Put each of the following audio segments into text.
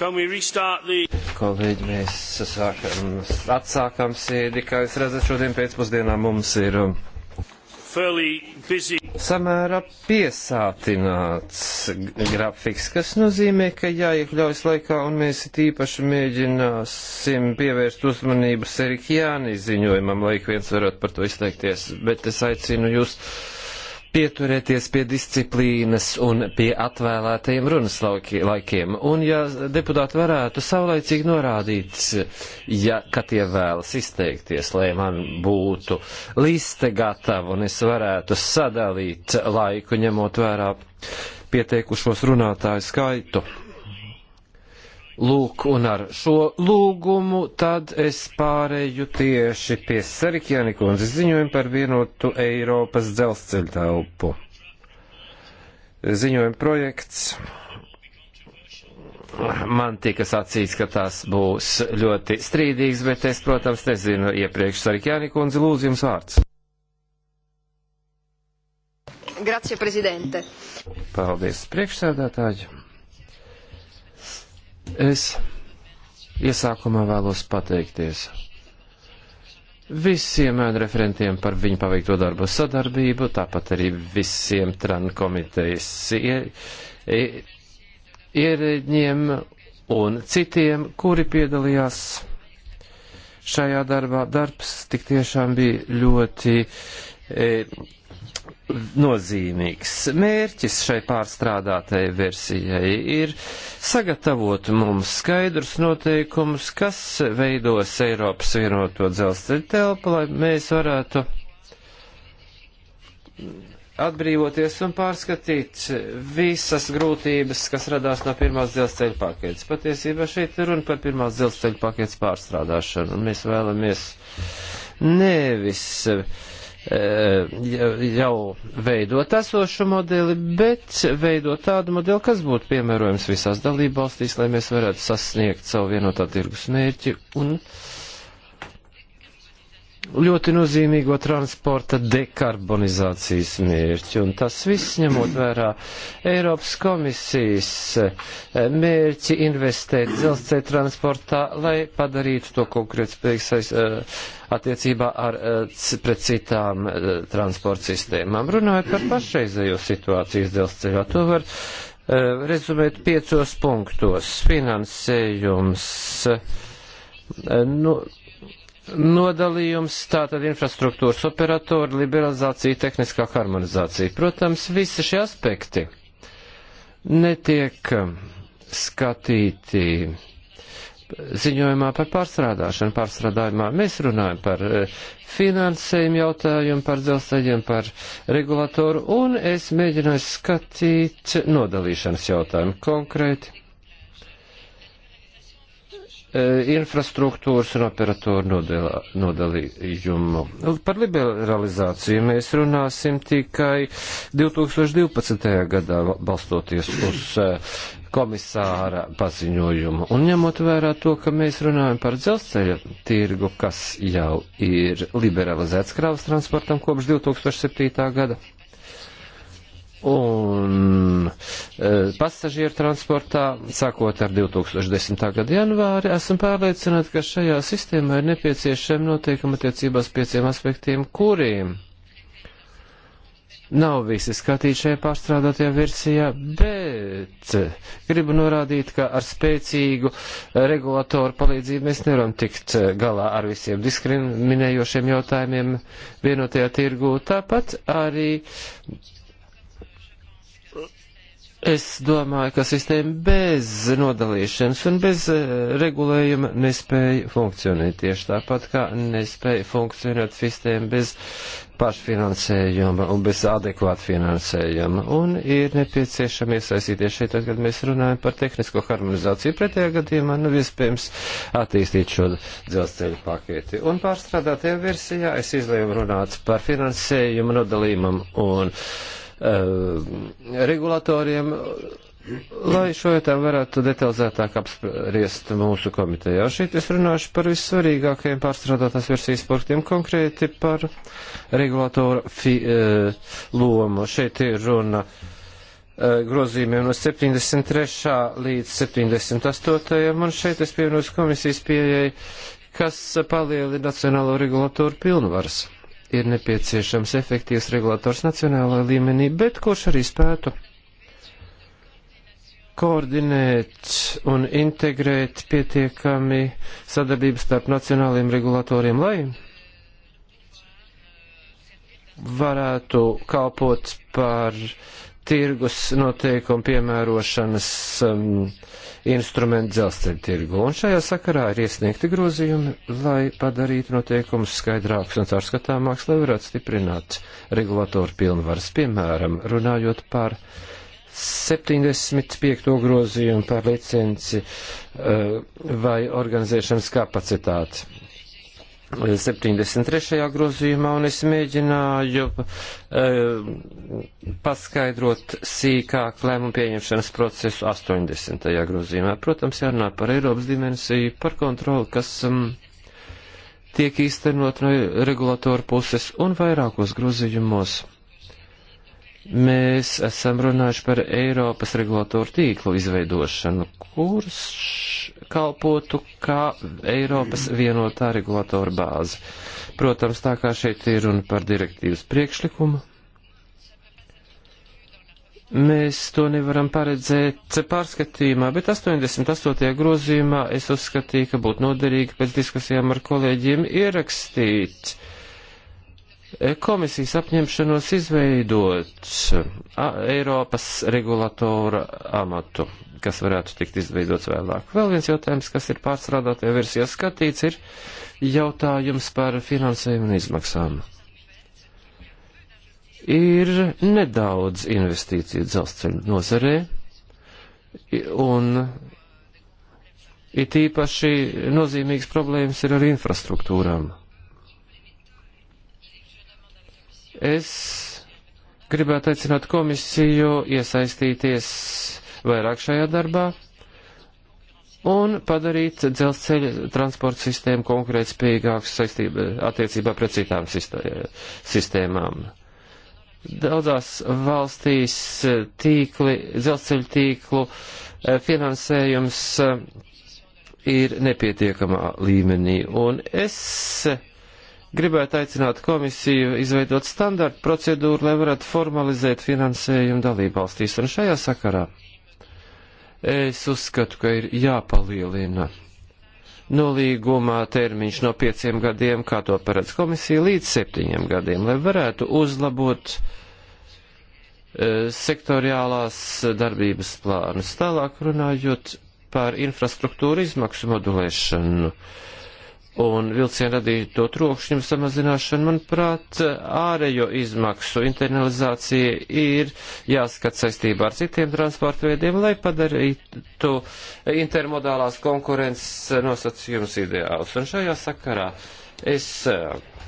The... Kolēģi, mēs sākam, atsākam sēdi, kā jūs redzat, šodien pēcpusdienā mums ir um, samērā piesātināts grafiks, kas nozīmē, ka jāiekļaujas laikā, un mēs tīpaši mēģināsim pievērst uzmanību Serikjāni ziņojumam, lai ik viens varētu par to izteikties, bet es aicinu jūs. Uh, pieturēties pie disciplīnas un pie atvēlētajiem runas laikiem. Un ja deputāti varētu savlaicīgi norādīt, ja, ka tie vēlas izteikties, lai man būtu liste gatava un es varētu sadalīt laiku, ņemot vērā pieteikušos runātāju skaitu. Lūk, un ar šo lūgumu tad es pārēju tieši pie Sarikjani kundzes ziņojumu par vienotu Eiropas dzelzceļa telpu. Ziņojuma projekts. Man tika sacīts, ka tas būs ļoti strīdīgs, bet es, protams, nezinu iepriekš Sarikjani kundze, lūdzu jums vārds. Grazie, prezidente. Paldies, priekšsēdētāji. Es iesākumā vēlos pateikties visiem referentiem par viņu paveikto darbu sadarbību, tāpat arī visiem tran komitejas ierēģiem un citiem, kuri piedalījās šajā darbā. Darbs tik tiešām bija ļoti e, nozīmīgs. Mērķis šai pārstrādātai versijai ir sagatavot mums skaidrus noteikumus, kas veidos Eiropas vienoto dzelzceļa telpu, lai mēs varētu atbrīvoties un pārskatīt visas grūtības, kas radās no pirmās dzelzceļa paketes. Patiesībā šeit ir runa par pirmās dzelzceļa paketes pārstrādāšanu, un mēs vēlamies nevis uh, Eh, jau veidot esošu modeli, bet veidot tādu modeli, kas būtu piemērojams visās dalībvalstīs, lai mēs varētu sasniegt savu vienotā tirgus mērķi un uh, ļoti nozīmīgo transporta dekarbonizācijas mērķi, un tas viss ņemot vērā Eiropas komisijas eh, mērķi investēt dzelzceļa transportā, lai padarītu to konkurētspējīgais eh, attiecībā ar, eh, pret citām transporta sistēmām. Runājot par pašreizējo situāciju dzelzceļā, to var rezumēt piecos punktos. Finansējums. Nu, nodalījums, tātad infrastruktūras operatori, liberalizācija, tehniskā harmonizācija. Protams, visi šie aspekti netiek um, skatīti ziņojumā par pārstrādāšanu, pārstrādājumā. Mēs runājam par uh, finansējumu jautājumu, par dzelzceļiem, par regulatoru, un es mēģināju skatīt nodalīšanas jautājumu konkrēti E, infrastruktūras un operatoru nodalā, nodalījumu. Nu, par liberalizāciju mēs runāsim tikai 2012. gadā, balstoties uz e, komisāra paziņojumu. Un ņemot vērā to, ka mēs runājam par dzelzceļa tirgu, kas jau ir liberalizēts kravas transportam kopš 2007. gada un e, pasažieru transportā, sākot ar 2010. gada janvāri, esam pārliecināti, ka šajā sistēmā ir nepieciešami noteikumi attiecībās pieciem aspektiem, kuriem nav visi skatīti šajā pārstrādātajā versijā, bet gribu norādīt, ka ar spēcīgu regulatoru palīdzību mēs nevaram tikt galā ar visiem diskriminējošiem jautājumiem vienotajā tirgū. Tāpat arī Es domāju, ka sistēma bez nodalīšanas un bez eh, regulējuma nespēja funkcionēt tieši tāpat, kā nespēja funkcionēt sistēma bez pašfinansējuma un bez adekvāta finansējuma. Un ir nepieciešami iesaistīties šeit, kad mēs runājam par tehnisko harmonizāciju. Pretējā gadījumā nav nu, iespējams attīstīt šo dzelzceļu paketi. Un pārstrādātajā versijā es izlēmu runāt par finansējumu nodalījumam un. Uh, Eh, regulatoriem, lai šo jautājumu varētu detalizētāk apspriest mūsu komitejā. Šeit es runāšu par vissvarīgākajiem pārstrādātās versijas punktiem, konkrēti par regulātoru fi, eh, lomu. Šeit ir runa eh, grozījumiem no 73. līdz 78. un šeit es pievienojos komisijas pieejai, kas palielina nacionālo regulatoru pilnvaras ir nepieciešams efektīvs regulators nacionālā līmenī, bet kurš arī spētu koordinēt un integrēt pietiekami sadarbības starp nacionāliem regulatoriem, lai varētu kalpot par tirgus noteikumu piemērošanas um, uh, instrumentu dzelzceļa tirgu. Un šajā sakarā ir iesniegti grozījumi, lai padarītu noteikumus skaidrākus un caurskatāmākus, lai varētu stiprināt regulatoru pilnvaras, piemēram, runājot par 75. grozījumu par licenci eh, vai organizēšanas kapacitāti 73. grozījumā, un es mēģināju e, paskaidrot sīkāk lēmumu pieņemšanas procesu 80. grozījumā. Protams, jārunā par Eiropas dimensiju, par kontroli, kas um, tiek īstenot no regulatora puses un vairākos grozījumos mēs esam runājuši par Eiropas regulatoru tīklu izveidošanu, kurš kalpotu kā Eiropas vienotā regulatora bāze. Protams, tā kā šeit ir runa par direktīvas priekšlikumu, mēs to nevaram paredzēt pārskatījumā, bet 88. grozījumā es uzskatīju, ka būtu noderīgi pēc diskusijām ar kolēģiem ierakstīt komisijas apņemšanos izveidot Eiropas regulatora amatu, kas varētu tikt izveidots vēlāk. Vēl viens jautājums, kas ir pārstrādātajā versijā skatīts, ir jautājums par finansējumu un izmaksām. Ir nedaudz investīciju dzelzceļu nozarē, un it īpaši nozīmīgas problēmas ir ar infrastruktūrām Es gribētu aicināt komisiju iesaistīties vairāk šajā darbā un padarīt dzelzceļa transporta sistēmu konkurētspējīgāku saistībā attiecībā pret citām sistēmām. Daudzās valstīs tīkli, dzelzceļa tīklu eh, finansējums eh, ir nepietiekamā līmenī, un es gribētu aicināt komisiju izveidot standartu procedūru, lai varētu formalizēt finansējumu dalībvalstīs. Un šajā sakarā es uzskatu, ka ir jāpalielina nolīgumā termiņš no pieciem gadiem, kā to paredz komisija, līdz septiņiem gadiem, lai varētu uzlabot e, sektoriālās darbības plānus. Tālāk runājot par infrastruktūru izmaksu modulēšanu. Uh, un vilcienu radīto trokšņu samazināšanu, manuprāt, ārējo izmaksu internalizācija ir jāskat saistībā ar citiem transporta veidiem, lai padarītu intermodālās konkurences nosacījums ideāls. Un šajā sakarā es eh,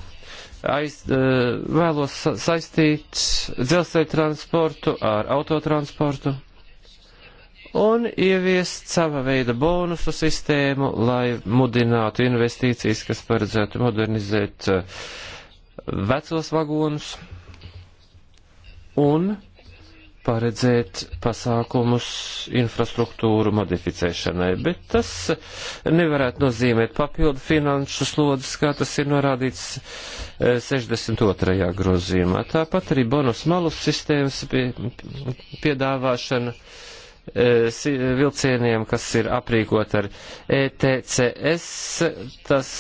aiz, eh, vēlos saistīt dzelzceļa transportu ar autotransportu un ieviest sava veida bonusu sistēmu, lai mudinātu investīcijas, kas paredzētu modernizēt eh, vecos vagonus un paredzēt pasākumus infrastruktūru modificēšanai, bet tas nevarētu nozīmēt papildu finanšu slodzes, kā tas ir norādīts 62. Eh, grozījumā. Tāpat arī bonus malus sistēmas piedāvāšana. Pie Eh, eh, vilcieniem, kas ir aprīkot ar ETCS, tas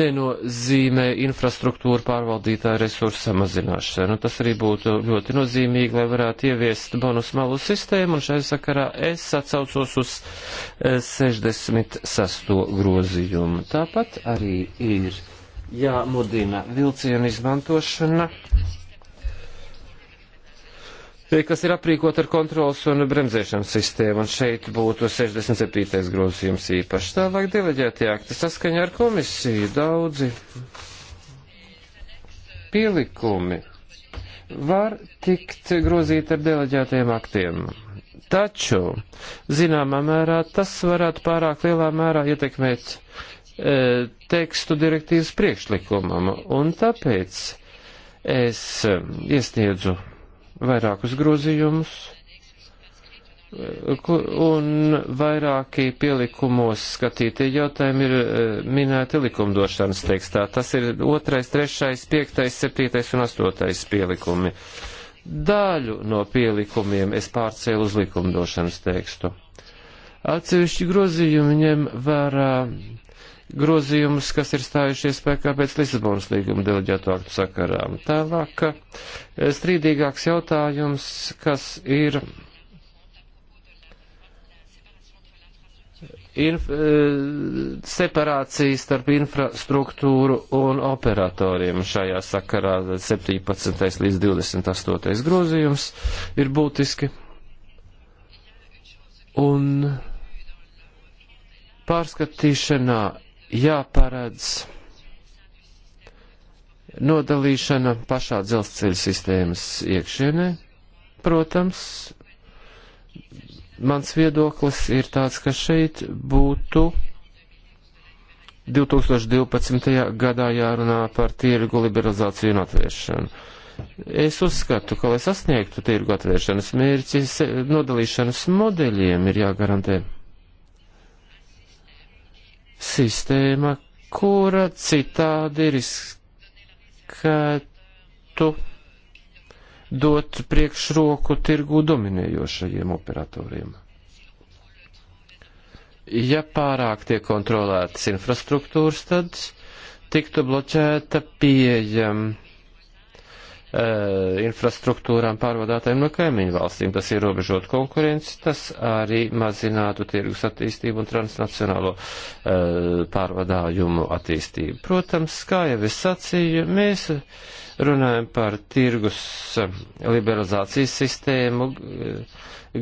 nenozīmē infrastruktūra pārvaldītāja resursu samazināšanu. Nu, tas arī būtu ļoti nozīmīgi, lai varētu ieviest bonus malu sistēmu, un šai sakarā es atsaucos uz 66. Eh, grozījumu. Tāpat arī ir jāmudina vilcienu izmantošana kas ir aprīkot ar kontrols un bremzēšanas sistēmu, un šeit būtu 67. grozījums īpaši. Tālāk deleģētie akti saskaņā ar komisiju daudzi pielikumi var tikt grozīti ar deleģētajiem aktiem. Taču, zināmā mērā, tas varētu pārāk lielā mērā ietekmēt e, tekstu direktīvas priekšlikumam, un tāpēc es e, iesniedzu vairākus grozījumus, eh, un vairāki pielikumos skatītie jautājumi ir eh, minēti likumdošanas tekstā. Tas ir otrais, trešais, piektais, septītais un astotais pielikumi. Daļu no pielikumiem es pārcēlu uz likumdošanas tekstu. Atsevišķi grozījumi ņem vērā grozījumus, kas ir stājušies spēkā pēc Lisabonas līguma deleģētu aktu sakarām. Tālāk, eh, strīdīgāks jautājums, kas ir inf, eh, separācija starp infrastruktūru un operatoriem šajā sakarā 17. līdz 28. grozījums ir būtiski. Un pārskatīšanā jāparedz nodalīšana pašā dzelzceļa sistēmas iekšienē, protams, mans viedoklis ir tāds, ka šeit būtu 2012. gadā jārunā par tirgu liberalizāciju un atvēršanu. Es uzskatu, ka, lai sasniegtu tirgu atvēršanas mērķi, nodalīšanas modeļiem ir jāgarantē sistēma, kura citādi riskētu dot priekšroku tirgu dominējošajiem operatoriem. Ja pārāk tiek kontrolētas infrastruktūras, tad tiktu bloķēta pieejama Eh, infrastruktūrām pārvadātājiem no kaimiņu valstīm. Tas ierobežot konkurenci, tas arī mazinātu tirgus attīstību un transnacionālo uh, pārvadājumu attīstību. Protams, kā jau es sacīju, mēs runājam par tirgus eh, liberalizācijas sistēmu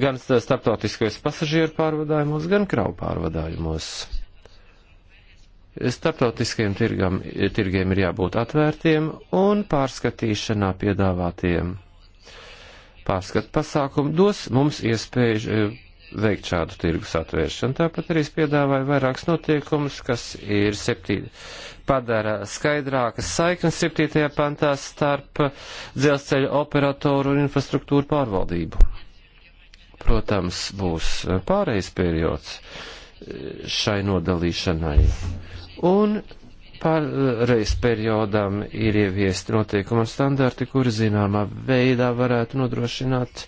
gan starptautiskajos pasažieru pārvadājumos, gan kravu pārvadājumos starptautiskajiem tirgam, tirgiem ir jābūt atvērtiem un pārskatīšanā piedāvātiem. Pārskat pasākumu dos mums iespēju eh, veikt šādu tirgus atvēršanu. Tāpat arī es piedāvāju vairākus notiekumus, kas ir septī... padara skaidrākas saiknes 7. pantā starp dzelzceļa operatoru un infrastruktūru pārvaldību. Protams, būs pārējais periods eh, šai nodalīšanai. Un pārreiz periodam ir ieviesti noteikumi un standarti, kuri zināmā veidā varētu nodrošināt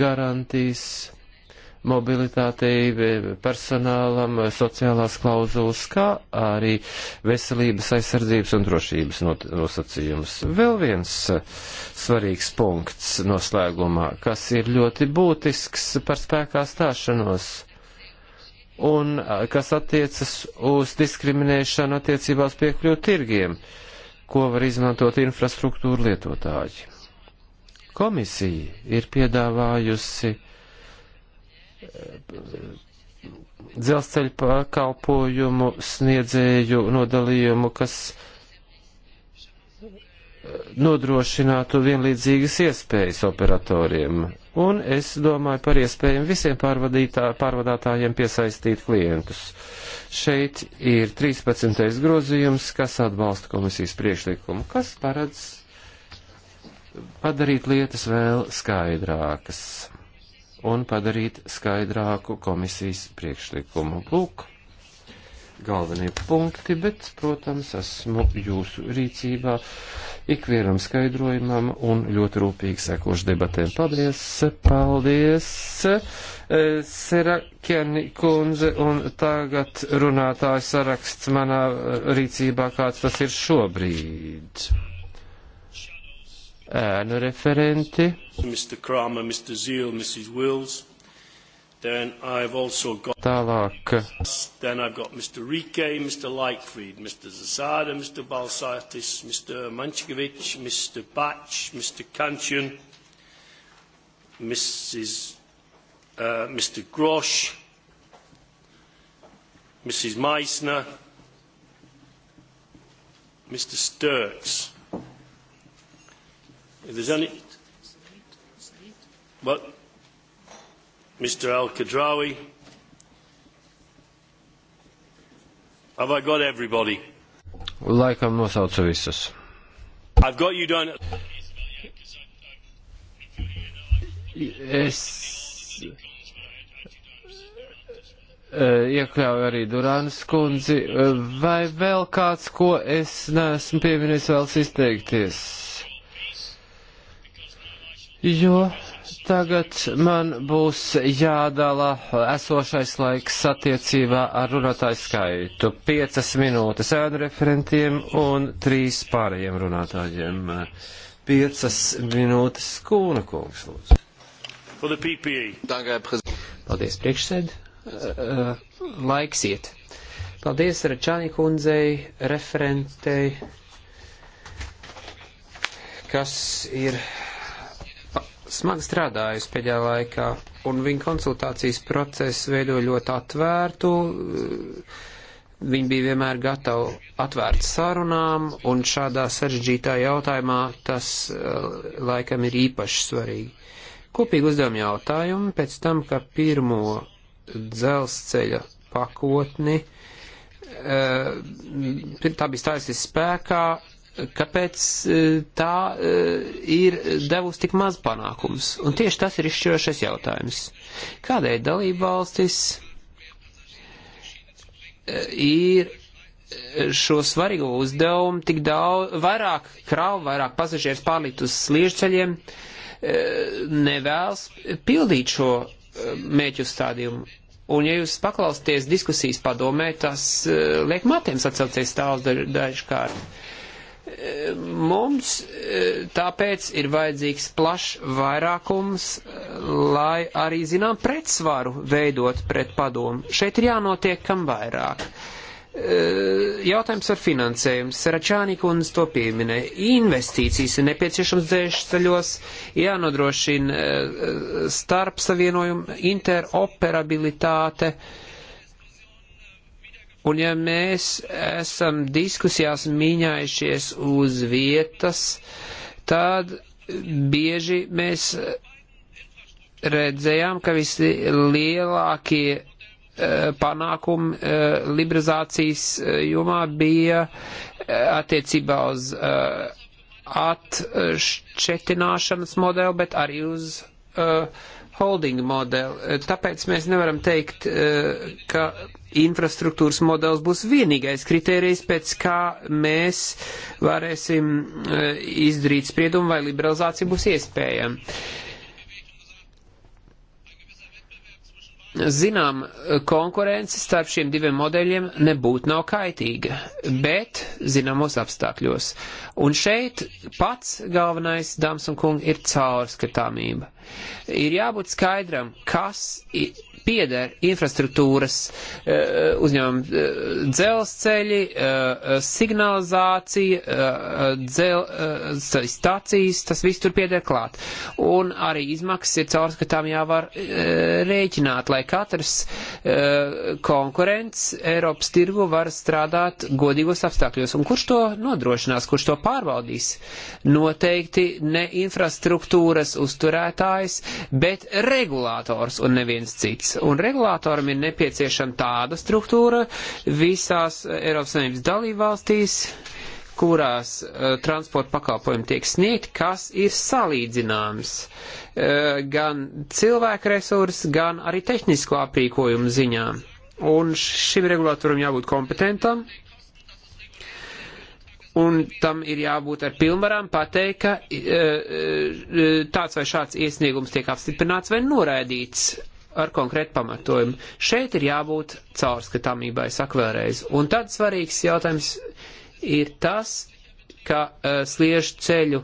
garantijas mobilitātei, personālam, sociālās klauzulas, kā arī veselības aizsardzības un drošības nosacījums. Vēl viens svarīgs punkts noslēgumā, kas ir ļoti būtisks par spēkā stāšanos un kas attiecas uz diskriminēšanu attiecībās piekļūt tirgiem, ko var izmantot infrastruktūra lietotāji. Komisija ir piedāvājusi e, dzelzceļa pakalpojumu sniedzēju nodalījumu, kas e, nodrošinātu vienlīdzīgas iespējas operatoriem un es domāju par iespējām visiem pārvadātājiem piesaistīt klientus. Šeit ir 13. grozījums, kas atbalsta komisijas priekšlikumu, kas paredz padarīt lietas vēl skaidrākas un padarīt skaidrāku komisijas priekšlikumu. Lūk, galvenie punkti, bet, protams, esmu jūsu rīcībā ikvienam skaidrojumam un ļoti rūpīgi sekošu debatēm. Paldies, paldies, eh, Serakjani kundze, un tagad runātāju saraksts manā eh, rīcībā, kāds tas ir šobrīd. Ēnu referenti. Mr. Kramer, Mr. Zeal, Mrs. Wills. Then I've also got Tālāk. Then I've got Mr. Rike, Mr. Lightfried, Mr. Zasada, Mr. Balsaitis, Mr. Manchkovic, Mr. Batch, Mr. Kanchan, Mrs. Uh, Mr. Grosh, Mrs. Meissner, Mr. Sturks. If there's any... What? Well, Mr. Al Kadrawi. Have I got everybody? Laikam nosaucu visus. I've got you down. Es eh, iekļauju arī Durānas kundzi. Vai vēl kāds, ko es neesmu pieminējis, vēlas izteikties? Jo Tagad man būs jādala esošais laiks attiecībā ar runātāju skaitu. Piecas minūtes ēnu referentiem un trīs pārējiem runātājiem. Piecas minūtes skūna kungs, lūdzu. E. Paldies, priekšsēd. Laiks iet. Paldies Račāni kundzei, referentei, kas ir smagi strādājusi pēdējā laikā, un viņa konsultācijas procesu veido ļoti atvērtu. Viņa bija vienmēr gatava atvērt sarunām, un šādā sarežģītā jautājumā tas eh, laikam ir īpaši svarīgi. Kopīgi uzdevumi jautājumi pēc tam, ka pirmo dzelzceļa pakotni, eh, tā bija stājusies spēkā, kāpēc e, tā e, ir devusi tik maz panākums. Un tieši tas ir izšķirošais jautājums. Kādēļ dalība valstis e, ir šo svarīgo uzdevumu tik daudz, vairāk kravu, vairāk pasažieru pārlīt uz sliežceļiem, nevēlas pildīt šo mēķu stādījumu. Un, ja jūs paklausties diskusijas padomē, tas liek matiem sacelties stāvs dažkārt. Daž Mums e, tāpēc ir vajadzīgs plašs vairākums, e, lai arī, zinām, pretsvaru veidot pret padomu. Šeit ir jānotiek kam vairāk. E, jautājums ar finansējumu. Saračāni kundze to pieminē. Investīcijas ir nepieciešams dzēšceļos, jānodrošina starpsavienojumu, interoperabilitāte. Uh, Un ja mēs esam diskusijās mīņājušies uz vietas, tad bieži mēs redzējām, ka visi lielākie eh, panākumi eh, liberalizācijas eh, jomā bija attiecībā uz atšķetināšanas modeli, bet arī uz holding modeli. Tāpēc mēs nevaram teikt, ka infrastruktūras modelis būs vienīgais kritērijs, pēc kā mēs varēsim e, izdarīt spriedumu, vai liberalizācija būs iespējama. Zinām, konkurence starp šiem diviem modeļiem nebūtu nav kaitīga, bet zināmos apstākļos. Un šeit pats galvenais, dāmas un kungi, ir caurskatāmība. Ir jābūt skaidram, kas pieder infrastruktūras eh, uzņēmumi eh, dzelzceļi, eh, signalizācija, dzelzceļa stācijas, tas viss tur pieder klāt. Un arī izmaksas ir caurskatām jāvar rēķināt, lai katrs konkurents Eiropas tirgu var strādāt godīgos apstākļos. Un kurš to nodrošinās, kurš to pārbaudīs? Noteikti ne infrastruktūras uzturētājs, bet regulātors un neviens cits svarīgs, un regulātoram ir nepieciešama tāda struktūra visās Eiropas Savienības dalībvalstīs, kurās uh, transporta pakalpojumi tiek sniegti, kas ir salīdzināms uh, gan cilvēku resursu, gan arī tehnisko aprīkojumu ziņā. Un šim regulātoram jābūt kompetentam, un tam ir jābūt ar pilnvarām pateikt, ka eh, tāds vai šāds iesniegums tiek apstiprināts vai noraidīts ar konkrētu pamatojumu. Šeit ir jābūt caurskatāmībai, saka vēlreiz. Un tad svarīgs jautājums ir tas, ka uh, e, sliežu ceļu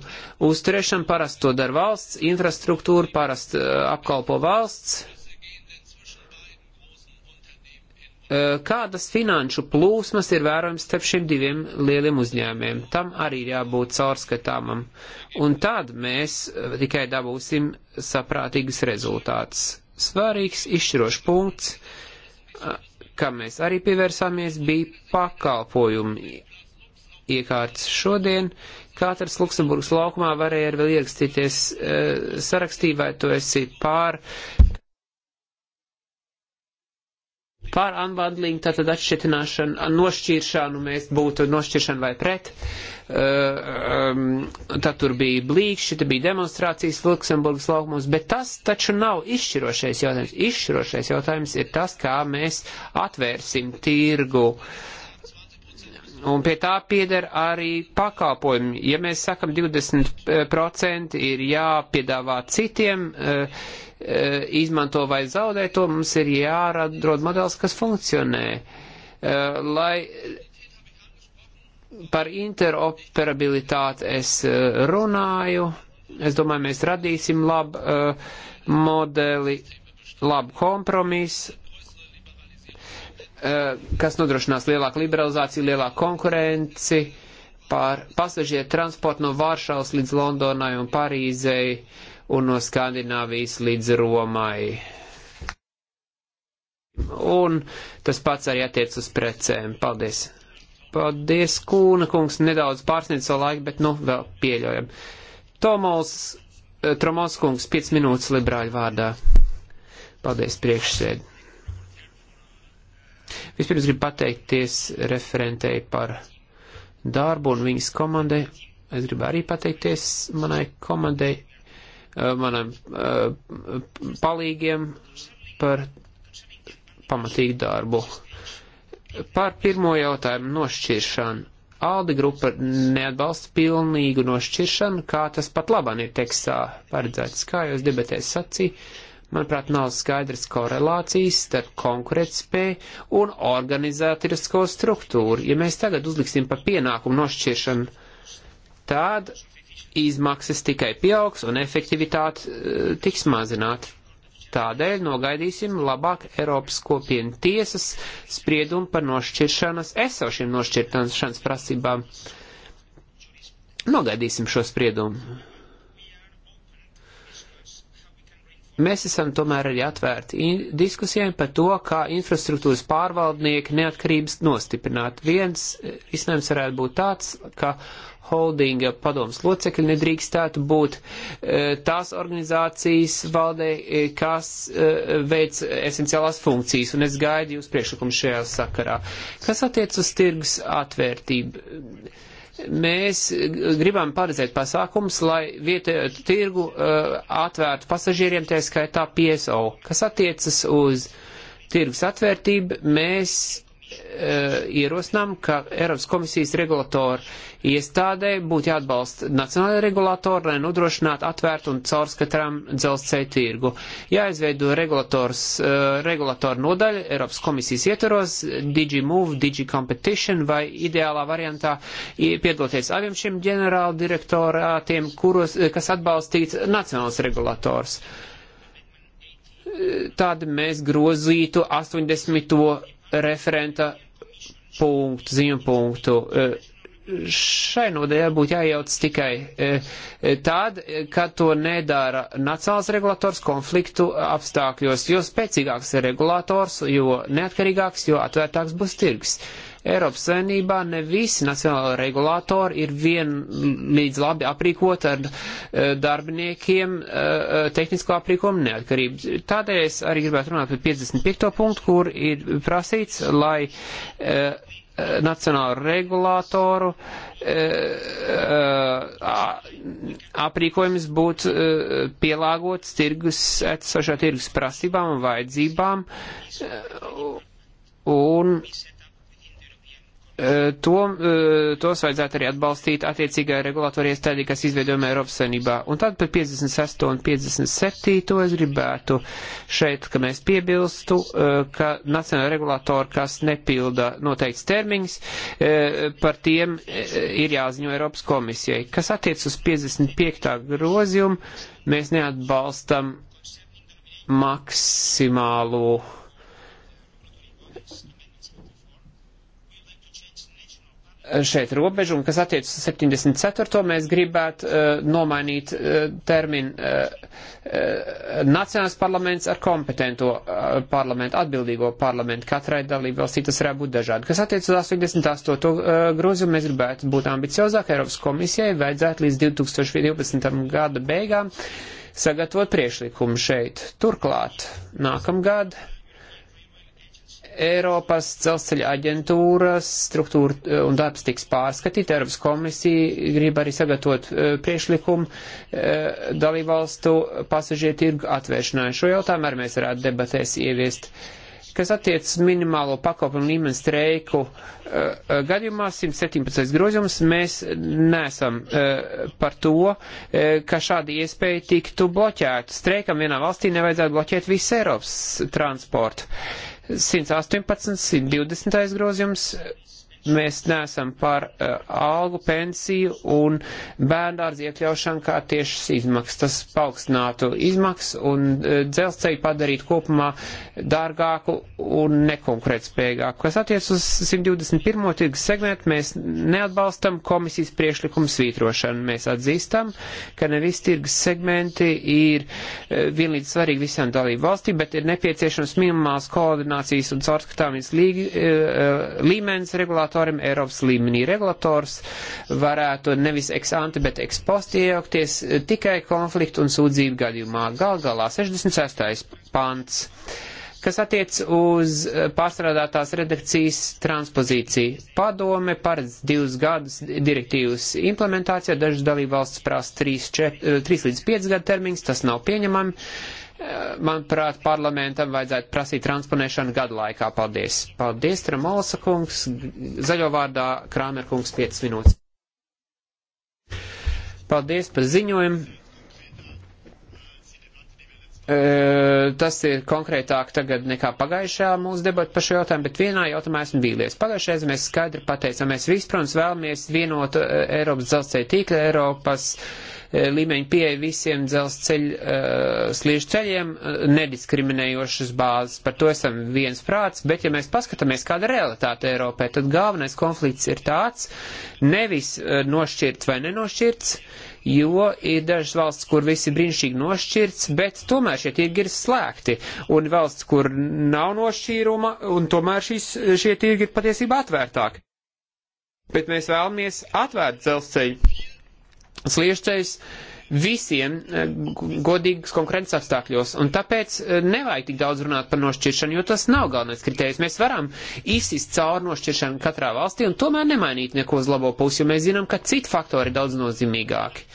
uzturēšana parasti to dara valsts, infrastruktūra parasti uh, apkalpo valsts. Uh, kādas finanšu plūsmas ir vērojams starp šiem diviem lieliem uzņēmiem? Tam arī ir jābūt caurskatāmam. Un tad mēs tikai dabūsim saprātīgus rezultātus svarīgs izšķirošs punkts, kam mēs arī pievērsāmies, bija pakalpojumi iekārtas šodien. Katrs Luksemburgas laukumā varēja arī vēl ierakstīties e, sarakstī, vai tu esi pār Par unbundling, tātad atšķirtināšanu, nošķiršanu mēs būtu nošķiršana vai pret. Uh, um, tad tur bija blīkši, tad bija demonstrācijas Luksemburgas laukumos, bet tas taču nav izšķirošais jautājums. Izšķirošais jautājums ir tas, kā mēs atvērsim tirgu. Uh, Un pie tā pieder arī pakalpojumi. Ja mēs sakam 20% eh, ir jāpiedāvā citiem, eh, eh, izmanto vai zaudē to, mums ir jārod modelis, kas funkcionē. Lai par interoperabilitāti es runāju, es domāju, mēs radīsim labu modeli, labu kompromisu Eh, kas nodrošinās lielāku liberalizāciju, lielāku konkurenci pār pasažieru transportu no Vāršavas līdz Londonai un Parīzei un no Skandināvijas līdz Romai. Un tas pats arī attiec uz precēm. Paldies! Paldies, Kūna kungs, nedaudz pārsniedz savu laiku, bet nu vēl pieļaujam. Tomols eh, Tromos kungs, 5 minūtes liberāļu vārdā. Paldies, priekšsēdi. Vispirms gribu pateikties referentei par darbu un viņas komandai. Es gribu arī pateikties manai komandai, eh, manam eh, palīgiem par pamatīgu darbu. Par pirmo jautājumu nošķiršanu. Aldi grupa neatbalsta pilnīgu nošķiršanu, kā tas pat labāk ir tekstā paredzēts, kā jūs debatēs sacīja Manuprāt, nav skaidras korelācijas starp konkurētspēju un organizatorisko struktūru. Ja mēs tagad uzliksim pa pienākumu nošķiršanu, tad izmaksas tikai pieaugs un efektivitāte e, tiks mazināta. Tādēļ nogaidīsim labāk Eiropas kopienas tiesas spriedumu par nošķiršanas, esošiem nošķiršanas prasībām. Nogaidīsim šo spriedumu. Mēs esam tomēr arī atvērti diskusijām par to, kā infrastruktūras pārvaldnieki neatkarības nostiprināt. Viens e, risinājums varētu būt tāds, ka holdinga padomas locekļi nedrīkstētu būt e, tās organizācijas valdē, e, kas veic esenciālās funkcijas, un es gaidu jūs priekšlikumu šajā sakarā. Kas attiec uz tirgus atvērtību? Mēs gribam paredzēt pasākums, lai vietējo tirgu uh, atvērtu pasažieriem, tā skaitā PSO. Kas attiecas uz tirgus atvērtību, mēs Eh, ierosinām, ka Eiropas komisijas regulatoru iestādē būtu jāatbalsta nacionālai regulatori, lai nodrošinātu atvērtu un caurskatām dzelzceļu tirgu. Jāizveido regulatoru eh, nodaļa Eiropas komisijas ietvaros, DigiMove, DigiCompetition vai ideālā variantā piedaloties abiem šiem ģenerāla direktorātiem, kuros, eh, kas atbalstīts nacionāls regulators. Tad mēs grozītu 80 referenta punktu, ziņu punktu. Eh, šai nodaļai būtu jājauc tikai eh, tad, kad to nedara nacionāls regulators konfliktu apstākļos, jo spēcīgāks ir regulators, jo neatkarīgāks, jo atvērtāks būs tirgs. Uh, Eiropas saimnībā ne visi nacionālai regulātori ir vienlīdz labi aprīkot ar eh, darbiniekiem eh, eh, tehnisko aprīkojumu neatkarību. Tādēļ es arī gribētu runāt par 55. punktu, kur ir prasīts, lai nacionālu regulātoru aprīkojums būtu pielāgots tirgus, atsošā tirgus prasībām un vajadzībām. Un Eh, to, eh, tos vajadzētu arī atbalstīt attiecīgai regulatoru iestādī, kas izveidojama Eiropas Savienībā. Un tad par 56 un 57 es gribētu šeit, ka mēs piebilstu, eh, ka nacionāla regulātora, kas nepilda noteikts termiņus, par tiem ir jāziņo Eiropas komisijai. Kas attiec uz 55. grozījumu, mēs neatbalstam maksimālu šeit robežu, un kas attiec uz 74. mēs gribētu uh, nomainīt uh, terminu uh, uh, nacionāls parlaments ar kompetento uh, parlamentu, atbildīgo parlamentu. Katrai dalību valstī tas varētu būt dažādi. Kas attiec uz 88. Uh, grozījumu, mēs gribētu būt ambiciozāk. Eiropas komisijai vajadzētu līdz 2012. gada beigām sagatavot priešlikumu šeit. Turklāt nākamgad. Uh, Eiropas dzelzceļa aģentūras struktūra eh, un darbs tiks pārskatīta. Eiropas komisija grib arī sagatavot eh, priešlikumu eh, dalībvalstu pasažieru tirgu atvēršanai. Šo jautājumu arī mēs varētu debatēs ieviest. Kas attiecas minimālo pakalpojumu līmeni streiku gadījumā, 117. grozījums, mēs nesam par to, ka šāda iespēja tiktu bloķēta. Streikam vienā valstī nevajadzētu bloķēt visu Eiropas transportu 118, 120 grozījums Mēs neesam par uh, algu, pensiju un bērndārzu iekļaušanu kā tiešas izmaksas. Tas paaugstinātu izmaksas un uh, dzelzceļu padarītu kopumā dārgāku un nekonkurētspējīgāku. Kas attiec uz 121. tirgus segmentu, mēs neatbalstam komisijas priešlikumu svītrošanu. Mēs atzīstam, ka ne visi tirgus segmenti ir uh, vienlīdz svarīgi visām dalību valstīm, bet ir nepieciešams minimāls koordinācijas un caurskatāmības līmenis regulātori regulatoriem Eiropas līmenī. Regulators varētu nevis ex ante, bet ex post iejaukties eh, tikai konfliktu un sūdzību gadījumā. Gal galā 66. pants kas attiec uz eh, pārstrādātās redakcijas transpozīciju. Padome paredz divus gadus direktīvas implementācijā, dažas dalībvalstis prasa 3, 4, 3 līdz 5 gadu termiņus, tas nav pieņemami. Uh, manuprāt, parlamentam vajadzētu prasīt transponēšanu gadu laikā. Paldies. Paldies, Tramolsa kungs. Zaļo vārdā Krāmer kungs 5 minūtes. Paldies par ziņojumu tas ir konkrētāk tagad nekā pagājušajā mūsu debatā par šo jautājumu, bet vienā jautājumā esmu vīlies. Pagājušajā reizē mēs skaidri pateicām, mēs visi, protams, vēlamies vienotu Eiropas dzelzceļa tīklu, Eiropas līmeņu pieeja visiem dzelzceļa sliežu ceļiem, nediskriminējošas bāzes. Par to esam viens prāts, bet ja mēs paskatāmies, kāda realitāte Eiropē, tad galvenais konflikts ir tāds, nevis nošķirts vai nenošķirts, jo ir dažas valsts, kur viss ir brīnišķīgi nošķirts, bet tomēr šie tirgi ir slēgti, un valsts, kur nav nošķīruma, un tomēr šis, šie tirgi ir patiesībā atvērtāki. Bet mēs vēlamies atvērt dzelzceļu, sliešceļus, uh, visiem eh, godīgas konkurences apstākļos. Un tāpēc eh, nevajag tik daudz runāt par nošķiršanu, jo tas nav galvenais kriterijs. Mēs varam izsist cauri nošķiršanu katrā valstī un tomēr nemainīt neko uz labo pusi, jo mēs zinām, ka citi faktori ir daudz nozīmīgāki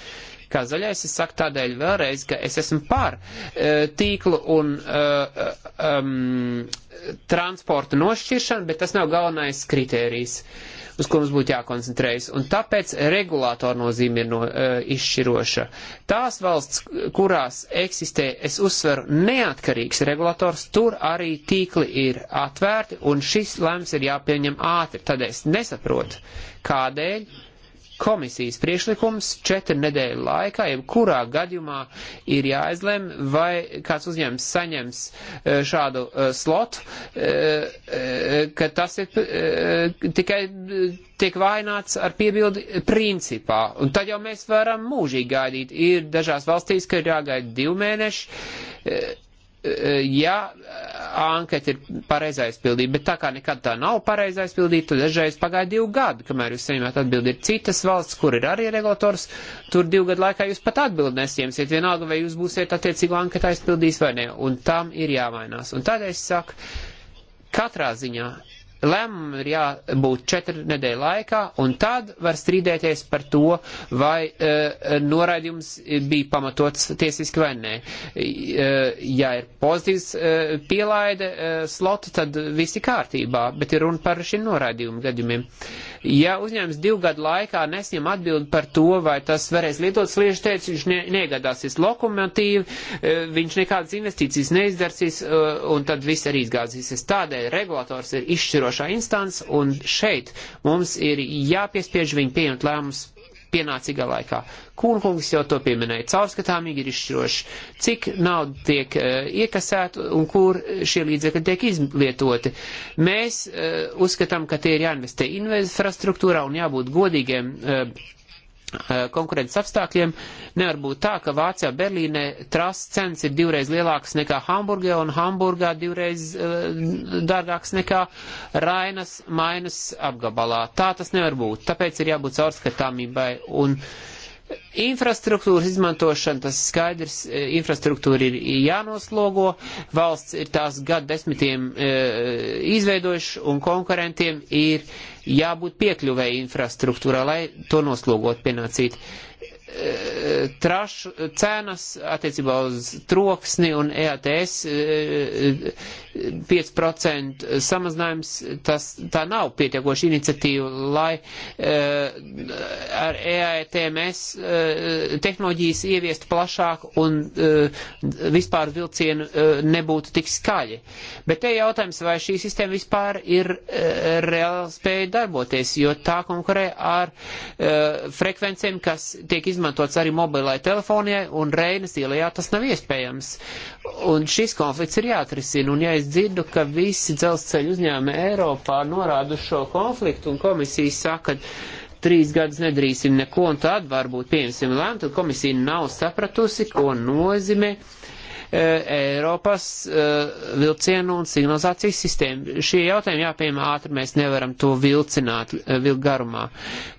kā zaļais, es saku tādēļ vēlreiz, ka es esmu par uh, tīklu un uh, um, transporta nošķiršanu, bet tas nav galvenais kritērijs. Uh, uz ko mums būtu jākoncentrējas. Un tāpēc regulātora nozīme ir no, uh, izšķiroša. Tās valsts, kurās eksistē, es uzsveru, neatkarīgs regulators, tur arī tīkli ir atvērti, un šis lēms ir jāpieņem ātri. Tad es nesaprotu, kādēļ komisijas priešlikums četru nedēļu laikā, jebkurā gadījumā ir jāizlem, vai kāds uzņēmums saņems e, šādu e, slotu, e, ka tas ir tikai tiek vaināts ar piebildi principā. Un tad jau mēs varam mūžīgi gaidīt. Ir dažās valstīs, ka ir jāgaida divi mēneši Eh, ja eh, anketa ir pareizā aizpildīta, bet tā kā nekad tā nav pareizā aizpildīta, tad dažreiz pagāja divi gadi, kamēr jūs saņemat atbildi. Ir citas valsts, kur ir arī regulators, tur divu gadu laikā jūs pat atbildi nesņemsiet, vienalga vai jūs būsiet attiecīgo anketu aizpildījis vai ne, un tam ir jāmainās. Un tad es saku, katrā ziņā Lēmumam ir jābūt četru nedēļu laikā, un tad var strīdēties par to, vai e, noraidījums bija pamatots tiesiski vai nē. E, ja ir pozitīvs e, pielaide e, slota, tad visi kārtībā, bet ir runa par šiem noraidījumu gadījumiem. Ja uzņēmums divu gadu laikā nesņem atbildi par to, vai tas varēs lietot sliežu teicu, viņš ne, negādāsies lokomotīvu, e, viņš nekādas investīcijas neizdarsīs, e, un tad viss arī izgāzīsies. Tādēļ regulators ir izšķirots izšķirošā instance, un šeit mums ir jāpiespiež viņu pieņemt lēmumus pienācīgā laikā. Kūnkungs jau to pieminēja. Caurskatāmīgi ir izšķiroši, cik naudu tiek uh, iekasēta un kur šie līdzekļi tiek izlietoti. Mēs uh, uzskatām, ka tie ir jāinvestē infrastruktūrā un jābūt godīgiem. Uh, Eh, konkurences apstākļiem. Nevar būt tā, ka Vācijā Berlīnē trases cenas ir divreiz lielākas nekā Hamburgē un Hamburgā divreiz uh, dārgākas nekā Rainas mainas apgabalā. Tā tas nevar būt. Tāpēc ir jābūt caurskatāmībai un infrastruktūras izmantošana, tas skaidrs, eh, infrastruktūra ir jānoslogo, valsts ir tās gadu desmitiem uh, izveidojuši un konkurentiem ir jābūt piekļuvēji infrastruktūrā, lai to noslogot pienācīt. Uh, trašu cenas attiecībā uz troksni un EATS 5% samazinājums, tas tā nav pietiekoši iniciatīva, lai eh, ar EATMS eh, tehnoloģijas ieviest plašāk un eh, vispār vilcienu nebūtu tik skaļi. Bet te jautājums, vai šī sistēma vispār ir reāli spēja darboties, jo tā konkurē ar frekvencēm, kas tiek izmantotas izmantots arī mobilai telefonijai, un Reinas ielajā tas nav iespējams. Un šis konflikts ir jāatrisina, un ja es dzirdu, ka visi dzelzceļu uzņēmumi Eiropā norāda uz šo konfliktu, un komisija saka, ka trīs gadus nedarīsim neko, un tad varbūt pieņemsim lēmumu, tad komisija nav sapratusi, ko nozīmē. Uh, E, Eiropas e, vilcienu un signalizācijas sistēmu. Šie jautājumi jāpieņem ātri, mēs nevaram to vilcināt e, vilk garumā.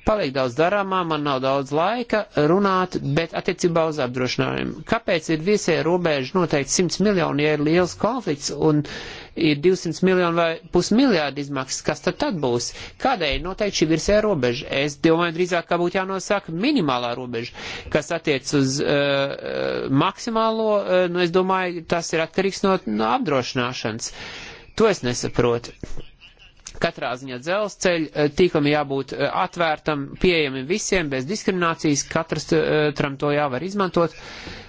Paliek daudz darāmā, man nav daudz laika runāt, bet attiecībā uz apdrošinājumu. Kāpēc ir visai robeža noteikti 100 miljoni, ja ir liels konflikts un ir 200 miljoni vai pusmiljārdi izmaksas, kas tad tad būs? Kādēļ noteikti šī virsē robeža? Es domāju, drīzāk, ka būtu jānosaka minimālā robeža, kas attiec uz uh, uh maksimālo, uh, nu es domāju, tas ir atkarīgs no, no apdrošināšanas. To es nesaprotu katrā ziņā dzelzceļa uh, tīklam jābūt uh, atvērtam, pieejamam visiem bez diskriminācijas, katrs tram to jāvar izmantot. Uh,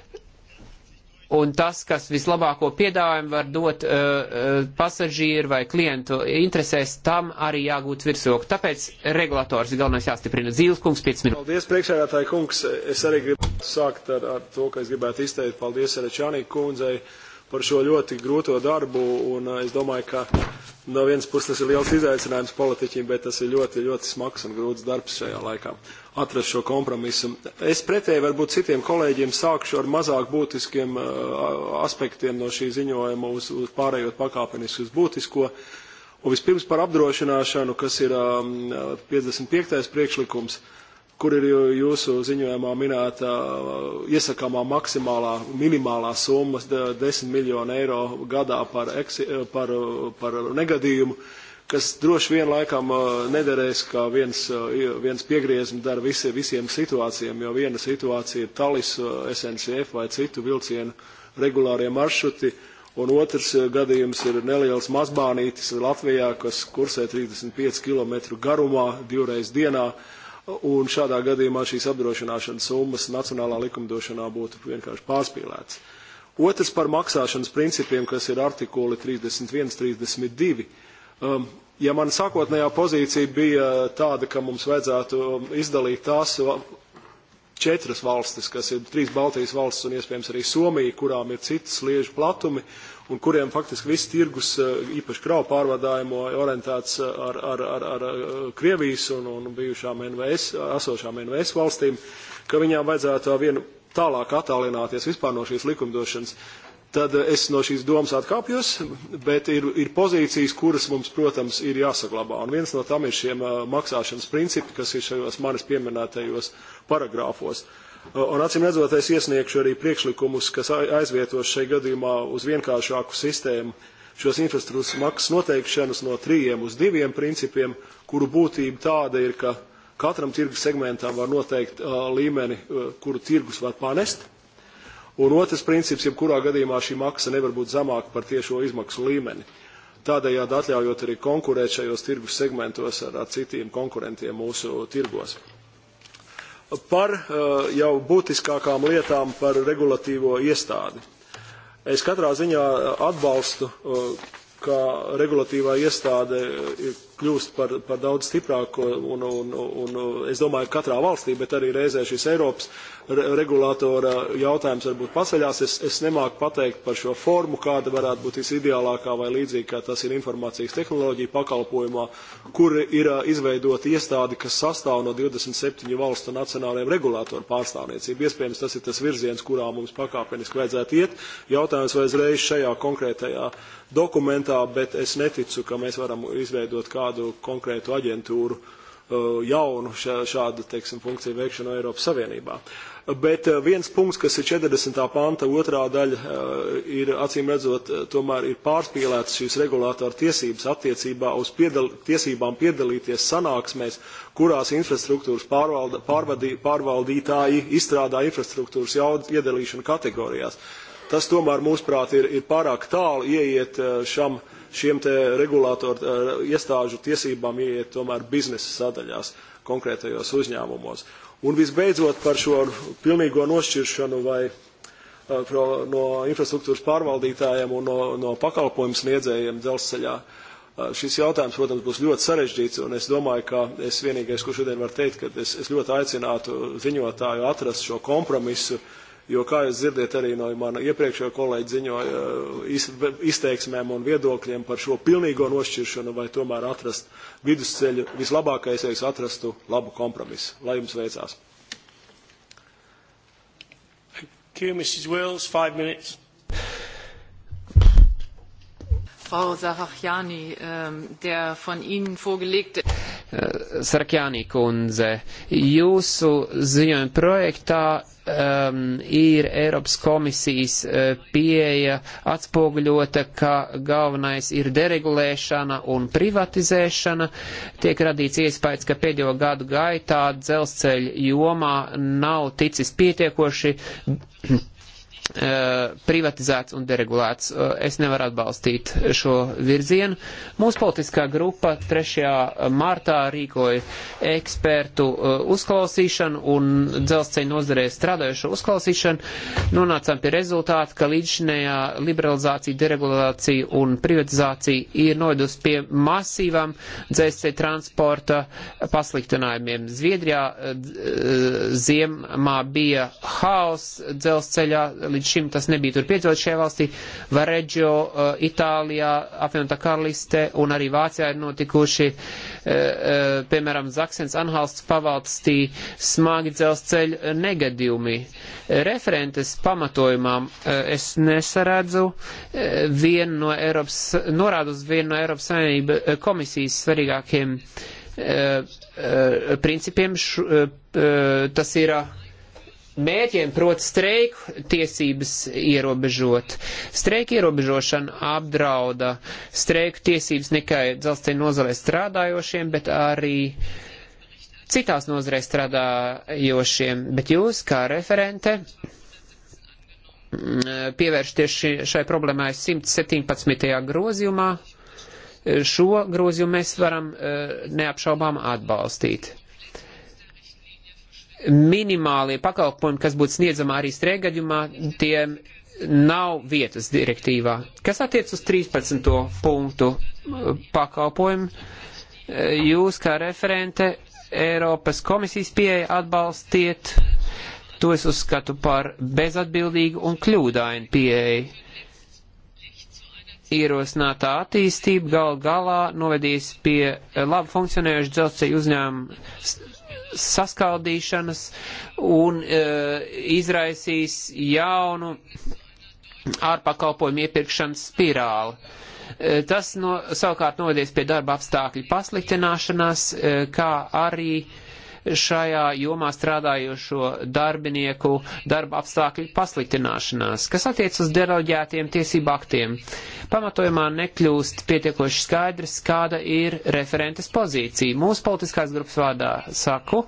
un tas, kas vislabāko piedāvājumu var dot uh, uh pasažīru vai klientu interesēs, tam arī jāgūt virsroku. Tāpēc regulators ir galvenais jāstiprina. Zīles kungs, 5 minūtes. Paldies, priekšsēdētāji kungs. Es arī gribu sākt ar, ar to, ka es gribētu izteikt paldies arī Čānī kundzei. Uh, par šo ļoti grūto darbu, un uh, es domāju, ka no vienas puses tas ir liels izaicinājums politiķiem, bet tas ir ļoti, ļoti smags un grūts darbs šajā laikā atrast šo kompromisu. Es pretēji varbūt citiem kolēģiem sākšu ar mazāk būtiskiem uh, aspektiem no šī ziņojuma, uz, uz pārējot pakāpeniski uz būtisko. Un vispirms par apdrošināšanu, kas ir 55. Um, uh, priekšlikums. Uh, kur ir jūsu ziņojumā minēta iesakāmā maksimālā, minimālā summa - 10 miljonu eiro gadā par, eksi, par, par negadījumu, kas droši vien laikam nederēs, ka viens, viens piegrieziens dara visi, visiem situācijām, jo viena situācija ir talis, SNCF vai citu vilcienu regulārie maršruti. Un otrs gadījums ir neliels mazbānītis Latvijā, kas kursē 35 km garumā divreiz dienā. Uh, un šādā gadījumā šīs apdrošināšanas summas nacionālā likumdošanā būtu vienkārši pārspīlētas. Otrs par maksāšanas principiem, kas ir artikuli 31, 32. Um, ja mana sākotnējā pozīcija bija tāda, ka mums vajadzētu um, izdalīt tās uh, četras valstis, kas ir trīs Baltijas valstis un iespējams arī Somija, kurām ir citas sliežu platumi, un kuriem faktiski viss tirgus, eh, īpaši kravu pārvadājumu, orientēts eh, ar, ar, ar, ar eh, Krievijas un, un bijušām NVS, esošām NVS valstīm, ka viņām vajadzētu vienu tālāk attālināties vispār no šīs likumdošanas. Tad es no šīs domas atkāpjos, bet ir, ir pozīcijas, kuras mums, protams, ir jāsaglabā. Un viens no tam ir šiem maksāšanas principi, kas ir šajos manis pieminētajos paragrāfos. Uh, Un acīm redzot, es iesniegšu arī priekšlikumus, kas aizvietos šai gadījumā uz vienkāršāku sistēmu šos infrastruktūras maksas noteikšanas no trījiem uz diviem principiem, kuru būtība tāda ir, ka katram tirgus segmentam var noteikt uh, līmeni, uh, kuru tirgus var panest. Un otrs princips, jebkurā gadījumā šī maksa nevar būt zemāka par tiešo izmaksu līmeni. Tādējādi atļaujot arī konkurēt šajos tirgus segmentos ar, ar citiem konkurentiem mūsu tirgos. Uh, par eh, jau būtiskākām lietām par regulatīvo iestādi. Es katrā ziņā eh, atbalstu, eh, ka regulatīvā iestāde ir kļūst par, par daudz stiprāku, un, un, un, un es domāju, katrā valstī, bet arī reizē šis Eiropas re regulātora jautājums varbūt paceļās. Es, es nemāku pateikt par šo formu, kāda varētu būt visideālākā vai līdzīga, kā tas ir informācijas tehnoloģija pakalpojumā, kur ir uh, izveidota iestāde, kas sastāv no 27 valstu nacionālajiem regulātoru pārstāvniecību. Iespējams, tas ir tas virziens, kurā mums pakāpeniski vajadzētu iet. Jautājums vai uzreiz šajā konkrētajā dokumentā, bet es neticu, ka mēs varam izveidot kādu kādu konkrētu aģentūru uh, jaunu šā, šādu teiksim, funkciju veikšanu Eiropas Savienībā. Bet uh, viens punkts, kas ir 40. panta otrā daļa, uh, ir acīm redzot, tomēr ir pārspīlētas šīs regulātora tiesības attiecībā uz piedal tiesībām piedalīties sanāksmēs, kurās infrastruktūras pārvalda, pārvadī, pārvaldītāji izstrādā infrastruktūras jaudas iedalīšanu kategorijās. Tas tomēr, mūsuprāt, ir, ir pārāk tālu ieiet šam uh, šiem te regulātoru eh, iestāžu tiesībām ieiet tomēr biznesa sadaļās konkrētajos uzņēmumos. Un visbeidzot par šo pilnīgo nošķiršanu vai eh, no infrastruktūras pārvaldītājiem un no, no pakalpojumu sniedzējiem dzelzceļā. Eh, šis jautājums, protams, būs ļoti sarežģīts, un es domāju, ka es vienīgais, ko šodien varu teikt, ka es, es ļoti aicinātu ziņotāju atrast šo kompromisu, uh, jo, kā jūs dzirdiet, arī no mana iepriekšējā kolēģa ziņoja uh, iz, izteiksmēm un viedokļiem par šo pilnīgo nošķiršanu, vai tomēr atrast vidusceļu, vislabākais, ja es atrastu labu kompromisu. Lai jums veicās. You, Mrs. Wills, five minutes. Frau Sarachjani, ähm, der von Ihnen vorgelegte. Eh, Sarkjānī kundze, jūsu ziņojuma projektā um, ir Eiropas komisijas uh, pieeja atspoguļota, ka galvenais ir deregulēšana un privatizēšana. Tiek radīts iespējas, ka pēdējo gadu gaitā dzelzceļa jomā nav ticis pietiekoši Eh, privatizēts un deregulēts. Eh, es nevaru atbalstīt šo virzienu. Mūsu politiskā grupa 3. martā rīkoja ekspertu eh, uzklausīšanu un dzelzceļa nozarē strādājušo uzklausīšanu. Nonācām pie rezultāta, ka līdzinējā liberalizācija, deregulācija un privatizācija ir novedus pie masīvām dzelzceļa transporta pasliktinājumiem. Zviedrijā ziemā bija haoss dzelzceļā, līdz šim tas nebija tur piedzīvots šajā valstī. Vareģio, eh, Itālijā, apvienotā karaliste un arī Vācijā ir notikuši, eh, eh, piemēram, Zaksens Anhalsts pavalstī smagi dzelzceļu negadījumi. Referentes pamatojumām es nesaredzu vienu no Eiropas, norādu uz vienu no Eiropas Savienības komisijas svarīgākiem principiem. Tas ir mērķiem, proti streiku tiesības ierobežot. Streika ierobežošana apdrauda streiku tiesības ne tikai dzelzceļa nozarē strādājošiem, bet arī citās nozarē strādājošiem. Bet jūs, kā referente, mm, pievēršties šai problēmai 117. grozījumā. Šo grozījumu mēs varam eh, neapšaubām atbalstīt minimālie pakalpojumi, kas būtu sniedzama arī strēgaģumā, tiem nav vietas direktīvā. Kas attiec uz 13. punktu pakalpojumu, e, jūs kā referente Eiropas komisijas pieeja atbalstiet, to es uzskatu par bezatbildīgu un kļūdainu pieeju. Ierosinātā attīstība gal galā novedīs pie labi funkcionējušu dzelzceļu uzņēmumu saskaldīšanas un e, izraisīs jaunu ārpakalpojumu iepirkšanas spirāli. E, tas no, savukārt nodies pie darba apstākļu pasliktināšanās, e, kā arī e, šajā jomā strādājošo darbinieku darba apstākļu pasliktināšanās, kas attiec uz deroģētiem tiesību aktiem. Pamatojumā nekļūst pietiekoši skaidrs, kāda ir referentes pozīcija. Mūsu politiskās grupas vārdā saku,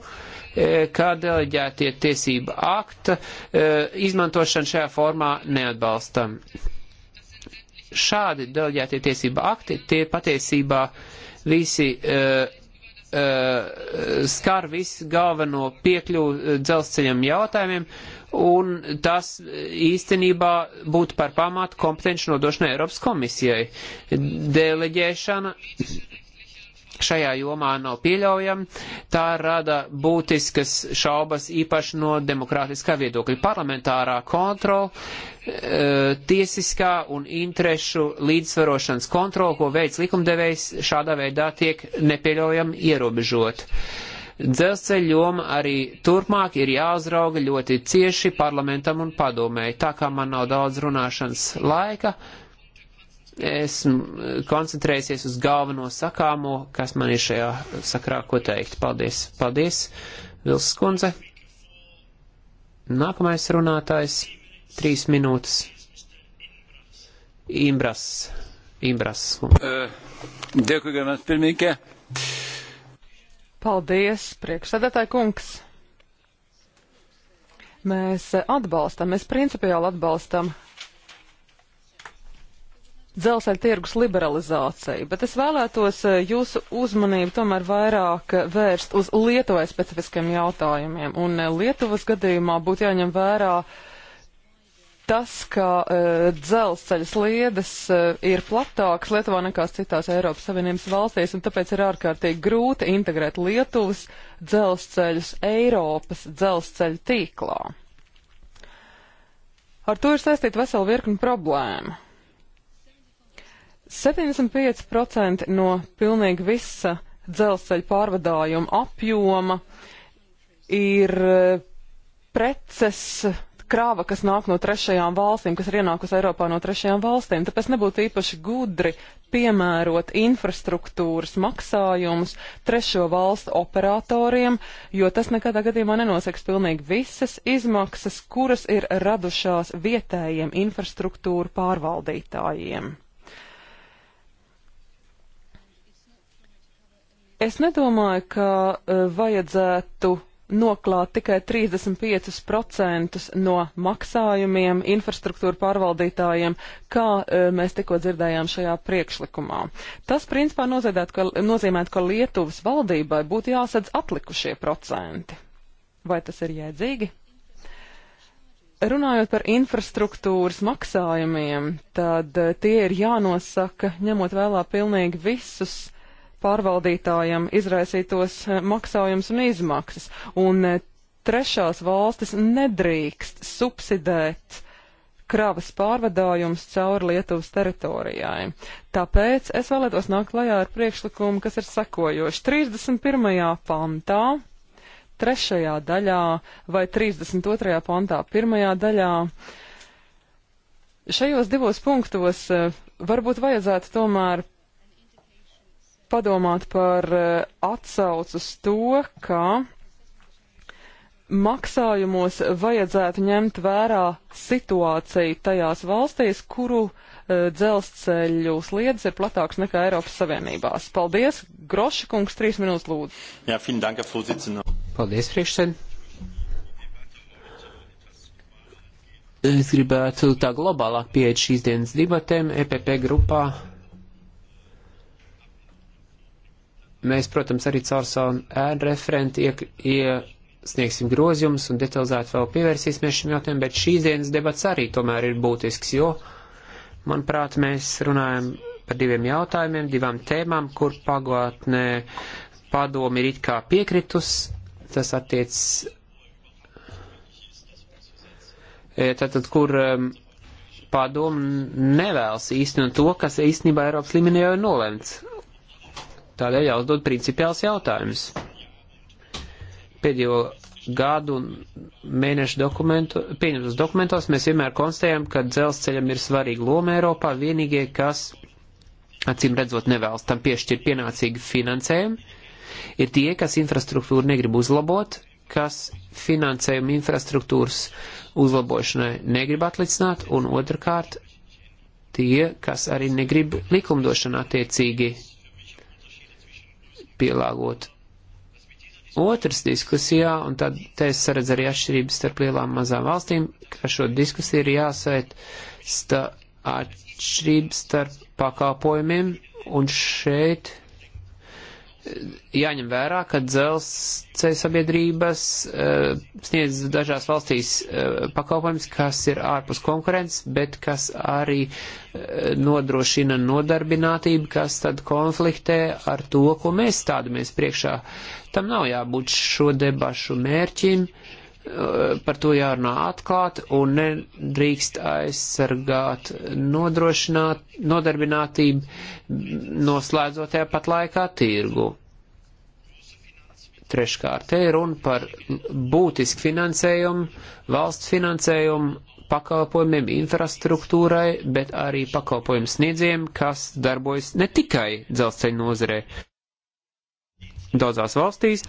e, kā deleģētie tiesība akta e, izmantošana šajā formā neatbalstam. Šādi deleģētie tiesība akti tie patiesībā visi uh, Uh, skar visu galveno piekļuvu uh, dzelzceļam jautājumiem, un tas īstenībā būtu par pamatu kompetenci nodošanai Eiropas komisijai. Deleģēšana šajā jomā nav pieļaujama, tā rada būtiskas šaubas īpaši no demokrātiskā viedokļa. Parlamentārā kontrola, e, tiesiskā un interešu līdzsvarošanas kontrola, ko veids likumdevējs, šādā veidā tiek nepieļaujami ierobežot. Dzelzceļa joma arī turpmāk ir jāuzrauga ļoti cieši parlamentam un padomēji. Tā kā man nav daudz runāšanas laika, uh, esmu eh, koncentrējies uz galveno sakāmo, kas man ir šajā sakrā ko teikt. Paldies, paldies, Vils Skundze. Nākamais runātājs, trīs minūtes. Imbras, Imbras. Dēku, gamas pirmīkē. Paldies, priekšsēdētāji kungs. Mēs atbalstam, mēs principiāli atbalstam dzelzceļa tirgus liberalizāciju, bet es vēlētos eh, jūsu uzmanību tomēr vairāk eh, vērst uz Lietuvai specifiskiem jautājumiem. Un eh, Lietuvas gadījumā būtu jāņem vērā tas, ka uh, dzelzceļa sliedes uh, ir platākas Lietuvā nekā citās Eiropas Savienības valstīs, un tāpēc ir ārkārtīgi grūti integrēt Lietuvas dzelzceļus Eiropas dzelzceļa tīklā. Ar to ir saistīta vesela virkni problēma. 75% no pilnīgi visa dzelzceļa pārvadājuma apjoma ir eh, preces krāva, kas nāk no trešajām valstīm, kas ir ienākusi Eiropā no trešajām valstīm. Tāpēc nebūtu īpaši gudri piemērot infrastruktūras maksājumus trešo valstu operatoriem, jo tas nekādā gadījumā nenoseks pilnīgi visas izmaksas, kuras ir radušās vietējiem infrastruktūru pārvaldītājiem. Es nedomāju, ka e, vajadzētu noklāt tikai 35% no maksājumiem infrastruktūra pārvaldītājiem, kā e, mēs tikko dzirdējām šajā priekšlikumā. Tas principā nozīmētu, ka, nozīmētu, ka Lietuvas valdībai būtu jāsadz atlikušie procenti. Vai tas ir jēdzīgi? Runājot par infrastruktūras maksājumiem, tad e, tie ir jānosaka, ņemot vēlā pilnīgi visus pārvaldītājam izraisītos eh, maksājums un izmaksas. Un eh, trešās valstis nedrīkst subsidēt kravas pārvadājums cauri Lietuvas teritorijai. Tāpēc es vēlētos nākt klajā ar priekšlikumu, kas ir sekojoši. 31. pantā, 3. daļā vai 32. pantā, 1. daļā. Šajos divos punktos eh, varbūt vajadzētu tomēr padomāt par eh, atsaucu uz to, ka maksājumos vajadzētu ņemt vērā situāciju tajās valstīs, kuru uh, dzelzceļu sliedas ir platāks nekā Eiropas Savienībās. Paldies, Groša kungs, trīs minūtes lūdzu. Jā, fin, danka, Paldies, priekšsēd. Es gribētu tā globālāk pieeja šīs dienas debatēm EPP grupā Mēs, protams, arī caur savu ēnu referentu iesniegsim grozījumus un detalizēti vēl pievērsīsimies šim jautājumam, bet šīs dienas debats arī tomēr ir būtisks, jo, manuprāt, mēs runājam par diviem jautājumiem, divām tēmām, kur pagātnē padomi ir it kā piekritus, tas attiec, e, tātad, kur um, padomi nevēlas īstenot to, kas īstenībā Eiropas līmenī jau ir nolēmts. Tādēļ jāuzdod principiāls jautājums. Pēdējo gadu un mēnešu dokumentu, pieņemtos dokumentos mēs vienmēr konstatējam, ka dzelzceļam ir svarīga loma Eiropā. Vienīgie, kas acīm redzot nevēlas tam piešķirt pienācīgu finansējumu, ir tie, kas infrastruktūru negrib uzlabot, kas finansējumu infrastruktūras uzlabošanai negrib atlicināt, un otrkārt tie, kas arī negrib likumdošanu attiecīgi pielāgot. Otrs diskusijā, un tad te es saredzu arī atšķirības starp lielām un mazām valstīm, ka šo diskusiju ir jāsvēt sta atšķirības starp pakalpojumiem, un šeit jāņem vērā, ka dzelzceļa sabiedrības uh, sniedz dažās valstīs uh, pakalpojums, kas ir ārpus konkurences, bet kas arī uh, nodrošina nodarbinātību, kas tad konfliktē ar to, ko mēs stādamies priekšā. Tam nav jābūt šo debašu mērķim. Uh, par to jārunā atklāti un nedrīkst aizsargāt nodarbinātību, noslēdzot tajā pat laikā tirgu. Treškārt, te ir runa par būtisku finansējumu, valsts finansējumu pakalpojumiem, infrastruktūrai, bet arī pakalpojumu sniedzējiem, kas darbojas ne tikai dzelzceļa nozarē. Daudzās valstīs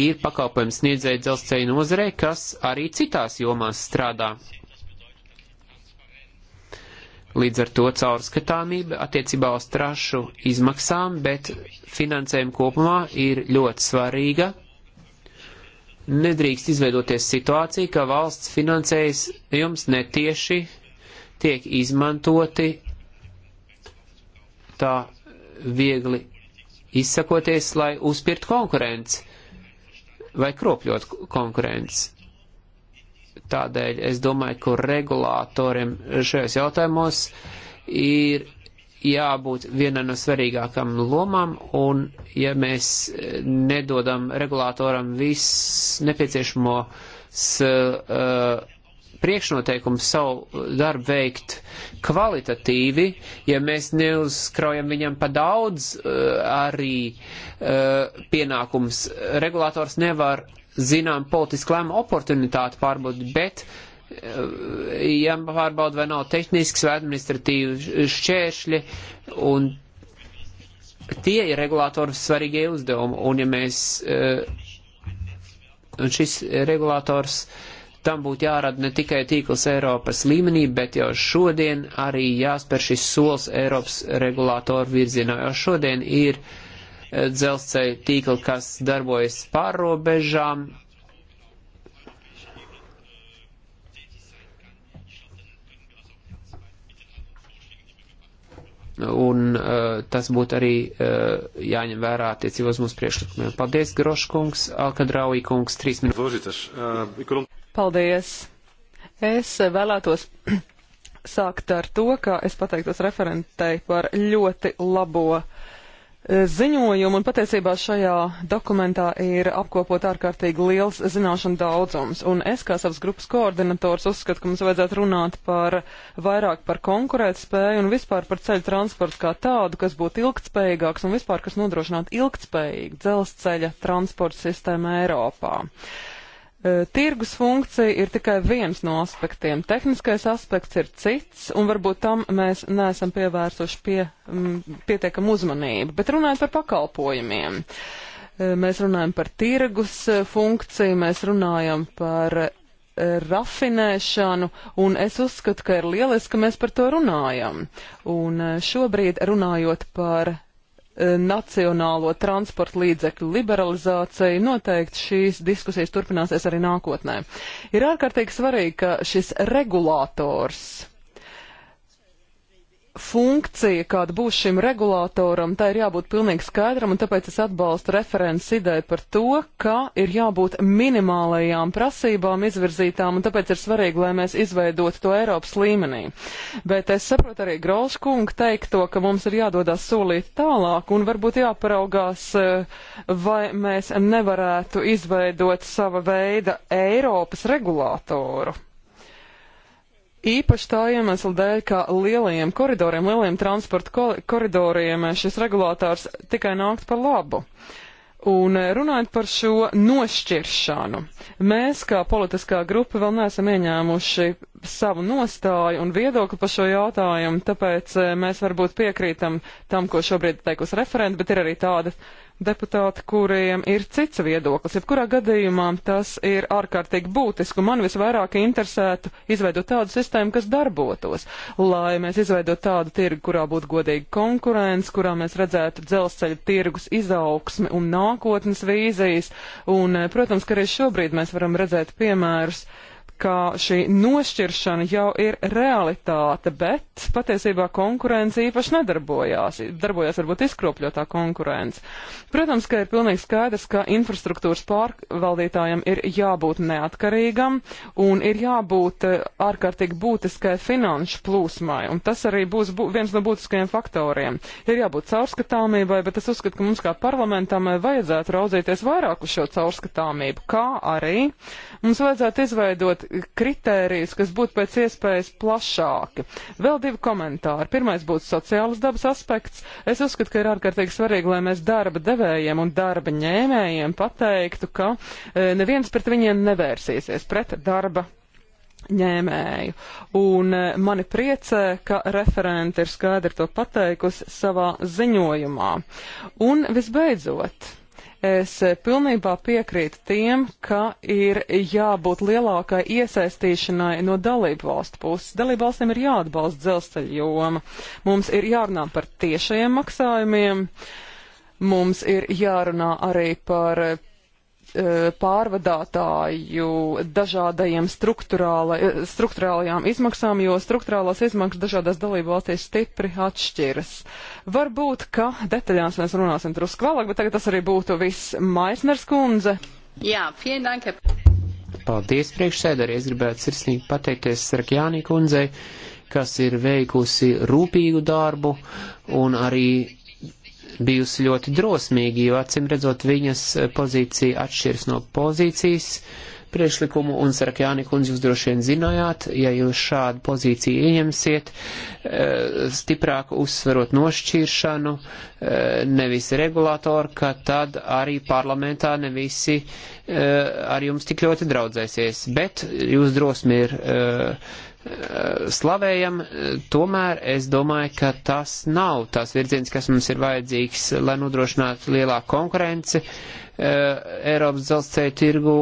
ir pakalpojums sniedzēja dzelzceļa nozarei, kas arī citās jomās strādā. Līdz ar to caurskatāmība attiecībā uz trašu izmaksām, bet finansējuma kopumā ir ļoti svarīga. Nedrīkst izveidoties situācija, ka valsts finansējas jums netieši tiek izmantoti tā viegli izsakoties, lai uzspirt konkurenci vai kropļot konkurences. Tādēļ es domāju, ka regulātoriem šajos jautājumos ir jābūt viena no svarīgākām lomām, un ja mēs nedodam regulātoram viss nepieciešamos uh, priekšnoteikums savu darbu veikt kvalitatīvi, ja mēs neuzkraujam viņam pa daudz eh, arī eh, pienākums. Regulators nevar zinām politisku lēmu oportunitāti pārbaudīt, bet eh, ja pārbauda vai nav tehnisks vai administratīvi šķēršļi un tie ir regulātoru svarīgie uzdevumi. Un ja mēs un šis regulators uh, Tam būtu jārada ne tikai tīkls Eiropas līmenī, bet jau šodien arī jāspēr šis solis Eiropas regulātoru virzienā, jo šodien ir eh, dzelzceļa tīkli, kas darbojas pārrobežām, un uh, tas būtu arī uh, jāņem vērā attiecībos mūsu priekšlikumiem. Paldies, Groškungs, Alkadraujkungs, trīs minūtes. Paldies! Es vēlētos sākt ar to, ka es pateiktos referentei par ļoti labo e, ziņojumu, un patiesībā šajā dokumentā ir apkopot ārkārtīgi liels zināšanu daudzums, un es kā savas grupas koordinators uzskatu, ka mums vajadzētu runāt par vairāk par konkurētspēju un vispār par ceļu transportu kā tādu, kas būtu ilgtspējīgāks un vispār, kas nodrošinātu ilgtspējīgu dzelzceļa transporta sistēmu Eiropā. Uh, Tirgus funkcija ir tikai viens no aspektiem. Tehniskais aspekts ir cits, un varbūt tam mēs neesam pievērsuši pie, m, pietiekam uzmanību. Bet runājot par pakalpojumiem, mēs runājam par tirgus funkciju, mēs runājam par rafinēšanu, un es uzskatu, ka ir lieliski, ka mēs par to runājam. Un šobrīd runājot par nacionālo transporta līdzekļu liberalizāciju. Noteikti šīs diskusijas turpināsies arī nākotnē. Ir ārkārtīgi svarīgi, ka šis regulators funkcija, kāda būs šim regulātoram, tā ir jābūt pilnīgi skaidram, un tāpēc es atbalstu referents ideju par to, ka ir jābūt minimālajām prasībām izvirzītām, un tāpēc ir svarīgi, lai mēs izveidotu to Eiropas līmenī. Bet es saprotu arī Grauškungu teikto, ka mums ir jādodas solīt tālāk, un varbūt jāparaugās, eh, vai mēs nevarētu izveidot sava veida Eiropas regulātoru. Īpaši tā iemesla dēļ, ka lielajiem koridoriem, lielajiem transporta koridoriem eh, šis regulātārs tikai nākt par labu. Un eh, runājot par šo nošķiršanu, mēs kā politiskā grupa vēl neesam ieņēmuši savu nostāju un viedokli par šo jautājumu, tāpēc eh, mēs varbūt piekrītam tam, ko šobrīd teikusi referenti, bet ir arī tāda deputāti, kuriem ir cits viedoklis. Jebkurā gadījumā tas ir ārkārtīgi būtiski, un man visvairāk interesētu izveidot tādu sistēmu, kas darbotos, lai mēs izveidot tādu tirgu, kurā būtu godīga konkurence, kurā mēs redzētu dzelzceļa tirgus izaugsmi un nākotnes vīzijas, un, eh, protams, ka arī šobrīd mēs varam redzēt piemērus, uh, ka šī nošķiršana jau ir realitāte, bet patiesībā konkurence īpaši nedarbojās. Darbojās varbūt izkropļotā konkurence. Protams, ka ir pilnīgi skaidrs, ka infrastruktūras pārvaldītājam ir jābūt neatkarīgam un ir jābūt eh, ārkārtīgi būtiskai finanšu plūsmai. Un tas arī būs bū viens no būtiskajiem faktoriem. Ir jābūt caurskatāmībai, bet es uzskatu, ka mums kā parlamentam eh, vajadzētu raudzīties vairāk uz šo caurskatāmību, kā arī mums vajadzētu izveidot kritērijus, kas būtu pēc iespējas plašāki. Vēl divi komentāri. Pirmais būtu sociālas dabas aspekts. Es uzskatu, ka ir ārkārtīgi svarīgi, lai mēs darba devējiem un darba ņēmējiem pateiktu, ka e, neviens pret viņiem nevērsīsies, pret darba ņēmēju. Un e, mani priecē, ka referenti ir skaidri to pateikusi savā ziņojumā. Un visbeidzot, Es pilnībā piekrītu tiem, ka ir jābūt lielākai iesaistīšanai no dalību valstu puses. Dalību valstīm ir jāatbalsta dzelzceļa joma. Mums ir jārunā par tiešajiem maksājumiem. Mums ir jārunā arī par E, pārvadātāju dažādajiem e, struktūrālajām izmaksām, jo struktūrālās izmaksas dažādās dalību valstīs stipri atšķiras. Varbūt, ka detaļās mēs runāsim drusku vēlāk, bet tagad tas arī būtu viss Maisners kundze. Jā, danke. Paldies priekšsēdari, es gribētu sirsnīgi pateikties Sarkjānī kundzei, kas ir veikusi rūpīgu darbu un arī bijusi ļoti drosmīga, jo acim redzot viņas eh, pozīcija atšķiras no pozīcijas priekšlikumu, un Sarakjāni kundze jūs droši vien zinājāt, ja jūs šādu pozīciju ieņemsiet, eh, stiprāk uzsverot nošķiršanu, eh, nevis regulātoru, ka tad arī parlamentā ne visi ar jums tik ļoti draudzēsies, bet jūs drosmi ir slavējam, tomēr es domāju, ka tas nav tās virziens, kas mums ir vajadzīgs, lai nodrošinātu lielāku konkurenci. Eh, Eiropas dzelzceļa tirgu,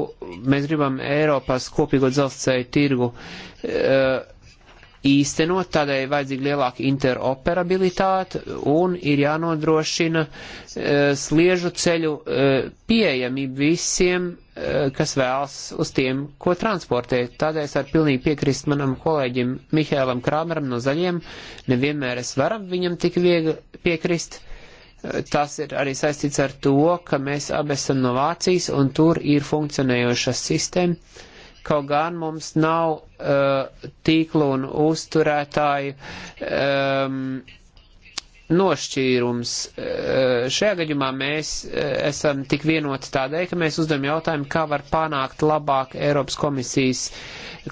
mēs gribam Eiropas kopīgo dzelzceļa tirgu. Uh, īstenot, tādēļ ir vajadzīga lielāka interoperabilitāte un ir jānodrošina e, sliežu ceļu e, pieejamību visiem, e, kas vēlas uz tiem, ko transportēt. Tādēļ es varu pilnīgi piekrist manam kolēģim Mihēlam Krāmeram no Zaļiem, nevienmēr es varu viņam tik viegli piekrist. Tas ir arī saistīts ar to, ka mēs abi esam no Vācijas un tur ir funkcionējoša sistēma Kaut gan mums nav uh, tīklu un uzturētāju um, nošķīrums. Uh, šajā gadījumā mēs uh, esam tik vienoti tādēļ, ka mēs uzdevām jautājumu, kā var panākt labāk Eiropas komisijas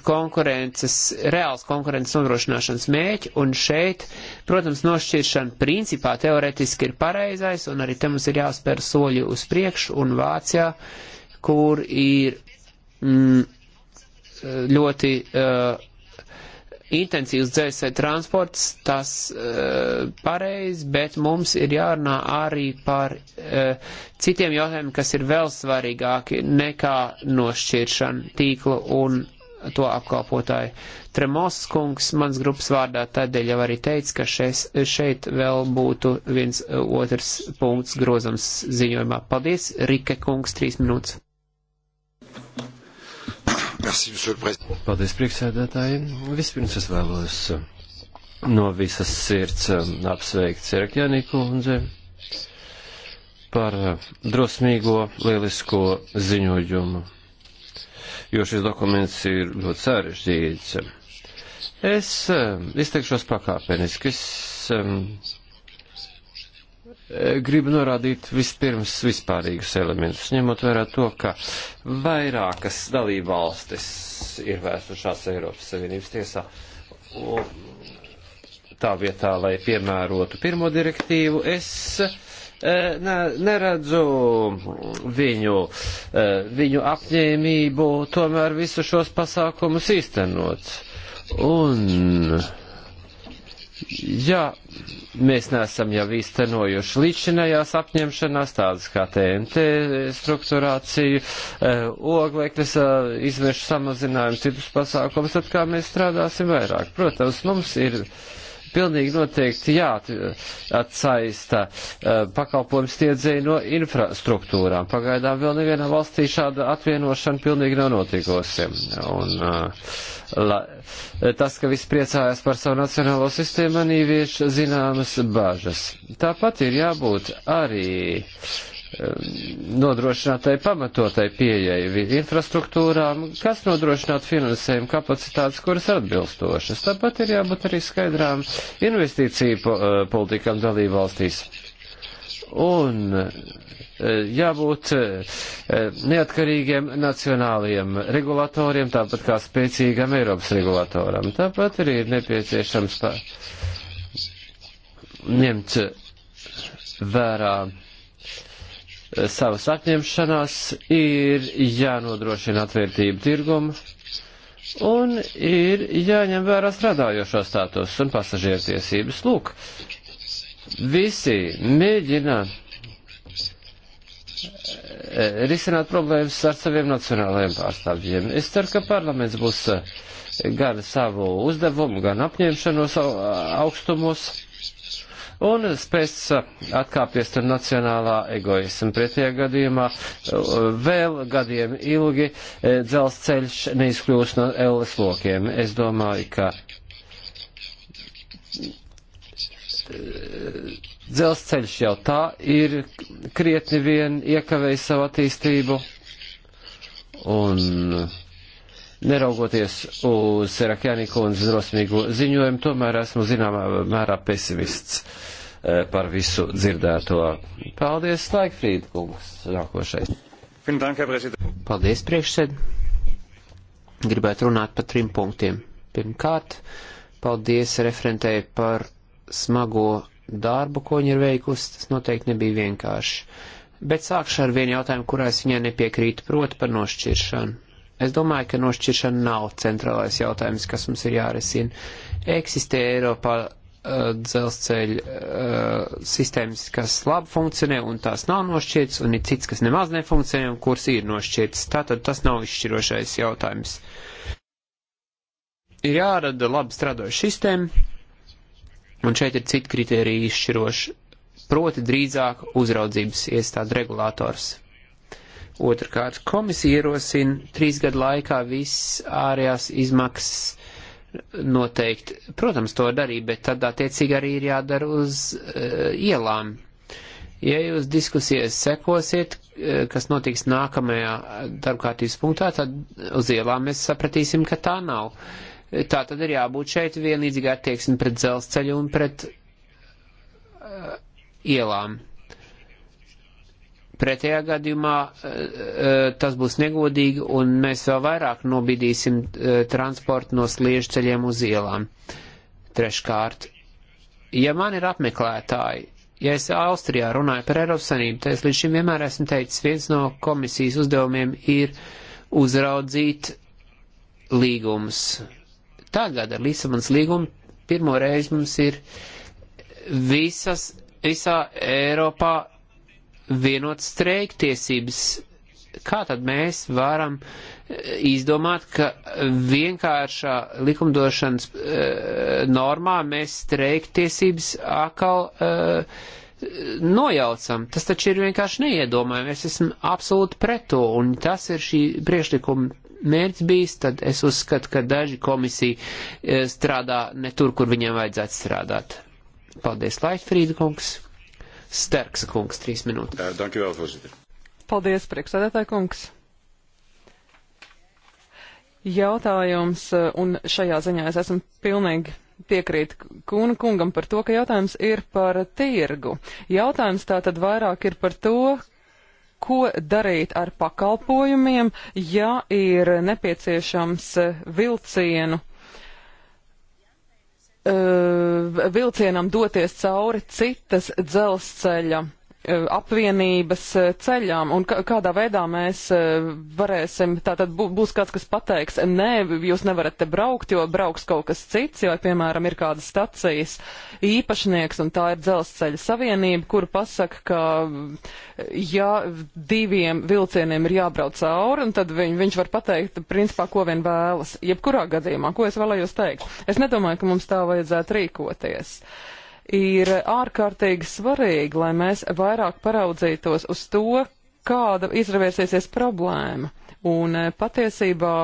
konkurences, reāls konkurences nodrošināšanas mēķi, un šeit, protams, nošķiršana principā teoretiski ir pareizais, un arī te mums ir jāspēr soļi uz priekšu, un Vācijā, kur ir. Mm, ļoti uh, intensīvs dzelzceļa transports, tas uh, pareizi, bet mums ir jārunā arī par uh, citiem jautājumiem, kas ir vēl svarīgāki nekā nošķiršana tīkla un to apkalpotāju. Tremos kungs mans grupas vārdā tādēļ jau arī teica, ka šeit, šeit vēl būtu viens otrs punkts grozams ziņojumā. Paldies, Rike kungs, trīs minūtes. Merci, Paldies, priekšsēdētāji. Vispirms es vēlos uh, no visas sirds um, apsveikt Cerekļānī kundze par uh, drosmīgo, lielisko ziņojumu, jo šis dokuments ir ļoti sarežģīts. Es uh, izteikšos pakāpeniski. Es um, Eh, gribu norādīt vispirms vispārīgus elementus, ņemot vērā to, ka vairākas dalībvalstis ir vērsušās Eiropas Savienības tiesā. Tā vietā, lai piemērotu pirmo direktīvu, es eh, ne, neredzu viņu, eh, viņu apņēmību tomēr visu šos pasākumus īstenot. Un ja mēs neesam jau īstenojuši līdzinējās apņemšanās, tādas kā TNT strukturāciju, eh, oglekļas eh, izmešu samazinājums, citus pasākumus, tad kā mēs strādāsim vairāk. Protams, mums ir pilnīgi noteikti jāatsaista eh, pakalpojums tiedzēji no infrastruktūrām. Pagaidām vēl nevienā valstī šāda atvienošana pilnīgi nav notikusi. Un, eh, la, tas, ka viss priecājās par savu nacionālo sistēmu, man ievieš zināmas bažas. Tāpat ir jābūt arī nodrošinātai pamatotai pieejai infrastruktūrām, kas nodrošinātu finansējumu kapacitātes, kuras atbilstošas. Tāpat ir jābūt arī skaidrām investīciju eh, politikām dalībvalstīs. Un eh, jābūt eh, neatkarīgiem nacionālajiem regulatoriem, tāpat kā spēcīgam Eiropas regulatoram. Tāpat arī ir nepieciešams ņemt vērā savas apņemšanās, ir jānodrošina atvērtība tirgumu un ir jāņem vērā strādājošo status un pasažieru tiesības. Lūk, visi mēģina e, risināt problēmas ar saviem nacionālajiem pārstāvjiem. Es ceru, ka parlaments būs e, gan savu uzdevumu, gan apņemšanos augstumos un spēs atkāpties no nacionālā egoisma. Pretējā gadījumā eh, vēl gadiem ilgi eh, dzelzceļš neizkļūs no elles lokiem. Es domāju, ka eh, dzelzceļš jau tā ir krietni vien iekavējis savu attīstību. Un neraugoties uz Serakjani kundzes drosmīgo ziņojumu, tomēr esmu zināmā mērā pesimists eh, par visu dzirdēto. Paldies, Laikfrīd kungs, nākošais. Paldies, priekšsēd. Gribētu runāt par trim punktiem. Pirmkārt, paldies referentēji par smago darbu, ko viņa ir veikusi. Tas noteikti nebija vienkārši. Bet sākšu ar vienu jautājumu, kurā es viņai nepiekrītu, proti par nošķiršanu Es domāju, ka nošķiršana nav centrālais jautājums, kas mums ir jārisina. Eksistē Eiropā uh, dzelzceļa uh, sistēmas, kas labi funkcionē un tās nav nošķirtas, un ir cits, kas nemaz nefunkcionē un kuras ir nošķirtas. Tātad tas nav izšķirošais jautājums. Ir jārada labi strādoša sistēma, un šeit ir citi kriteriji izšķiroši, proti drīzāk uzraudzības iestāda regulators. Otrkārt, komisija ierosina trīs gadu laikā viss ārējās izmaksas noteikti. Protams, to darīja, bet tad attiecīgi arī ir jādara uz uh, ielām. Ja jūs diskusijas sekosiet, eh, kas notiks nākamajā darbkārtības punktā, tad uz ielām mēs sapratīsim, ka tā nav. Tā tad ir jābūt šeit vienlīdzīgai attieksmi pret dzelzceļu un pret uh, ielām. Pretējā gadījumā e, e, tas būs negodīgi un mēs vēl vairāk nobidīsim e, transportu no sliežu ceļiem uz ielām. Treškārt, ja man ir apmeklētāji, ja es Austrijā runāju par Eiropas Sanību, tad es līdz šim vienmēr esmu teicis, viens no komisijas uzdevumiem ir uzraudzīt līgumus. Tagad ar Lisabonas līgumu pirmo reizi mums ir visas, visā Eiropā vienot streiktiesības. Kā tad mēs varam eh, izdomāt, ka vienkāršā likumdošanas uh, normā mēs streiktiesības atkal uh, nojaucam? Tas taču ir vienkārši neiedomājami. Es esmu absolūti pret to, un tas ir šī priekšlikuma mērķis bijis, tad es uzskatu, ka daži komisija strādā ne tur, kur viņiem vajadzētu strādāt. Paldies, Laitfrīda kungs! Sterks kungs, trīs minūtes. Paldies, priekšsēdētāji kungs. Jautājums, eh, un šajā ziņā es esmu pilnīgi piekrīt Kūna kungam par to, ka jautājums ir par tirgu. Jautājums tā tad vairāk ir par to, ko darīt ar pakalpojumiem, ja ir nepieciešams eh, vilcienu uh, Uh, vilcienam doties cauri citas dzelzceļa Eh, apvienības eh, ceļām un kādā veidā mēs eh, varēsim, tātad būs kāds, kas pateiks, nē, jūs nevarat te braukt, jo brauks kaut kas cits, jo, piemēram, ir kādas stacijas īpašnieks un tā ir dzelzceļa savienība, kura pasaka, ka ja diviem vilcieniem ir jābrauc cauri, un tad viņ, viņš var pateikt, principā, ko vien vēlas. Jebkurā gadījumā, ko es vēlējos teikt? Es nedomāju, ka mums tā vajadzētu rīkoties. Uh, ir ārkārtīgi svarīgi, lai mēs vairāk paraudzītos uz to, kāda izraviesiesies problēma. Un e, patiesībā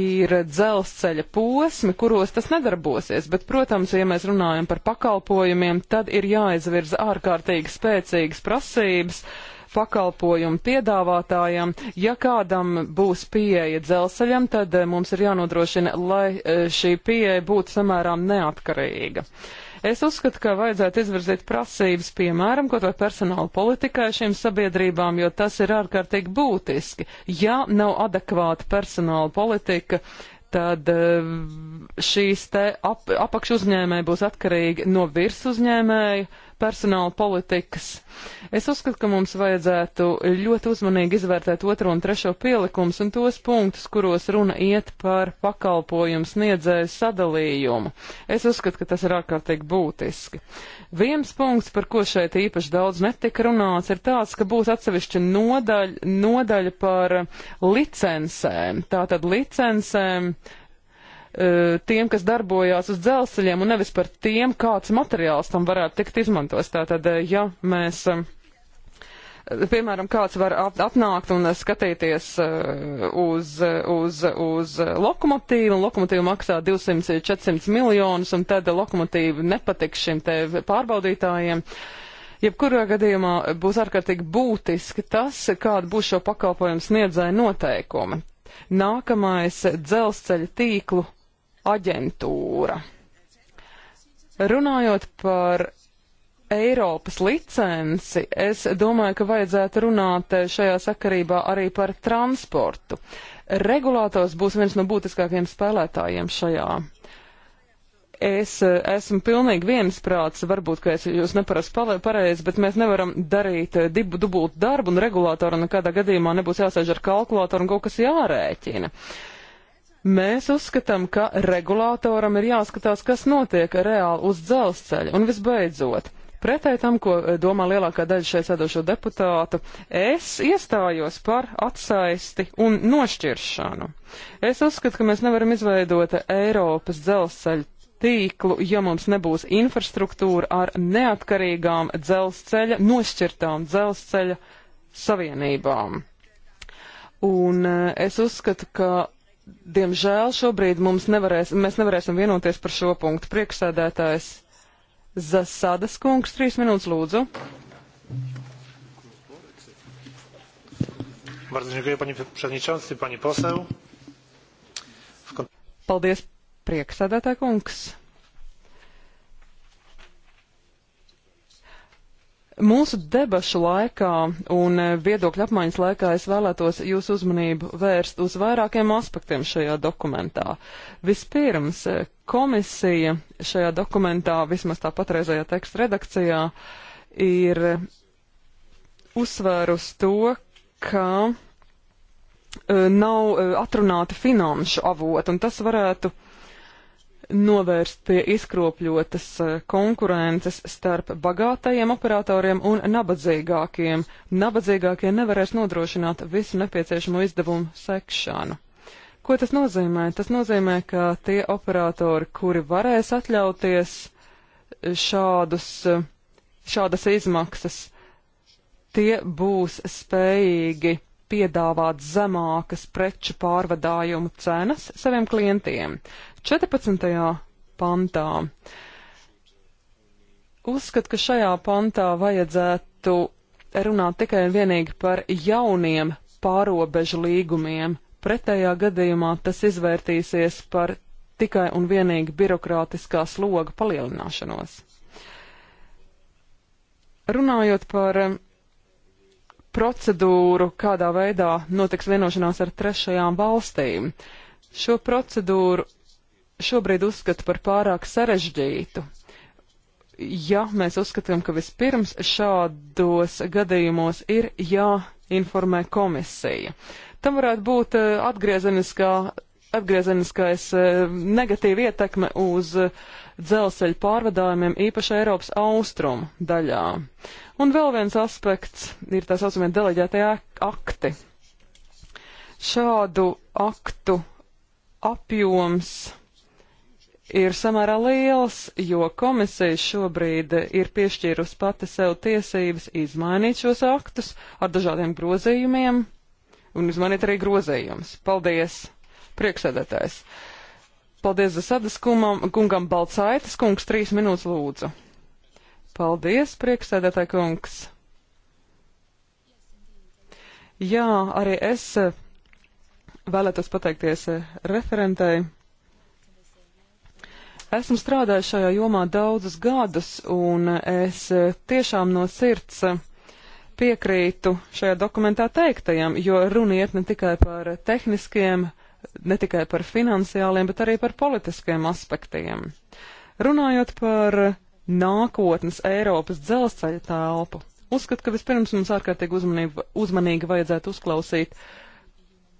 ir dzelzceļa posmi, kuros tas nedarbosies, bet, protams, ja mēs runājam par pakalpojumiem, tad ir jāizvirza ārkārtīgi spēcīgas prasības pakalpojumu piedāvātājam. Ja kādam būs pieeja dzelzceļam, tad e, mums ir jānodrošina, lai e, šī pieeja būtu samērām neatkarīga. Uh, Es uzskatu, ka vajadzētu izvirzīt prasības, piemēram, kaut vai personāla politikai šīm sabiedrībām, jo tas ir ārkārtīgi būtiski. Ja nav adekvāta personāla politika, tad eh, šīs te ap, apakš uzņēmēji būs atkarīgi no virs uzņēmēju personāla politikas. Es uzskatu, ka mums vajadzētu ļoti uzmanīgi izvērtēt otro un trešo pielikums un tos punktus, kuros runa iet par pakalpojumu sniedzēju sadalījumu. Es uzskatu, ka tas ir ārkārtīgi būtiski. Viens punkts, par ko šeit īpaši daudz netika runāts, ir tāds, ka būs atsevišķa nodaļa, nodaļa par licencēm. Tātad licencēm E, tiem, kas darbojās uz dzelzceļiem, un nevis par tiem, kāds materiāls tam varētu tikt izmantos. Tātad, e, ja mēs, e, piemēram, kāds var apnākt un skatīties uz, uz, uz lokomotīvu, un lokomotīva maksā 200-400 miljonus, un tad lokomotīva nepatiks šim te pārbaudītājiem. Jebkurā gadījumā būs ārkārtīgi būtiski tas, kāda būs šo pakalpojumu sniedzēja noteikumi. Nākamais dzelzceļa tīklu aģentūra. Runājot par Eiropas licenci, es domāju, ka vajadzētu runāt šajā sakarībā arī par transportu. Regulātors būs viens no būtiskākajiem spēlētājiem šajā. Es esmu pilnīgi viensprāts, varbūt, ka es jūs neparastu pareizi, bet mēs nevaram darīt dibu, dubult darbu un regulātoru, un kādā gadījumā nebūs jāsēž ar kalkulātoru un kaut kas jārēķina. Uh, Mēs uzskatām, ka regulātoram ir jāskatās, kas notiek reāli uz dzelzceļa. Un visbeidzot, pretēji tam, ko eh, domā lielākā daļa šeit sēdošo deputātu, es iestājos par atsaisti un nošķiršanu. Es uzskatu, ka mēs nevaram izveidot Eiropas dzelzceļa tīklu, ja mums nebūs infrastruktūra ar neatkarīgām dzelzceļa, nošķirtām dzelzceļa savienībām. Un eh, es uzskatu, ka Diemžēl šobrīd mums nevarēs, mēs nevarēsim vienoties par šo punktu. Priekšsēdētājs Zasadas kungs, trīs minūtes lūdzu. Bardzo dziękuję, panie przewodniczący, pani poseł. Paldies, priekšsēdētāj kungs. Mūsu debašu laikā un eh, viedokļu apmaiņas laikā es vēlētos jūsu uzmanību vērst uz vairākiem aspektiem šajā dokumentā. Vispirms, eh, komisija šajā dokumentā, vismaz tā patreizajā teksta redakcijā, ir uzsvērus to, ka eh, nav atrunāti finanšu avoti, un tas varētu uh, novērst pie izkropļotas e, konkurences starp bagātajiem operatoriem un nabadzīgākiem. Nabadzīgākie nevarēs nodrošināt visu nepieciešamo izdevumu sekšanu. Ko tas nozīmē? Tas nozīmē, ka tie operatori, kuri varēs atļauties šādus, e, šādas izmaksas, tie būs spējīgi piedāvāt zemākas preču pārvadājumu cenas saviem klientiem. 14. pantā. Uzskat, ka šajā pantā vajadzētu runāt tikai un vienīgi par jauniem pārobežu līgumiem. Pretējā gadījumā tas izvērtīsies par tikai un vienīgi birokrātiskā sloga palielināšanos. Runājot par um, procedūru, kādā veidā notiks vienošanās ar trešajām valstīm, šo procedūru šobrīd uzskata par pārāk sarežģītu. Ja mēs uzskatām, ka vispirms šādos gadījumos ir jāinformē komisija, tam varētu būt eh, atgriezeniskā, atgriezeniskais eh, negatīva ietekme uz eh, dzelzceļa pārvadājumiem, īpaši Eiropas austrumu daļā. Un vēl viens aspekts ir tā saucamie deleģētie akti. Šādu aktu apjoms ir samērā liels, jo komisija šobrīd ir piešķīrusi pati sev tiesības izmainīt šos aktus ar dažādiem grozījumiem un izmainīt arī grozījumus. Paldies, priekšsēdētājs! Paldies Zasadas kungam Balcaitis kungs, trīs minūtes lūdzu. Paldies, priekšsēdētāj kungs. Jā, arī es vēlētos pateikties referentei. Esmu strādājis šajā jomā daudzus gadus, un es eh, tiešām no sirds eh, piekrītu šajā dokumentā teiktajam, jo runa iet ne tikai par tehniskiem, ne tikai par finansiāliem, bet arī par politiskiem aspektiem. Runājot par nākotnes Eiropas dzelzceļa telpu, uzskatu, ka vispirms mums ārkārtīgi uzmanību, uzmanīgi vajadzētu uzklausīt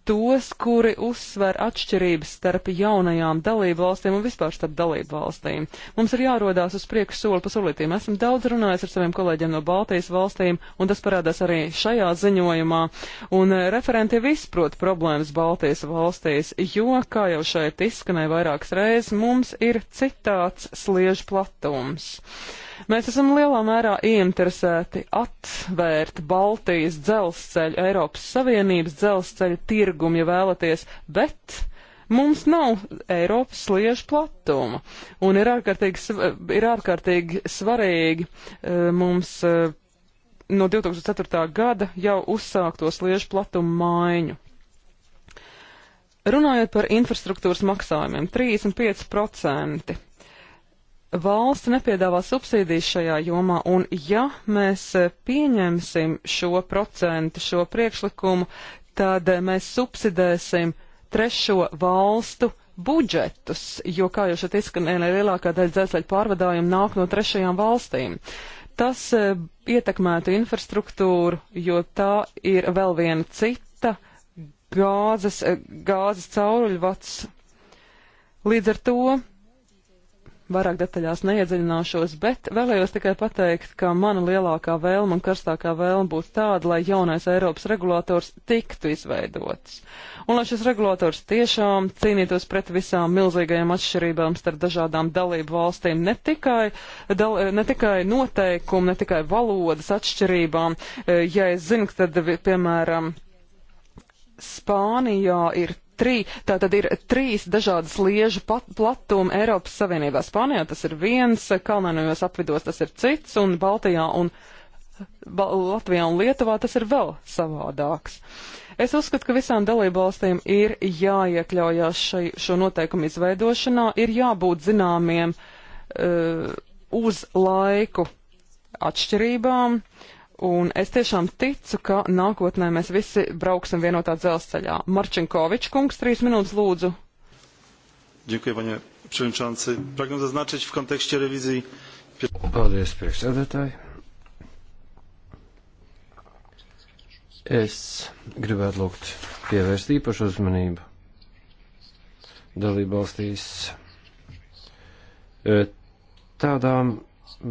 tos, kuri uzsver atšķirības starp jaunajām dalību valstīm un vispār starp dalību valstīm. Mums ir jārodās uz priekšu soli pa solītīm. Esmu daudz runājis ar saviem kolēģiem no Baltijas valstīm, un tas parādās arī šajā ziņojumā. Un eh, referenti visprot problēmas Baltijas valstīs, jo, kā jau šeit izskanēja vairākas reizes, mums ir citāds sliežu platums. Uh, Mēs esam lielā mērā ieinteresēti atvērt Baltijas dzelzceļu, Eiropas Savienības dzelzceļu tirgumu, ja vēlaties, bet mums nav Eiropas sliežu platuma. Un ir ārkārtīgi, ir ārkārtīgi svarīgi e, mums e, no 2004. gada jau uzsākto sliežu platumu maiņu. Runājot par infrastruktūras maksājumiem, 35% valsts nepiedāvā subsīdijas šajā jomā, un ja mēs eh, pieņemsim šo procentu, šo priekšlikumu, tad eh, mēs subsidēsim trešo valstu budžetus, jo, kā jau šeit izskanēja, lielākā daļa dzelzceļa pārvadājumu nāk no trešajām valstīm. Tas e, ietekmētu infrastruktūru, jo tā ir vēl viena cita gāzes, gāzes cauruļvats. Līdz ar to Vairāk detaļās neiedziļināšos, bet vēlējos tikai pateikt, ka mana lielākā vēlma un karstākā vēlma būtu tāda, lai jaunais Eiropas regulators tiktu izveidots. Un lai šis regulators tiešām cīnītos pret visām milzīgajām atšķirībām starp dažādām dalību valstīm, ne tikai, dal, ne tikai noteikumu, ne tikai valodas atšķirībām. E, ja es zinu, tad, piemēram, Spānijā ir trī, tātad ir trīs dažādas liežu platuma Eiropas Savienībā. Spānijā tas ir viens, Kalnēnojos apvidos tas ir cits, un Baltijā un ba Latvijā un Lietuvā tas ir vēl savādāks. Es uzskatu, ka visām dalībvalstīm ir jāiekļaujās šai, šo noteikumu izveidošanā, ir jābūt zināmiem uh, uz laiku atšķirībām. Uh, Un es tiešām ticu, ka nākotnē mēs visi brauksim vienotā dzelzceļā. Marčinkovičs kungs, trīs minūtes lūdzu. Dziękuję, panie przewodniczący. Pragnę zaznaczyć w kontekście rewizji. Paldies, priekšsēdētāji. Es gribētu lūgt pievērst īpašu uzmanību dalību valstīs eh, tādām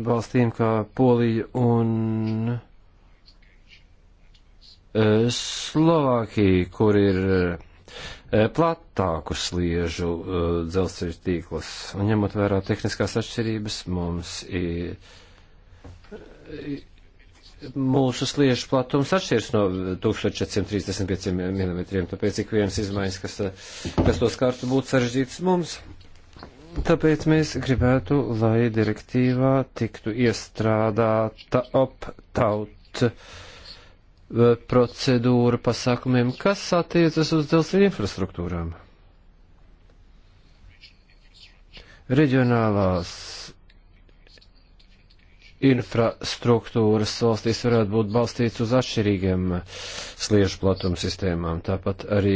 valstīm kā Polija un E, Slovākija, kur ir e, platāku sliežu e, dzelzceļa tīklus, un ņemot vērā tehniskās atšķirības, mums ir mūsu sliežu platums atšķiras no 1435 mm, tāpēc ik vienas izmaiņas, kas, kas to skartu, būtu sarežģītas mums. Tāpēc mēs gribētu, lai direktīvā tiktu iestrādāta opt-out. Uh, procedūru pasākumiem, kas attiecas uz dzelzceļa infrastruktūrām. Reģionālās infrastruktūras valstīs varētu būt balstīts uz atšķirīgiem sliežu platuma sistēmām. Tāpat arī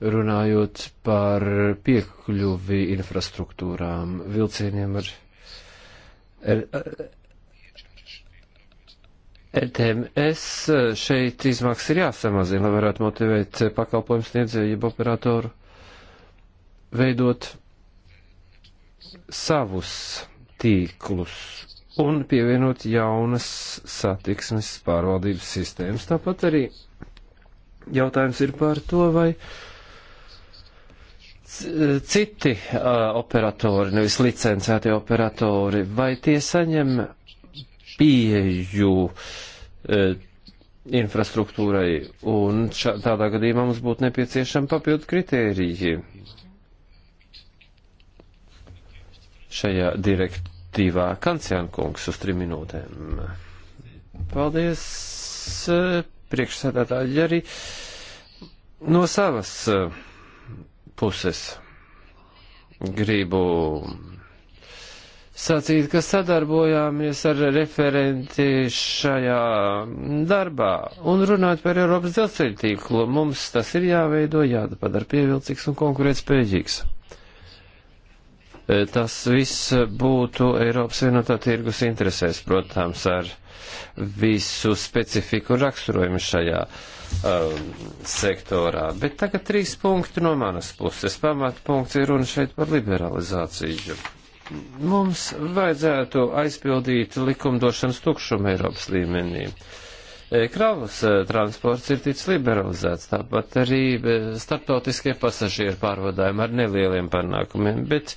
runājot par piekļuvi infrastruktūrām, vilcieniem ar, ar, ETMS eh, šeit izmaksas ir jāsamazina, lai varētu motivēt eh, pakalpojumu sniedzēju operatoru veidot savus tīklus un pievienot jaunas satiksmes pārvaldības sistēmas. Tāpat arī jautājums ir par to, vai eh, citi uh, operatori, nevis licencēti operatori, vai tie saņem pieju e, infrastruktūrai, un šā, tādā gadījumā mums būtu nepieciešama papildu kritēriji šajā direktīvā. Kanciankungs uz trim minūtēm. Paldies, e, priekšsēdētāji, arī no savas e, puses gribu sacīt, ka sadarbojāmies ar referenti šajā darbā un runāt par Eiropas dzelzceļu tīklu. Mums tas ir jāveido, jāpadara pievilcīgs un konkurētspējīgs. Tas viss būtu Eiropas vienotā tirgus interesēs, protams, ar visu specifiku un raksturojumu šajā um, sektorā. Bet tagad trīs punkti no manas puses. Pamatpunkts ir runa šeit par liberalizāciju mums vajadzētu aizpildīt likumdošanas tukšumu Eiropas līmenī. E, Kravas e, transports ir ticis liberalizēts, tāpat arī e, starptautiskie pasažieru pārvadājumi ar nelieliem panākumiem, bet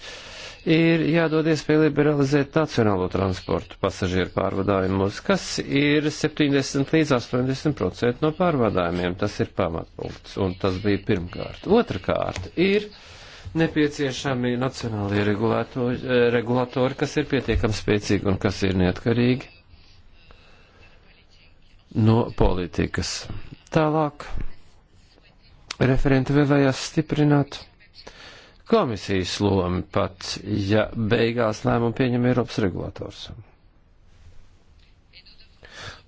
ir jādod iespēja liberalizēt nacionālo transportu pasažieru pārvadājumus, kas ir 70 līdz 80% no pārvadājumiem. Tas ir pamatpunkts, un tas bija pirmkārt. Otrakārt ir nepieciešami nacionālie regulatori, eh, kas ir pietiekami spēcīgi un kas ir neatkarīgi no politikas. Tālāk referenti vēlējās stiprināt komisijas lomu pat, ja beigās lēmumu pieņem Eiropas regulators.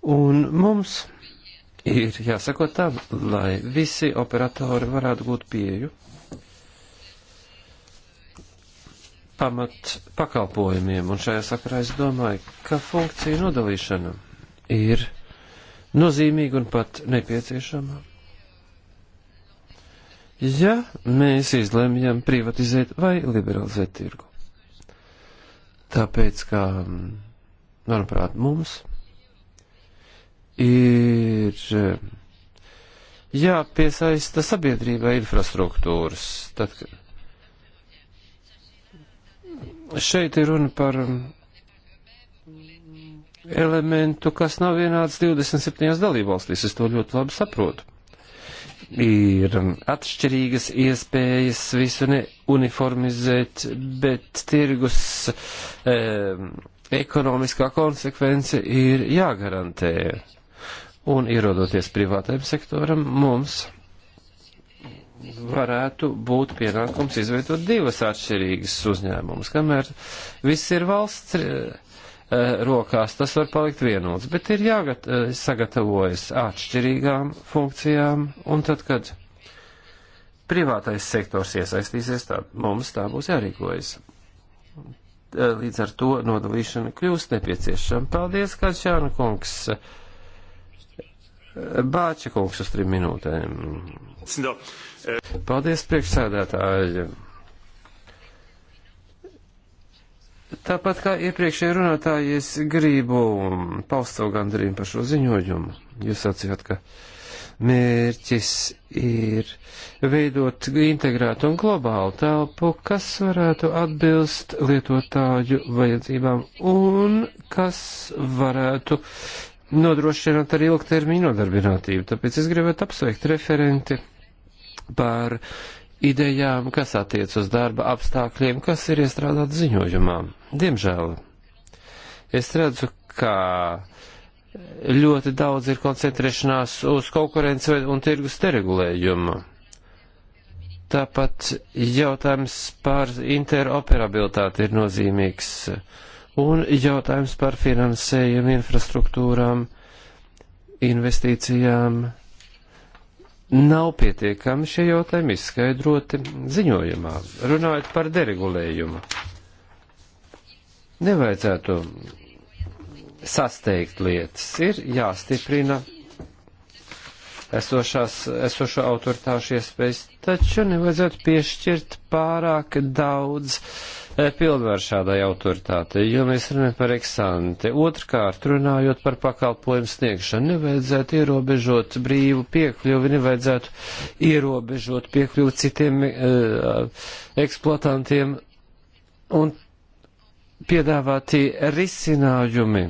Un mums ir jāsako tam, lai visi operatori varētu gūt pieju pamat pakalpojumiem, un šajā sakarā es domāju, ka funkcija nodalīšana ir nozīmīga un pat nepieciešama. Ja mēs izlemjam privatizēt vai liberalizēt tirgu, tāpēc, ka, manuprāt, mums ir eh, jāpiesaista sabiedrībai infrastruktūras, tad, kad šeit ir runa par elementu, kas nav vienāds 27. dalībvalstīs. Es to ļoti labi saprotu. Ir atšķirīgas iespējas visu neuniformizēt, bet tirgus e, ekonomiskā konsekvence ir jāgarantē. Un ierodoties privātajam sektoram, mums varētu būt pienākums izveidot divas atšķirīgas uzņēmumus. Kamēr viss ir valsts eh, eh, rokās, tas var palikt vienots, bet ir jāsagatavojas eh, atšķirīgām funkcijām, un tad, kad privātais sektors iesaistīsies, tā mums tā būs jārīkojas. Līdz ar to nodalīšana kļūst nepieciešama. Paldies, Kačāna kungs! Bāča kungs uz trim minūtēm. Sindā. Paldies, priekšsēdētāji. Tāpat kā iepriekšēji runātāji, es gribu paust savu gandarījumu par šo ziņojumu. Jūs sacījāt, ka mērķis ir veidot integrētu un globālu telpu, kas varētu atbilst lietotāju vajadzībām un kas varētu nodrošināt arī ilgtermiņu nodarbinātību. Tāpēc es gribētu apsveikt referenti par idejām, kas attiec uz darba apstākļiem, kas ir iestrādāt ziņojumā. Diemžēl es redzu, ka ļoti daudz ir koncentrēšanās uz konkurenci un tirgus deregulējumu. Tāpat jautājums par interoperabilitāti ir nozīmīgs un jautājums par finansējumu infrastruktūrām, investīcijām nav pietiekami šie jautājumi izskaidroti ziņojumā, runājot par deregulējumu. Nevajadzētu sasteigt lietas, ir jāstiprina esošās, esošo autoritāšu iespējas, taču nevajadzētu piešķirt pārāk daudz uh, pilnvaru šādai autoritātei, jo mēs runājam par eksanti. Otrkārt, runājot par pakalpojumu sniegšanu, nevajadzētu ierobežot brīvu piekļuvi, nevajadzētu ierobežot piekļuvi citiem uh, eksploatantiem un piedāvāti risinājumi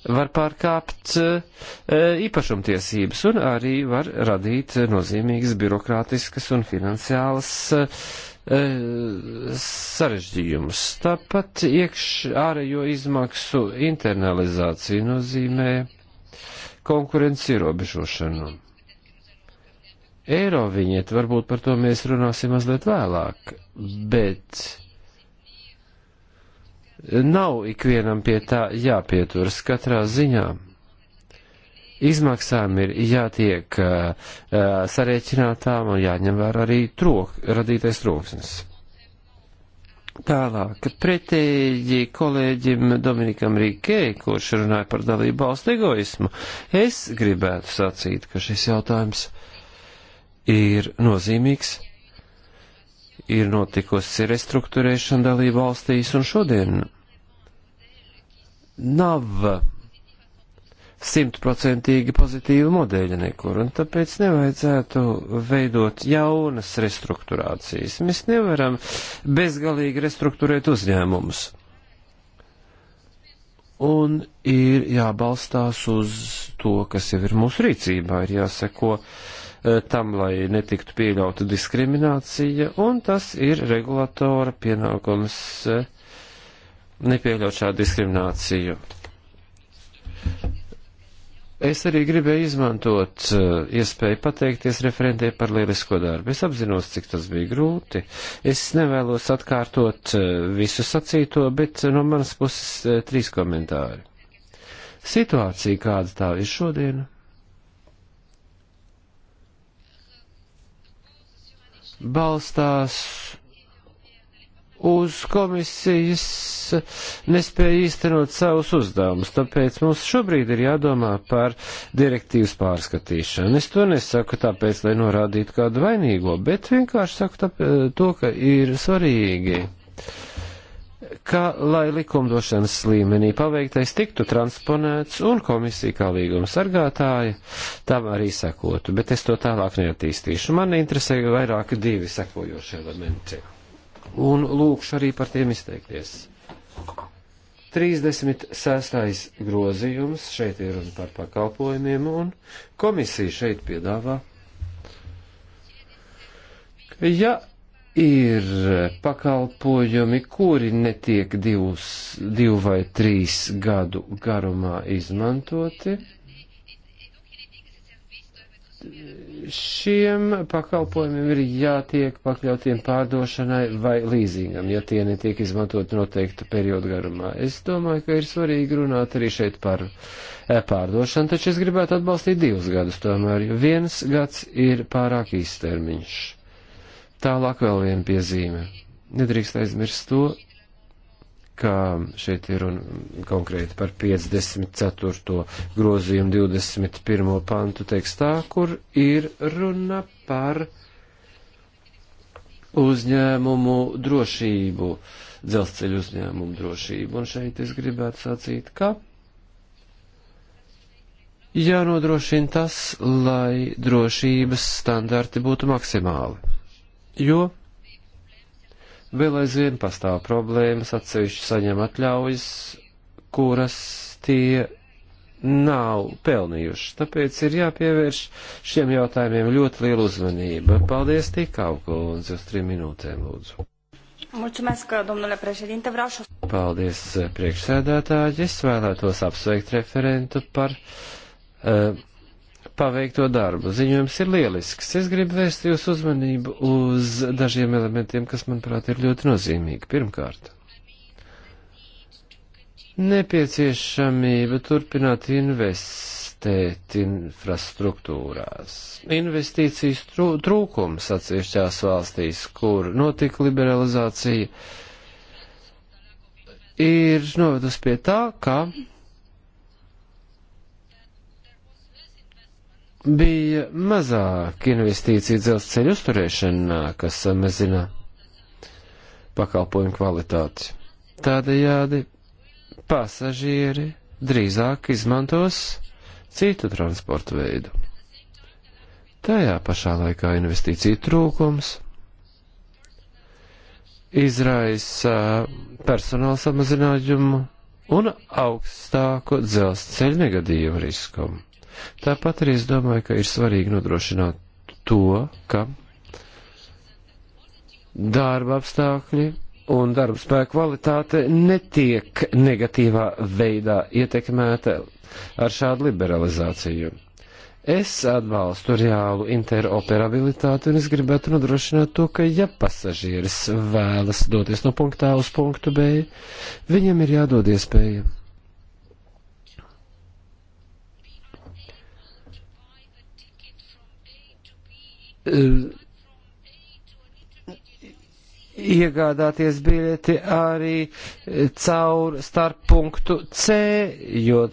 var pārkāpt eh, īpašumtiesības un arī var radīt nozīmīgas birokrātiskas un finansiālas eh, E, sarežģījumus. Tāpat iekšārējo izmaksu internalizācija nozīmē konkurences ierobežošanu. Eiro viņiet, varbūt par to mēs runāsim mazliet vēlāk, bet nav ikvienam pie tā jāpieturas katrā ziņā izmaksām ir jātiek uh, uh sarēķinātām un jāņem vērā arī trok, radītais troksnis. Tālāk, pretēji kolēģim Dominikam Rīkē, kurš runāja par dalību valstu egoismu, es gribētu sacīt, ka šis jautājums ir nozīmīgs, ir notikusi restruktūrēšana dalību valstīs un šodien nav simtprocentīgi pozitīva modeļa nekur, un tāpēc nevajadzētu veidot jaunas restruktūrācijas. Mēs nevaram bezgalīgi restruktūrēt uzņēmumus. Un ir jābalstās uz to, kas jau ir mūsu rīcībā, ir jāseko eh, tam, lai netiktu pieļauta diskriminācija, un tas ir regulatora pienākums eh, nepieļaut šādu diskrimināciju. Es arī gribēju izmantot eh, iespēju pateikties referentē par lielisko darbu. Es apzinos, cik tas bija grūti. Es nevēlos atkārtot eh, visu sacīto, bet no manas puses eh, trīs komentāri. Situācija, kāda tā ir šodien, balstās uz komisijas nespēju īstenot savus uzdevumus. Tāpēc mums šobrīd ir jādomā par direktīvas pārskatīšanu. Es to nesaku tāpēc, lai norādītu kādu vainīgo, bet vienkārši saku tāpēc, to, ka ir svarīgi ka, lai likumdošanas līmenī paveiktais tiktu transponēts un komisija kā līguma sargātāja tam arī sekotu, bet es to tālāk neattīstīšu. Man interesē vairāk divi sekojoši elementi un lūkšu arī par tiem izteikties. 36. grozījums šeit ir runa par pakalpojumiem, un komisija šeit piedāvā, ka ja ir pakalpojumi, kuri netiek divus, divu vai trīs gadu garumā izmantoti, šiem pakalpojumiem ir jātiek pakļautiem pārdošanai vai līzingam, ja tie netiek izmantot noteiktu periodu garumā. Es domāju, ka ir svarīgi runāt arī šeit par eh, pārdošanu, taču es gribētu atbalstīt divus gadus tomēr, jo viens gads ir pārāk īstermiņš. Tālāk vēl viena piezīme. Nedrīkst aizmirst to, ka šeit ir un konkrēti par 54. grozījumu 21. pantu tekstā, kur ir runa par uzņēmumu drošību, dzelzceļu uzņēmumu drošību. Un šeit es gribētu sacīt, ka jānodrošina tas, lai drošības standarti būtu maksimāli. Jo Vēl aizvien pastāv problēmas, atsevišķi saņem atļaujas, kuras tie nav pelnījuši. Tāpēc ir jāpievērš šiem jautājumiem ļoti liela uzmanība. Paldies, Tikau, kundze, uz trim minūtēm, lūdzu. Mulțumesc, domnule președinte, vreau și... Paldies, priekšsēdētāji. Es vēlētos apsveikt referentu par uh, paveikto darbu. Ziņojums ir lielisks. Es gribu vērst jūsu uzmanību uz dažiem elementiem, kas, manuprāt, ir ļoti nozīmīgi. Pirmkārt, nepieciešamība turpināt investēt infrastruktūrās. Investīcijas trūkums atsevišķās valstīs, kur notika liberalizācija, ir novedus pie tā, ka bija mazāk investīcija dzelzceļu uzturēšanā, kas samazina pakalpojumu kvalitāti. Tādējādi pasažieri drīzāk izmantos citu transportu veidu. Tajā pašā laikā investīcija trūkums izraisa personāla samazinājumu un augstāku dzelzceļa negadījumu riskumu. Tāpat arī es domāju, ka ir svarīgi nodrošināt to, ka darba apstākļi un darba spēka kvalitāte netiek negatīvā veidā ietekmēta ar šādu liberalizāciju. Es atbalstu reālu interoperabilitāti un es gribētu nodrošināt to, ka ja pasažieris vēlas doties no punktā uz punktu B, viņam ir jādod iespēja Eh, iegādāties biļeti arī caur starppunktu C, jo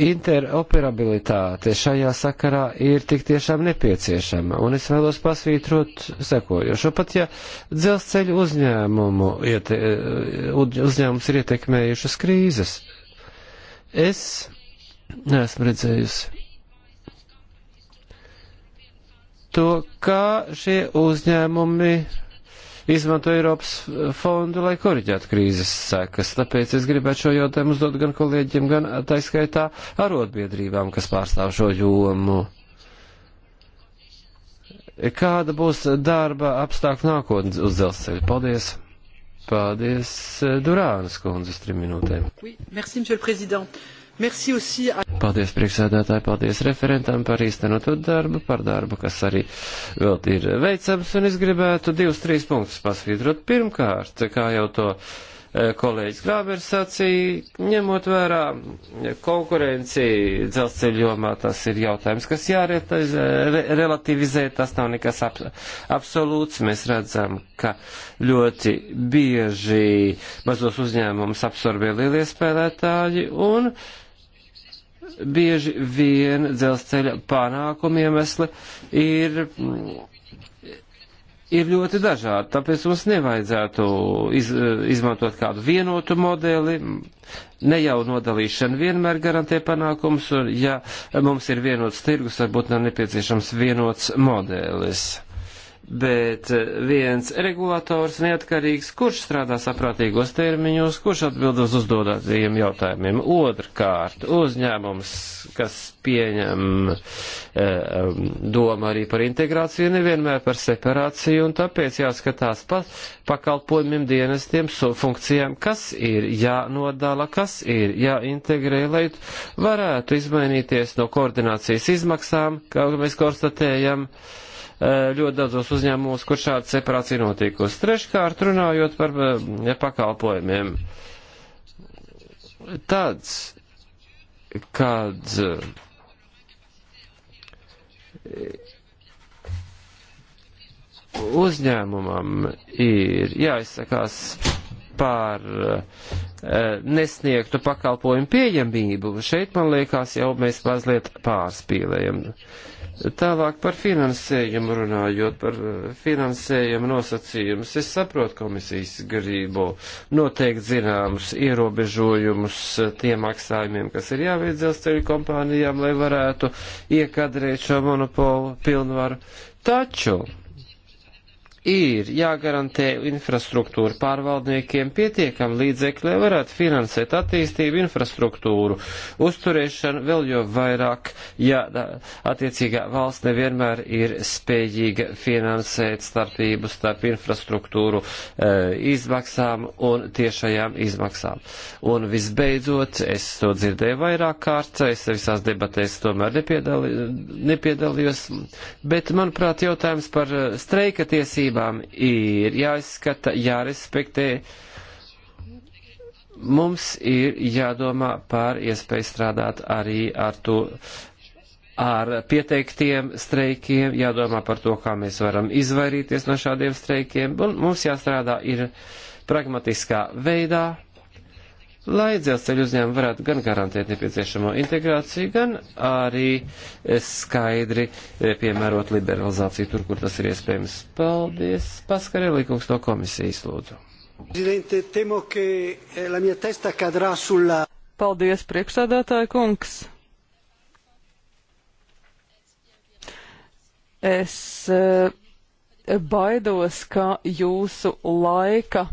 interoperabilitāte šajā sakarā ir tik tiešām nepieciešama, un es vēlos pasvītrot sekojošo. Pat ja dzelzceļu uzņēmumu iete, eh, uzņēmums ir ietekmējušas krīzes, es neesmu redzējusi to, kā šie uzņēmumi izmanto Eiropas fondu, lai koriģētu krīzes sekas. Tāpēc es gribētu šo jautājumu uzdot gan kolēģiem, gan taiskaitā arotbiedrībām, kas pārstāv šo jomu. Kāda būs darba apstākļu nākotnes uz dzelzceļa? Paldies! Paldies, Durānas kundzes, trim minūtēm. Oui, merci, Paldies priekšsēdētāji, paldies referentam par īstenoto darbu, par darbu, kas arī vēl ir veicams, un es gribētu divus, trīs punktus pasvītrot. Pirmkārt, kā jau to e, kolēģis Grābers sacīja, ņemot vērā konkurenci dzelzceļa jomā, tas ir jautājums, kas jāretizē, re, relativizē, tas nav nekas ab, absolūts. Mēs redzam, ka ļoti bieži mazos uzņēmumus absorbē lielie spēlētāji, un uh, bieži vien dzelzceļa panākumi iemesli ir, ir ļoti dažādi, tāpēc mums nevajadzētu iz, izmantot kādu vienotu modeli, ne jau nodalīšana vienmēr garantē panākums, un ja mums ir vienots tirgus, varbūt nav nepieciešams vienots modelis bet eh, viens regulators neatkarīgs, kurš strādā saprātīgos termiņos, kurš atbild uz uzdodātajiem jautājumiem. Otrkārt, uzņēmums, kas pieņem e, domu arī par integrāciju, nevienmēr par separāciju, un tāpēc jāskatās pa pakalpojumiem, dienestiem, so funkcijām, kas ir jānodala, kas ir jāintegrē, lai varētu izmainīties no koordinācijas izmaksām, kā mēs konstatējam. Uh, Eh, ļoti daudzos uzņēmumos, kur šāda separācija notikusi. Treškārt, runājot par eh, pakalpojumiem, tāds, kad eh, uzņēmumam ir jāizsakās par e, nesniegtu pakalpojumu pieejamību, šeit, man liekas, jau mēs mazliet pārspīlējam. E, Tālāk par finansējumu runājot, par eh, finansējumu nosacījumus. Es saprotu komisijas gribu noteikt zināmus ierobežojumus eh, tiem maksājumiem, kas ir jāveic dzelzceļu kompānijām, lai varētu iekadrēt šo monopolu pilnvaru. Taču ir jāgarantē infrastruktūra pārvaldniekiem pietiekami līdzekļi, lai varētu finansēt attīstību, infrastruktūru, uzturēšanu vēl jo vairāk, ja attiecīgā valsts nevienmēr ir spējīga finansēt starpību starp infrastruktūru e, izmaksām un tiešajām izmaksām. Un visbeidzot, es to dzirdēju vairāk kārt, es visās debatēs tomēr nepiedalījos, bet manuprāt jautājums par streika tiesību tiesībām ir jāizskata, jārespektē. Mums ir jādomā par iespēju strādāt arī ar to, ar pieteiktiem streikiem, jādomā par to, kā mēs varam izvairīties no šādiem streikiem, un mums jāstrādā ir pragmatiskā veidā, lai dzelzceļu uzņēmumi varētu gan garantēt nepieciešamo integrāciju, gan arī e, skaidri e, piemērot liberalizāciju tur, kur tas ir iespējams. Paldies, Paskarēlī kungs no komisijas lūdzu. E, Paldies, priekšsādātāja kungs. Es baidos, ka jūsu laika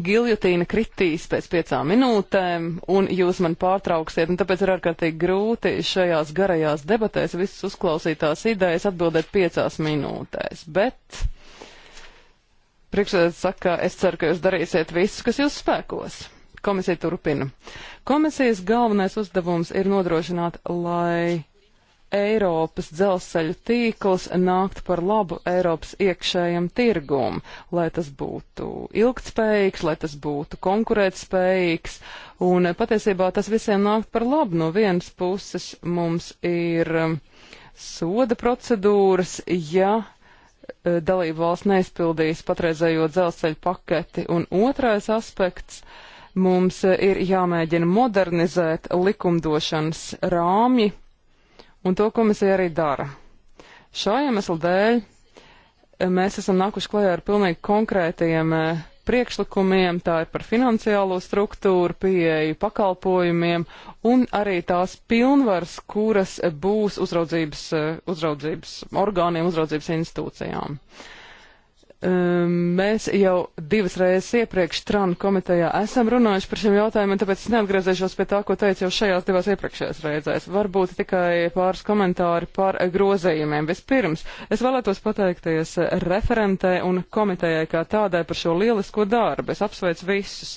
Giljotīna kritīs pēc piecām minūtēm, un jūs man pārtrauksiet, un tāpēc ir ārkārtīgi grūti šajās garajās debatēs visas uzklausītās idejas atbildēt piecās minūtēs. Bet priekšsēdētājs saka, es ceru, ka jūs darīsiet visu, kas jūs spēkos. Komisija turpina. Komisijas galvenais uzdevums ir nodrošināt, lai Eiropas dzelzceļa tīkls nākt par labu Eiropas iekšējam tirgum, lai tas būtu ilgtspējīgs, lai tas būtu konkurētspējīgs, un eh, patiesībā tas visiem nākt par labu. No vienas puses mums ir um, soda procedūras, ja eh, dalību valsts neizpildīs patreizējo dzelzceļa paketi, un otrais aspekts mums eh, ir jāmēģina modernizēt likumdošanas rāmji Un to komisija arī dara. Šā iemesla dēļ eh, mēs esam nākuši klajā ar pilnīgi konkrētiem eh, priekšlikumiem, tā ir par finansiālo struktūru, pieeju pakalpojumiem un arī tās pilnvaras, kuras eh, būs uzraudzības, uzraudzības orgāniem, uzraudzības institūcijām. Uh, Um, mēs jau divas reizes iepriekš Tranu komitejā esam runājuši par šiem jautājumiem, tāpēc es neatgriezīšos pie tā, ko teicu jau šajās divās iepriekšējās reizēs. Varbūt tikai pāris komentāri par grozējumiem. Vispirms, es vēlētos pateikties referentē un komitejai kā tādai par šo lielisko darbu. Es apsveicu visus.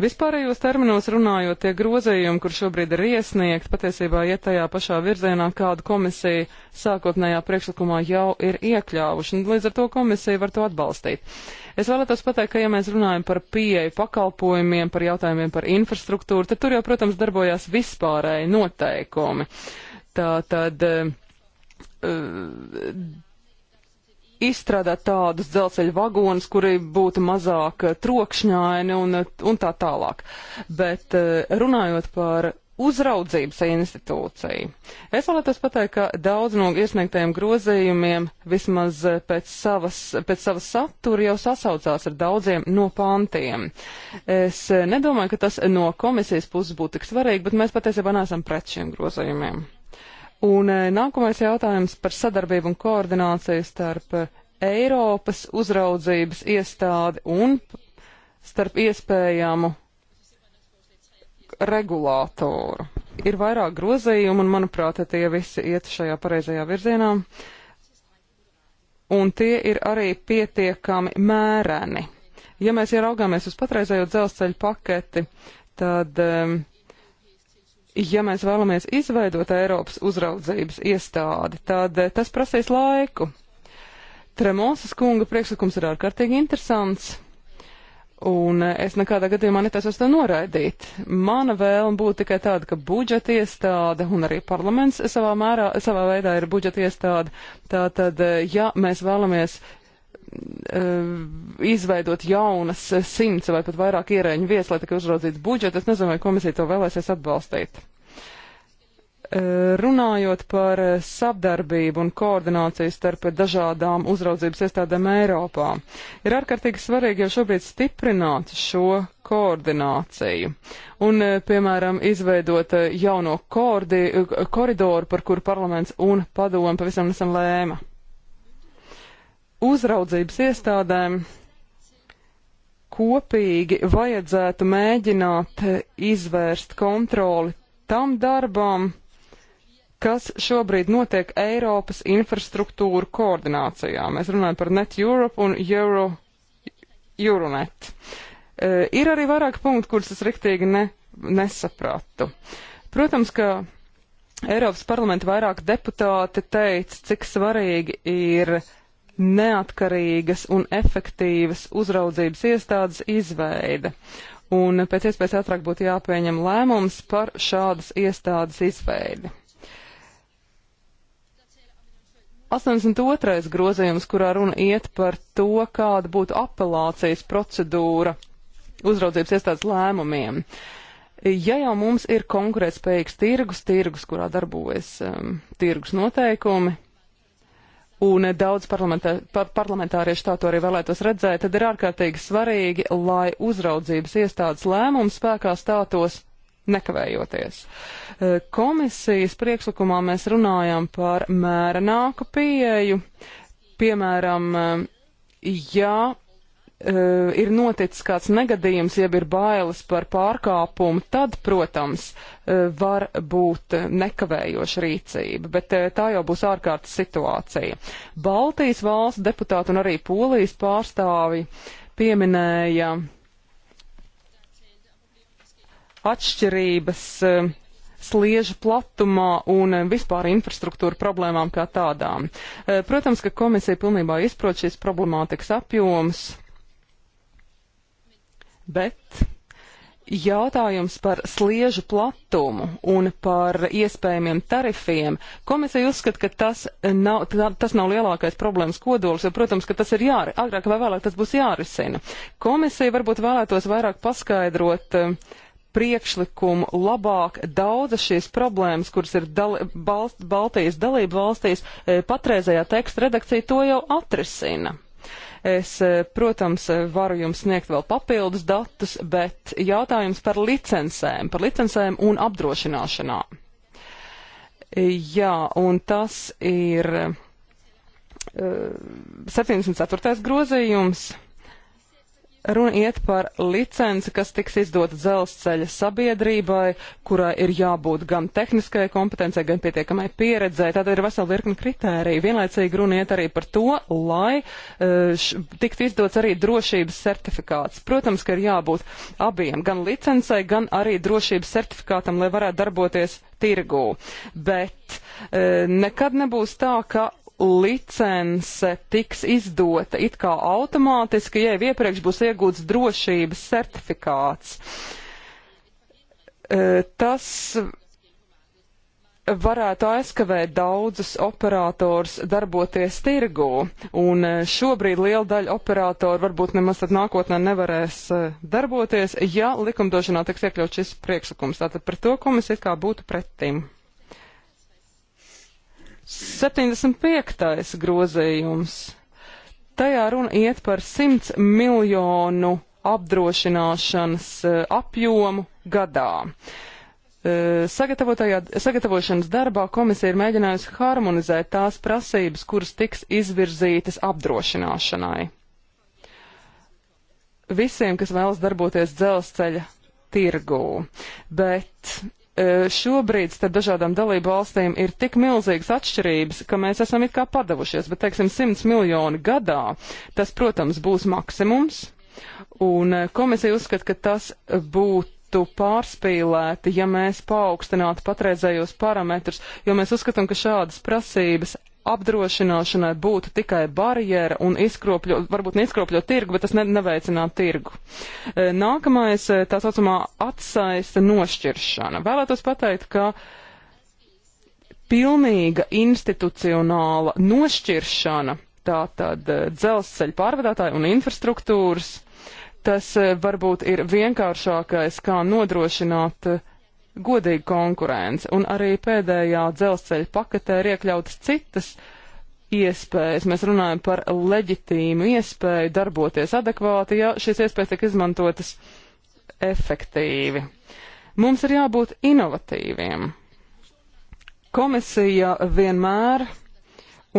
Vispārējos terminos runājot, tie grozījumi, kur šobrīd ir iesniegt, patiesībā iet tajā pašā virzienā, kādu komisija sākotnējā priekšlikumā jau ir iekļāvuši, un līdz ar to komisija var to atbalstīt. Es vēlētos pateikt, ka ja mēs runājam par pieeju pakalpojumiem, par jautājumiem par infrastruktūru, tad tur jau, protams, darbojās vispārēji noteikumi. Tā tad. Uh, izstrādāt tādus dzelzceļa vagonus, kuri būtu mazāk eh, trokšņaini un, eh, un tā tālāk. Bet eh, runājot par uzraudzības institūciju, es vēlētos pateikt, ka daudz no iesniegtajiem grozījumiem vismaz pēc savas, pēc savas satura jau sasaucās ar daudziem no pantiem. Es nedomāju, ka tas no komisijas puses būtu tik svarīgi, bet mēs patiesībā neesam pret šiem grozījumiem. Un eh, nākamais jautājums par sadarbību un koordināciju starp eh, Eiropas uzraudzības iestādi un starp iespējamu regulātoru. Ir vairāk grozījumu, un manuprāt, tie visi iet šajā pareizajā virzienā. Un tie ir arī pietiekami mēreni. Ja mēs ieraugāmies uz patreizējo dzelzceļu paketi, tad um, ja mēs vēlamies izveidot Eiropas uzraudzības iestādi, tad eh, tas prasīs laiku. Tremosas kunga priekšlikums ir ārkārtīgi interesants. Un eh, es nekādā gadījumā netaisos to noraidīt. Mana vēlme būtu tikai tāda, ka budžeta iestāde un arī parlaments savā, mērā, savā veidā ir budžeta iestāde. Tātad, eh, ja mēs vēlamies uh, izveidot jaunas simts vai pat vairāk ierēņu vietas, lai tikai uzraudzītu budžetu, es nezinu, vai komisija to vēlēsies atbalstīt. Runājot par eh, sadarbību un koordināciju starp dažādām uzraudzības iestādēm Eiropā, ir ārkārtīgi svarīgi jau šobrīd stiprināt šo koordināciju un, eh, piemēram, izveidot eh, jauno kordi, koridoru, par kuru parlaments un padomu pavisam nesen lēma. Uzraudzības iestādēm kopīgi vajadzētu mēģināt izvērst kontroli tam darbam, kas šobrīd notiek Eiropas infrastruktūru koordinācijā. Mēs runājam par Net Europe un Euro, Euronet. E, ir arī vairāk punktu, kurus es riktīgi ne, nesapratu. Protams, ka Eiropas parlamenta vairāk deputāti teica, cik svarīgi ir neatkarīgas un efektīvas uzraudzības iestādes izveide. Un pēc iespējas ātrāk būtu jāpieņem lēmums par šādas iestādes izveidi. 82. grozījums, kurā runa iet par to, kāda būtu apelācijas procedūra uzraudzības iestādes lēmumiem. Ja jau mums ir konkurētspējīgs tirgus, tirgus, kurā darbojas um, tirgus noteikumi, un daudz parlamentā, par, parlamentārieši tā to arī vēlētos redzēt, tad ir ārkārtīgi svarīgi, lai uzraudzības iestādes lēmums spēkā stātos nekavējoties. E, komisijas priekšlikumā mēs runājam par mērenāku pieeju. Piemēram, e, ja e, ir noticis kāds negadījums, jeb ir bailes par pārkāpumu, tad, protams, var būt nekavējoša rīcība, bet tā jau būs ārkārtas situācija. Baltijas valsts deputāti un arī polijas pārstāvi pieminēja uh, atšķirības eh, sliežu platumā un eh, vispār infrastruktūra problēmām kā tādām. Eh, protams, ka komisija pilnībā izprot šīs problemātikas apjoms, bet jautājums par sliežu platumu un par iespējamiem tarifiem. Komisija uzskata, ka tas nav, tā, tas nav lielākais problēmas kodols, jo, protams, ka tas ir jāri, agrāk vai vēlāk tas būs jārisina. Komisija varbūt vēlētos vairāk paskaidrot uh, priekšlikumu labāk daudzas šīs problēmas, kuras ir dal Bal Baltijas dalību valstīs, e, patreizējā teksta redakcija to jau atrisina. Es, e, protams, e, varu jums sniegt vēl papildus datus, bet jautājums par licencēm, par licencēm un apdrošināšanām. Jā, un tas ir 74. grozījums. Runa iet par licenci, kas tiks izdota dzelzceļa sabiedrībai, kurai ir jābūt gan tehniskai kompetencijai, gan pietiekamai pieredzē. Tātad ir vesela virkni kritērija. Vienlaicīgi runa iet arī par to, lai eh, š, tikt izdots arī drošības certifikāts. Protams, ka ir jābūt abiem, gan licencei, gan arī drošības certifikātam, lai varētu darboties tirgū. Bet e, nekad nebūs tā, ka licence tiks izdota it kā automātiski, ja jau iepriekš būs iegūts drošības certifikāts. E, tas varētu aizkavēt daudzus operators darboties tirgū, un e, šobrīd liela daļa operatoru varbūt nemaz tad nākotnē nevarēs e, darboties, ja likumdošanā tiks iekļaut šis priekšlikums. Tātad par to, ko mēs it kā būtu pretim. 75. grozījums. Tajā runa iet par 100 miljonu apdrošināšanas e, apjomu gadā. E, sagatavošanas darbā komisija ir mēģinājusi harmonizēt tās prasības, kuras tiks izvirzītas apdrošināšanai. Visiem, kas vēlas darboties dzelzceļa tirgū, bet E, šobrīd starp dažādām dalību valstīm ir tik milzīgas atšķirības, ka mēs esam it kā padavušies, bet, teiksim, 100 miljoni gadā, tas, protams, būs maksimums, un e, komisija uzskata, ka tas būtu pārspīlēti, ja mēs paaugstinātu patreizējos parametrus, jo mēs uzskatām, ka šādas prasības apdrošināšanai būtu tikai barjera un izkropļo, varbūt neizkropļo tirgu, bet tas ne, neveicinātu tirgu. E, nākamais e, tā saucamā atsaista nošķiršana. Vēlētos pateikt, ka pilnīga institucionāla nošķiršana, tātad e, dzelzceļa pārvadātāji un infrastruktūras, tas varbūt ir vienkāršākais, kā nodrošināt uh, godīga konkurence, un arī pēdējā dzelzceļa paketē ir iekļautas citas iespējas. Mēs runājam par leģitīmu iespēju darboties adekvāti, ja šīs iespējas tiek izmantotas efektīvi. Mums ir jābūt inovatīviem. Komisija vienmēr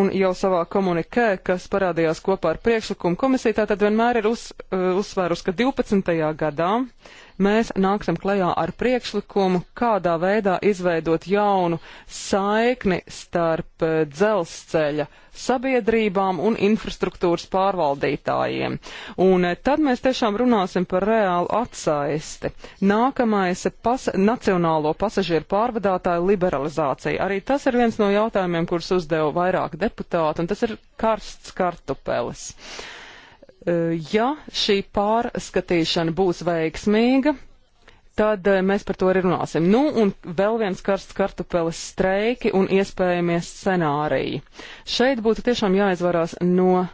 un jau savā komunikē, kas parādījās kopā ar priekšlikumu komisiju, tātad vienmēr ir uz, uzsvērus, ka 12. gadā mēs nāksim klajā ar priekšlikumu, kādā veidā izveidot jaunu saikni starp eh, dzelzceļa sabiedrībām un infrastruktūras pārvaldītājiem. Un eh, tad mēs tiešām runāsim par reālu atsaisti. Nākamais pas nacionālo pasažieru pārvadātāju liberalizācija. Arī tas ir viens no jautājumiem, kurus uzdeva vairāk deputāti, un tas ir karsts kartupelis. Uh, E, ja šī pārskatīšana būs veiksmīga, tad e, mēs par to arī runāsim. Nu, un vēl viens karsts kartupeles streiki un iespējamies scenāriji. Šeit būtu tiešām jāizvarās no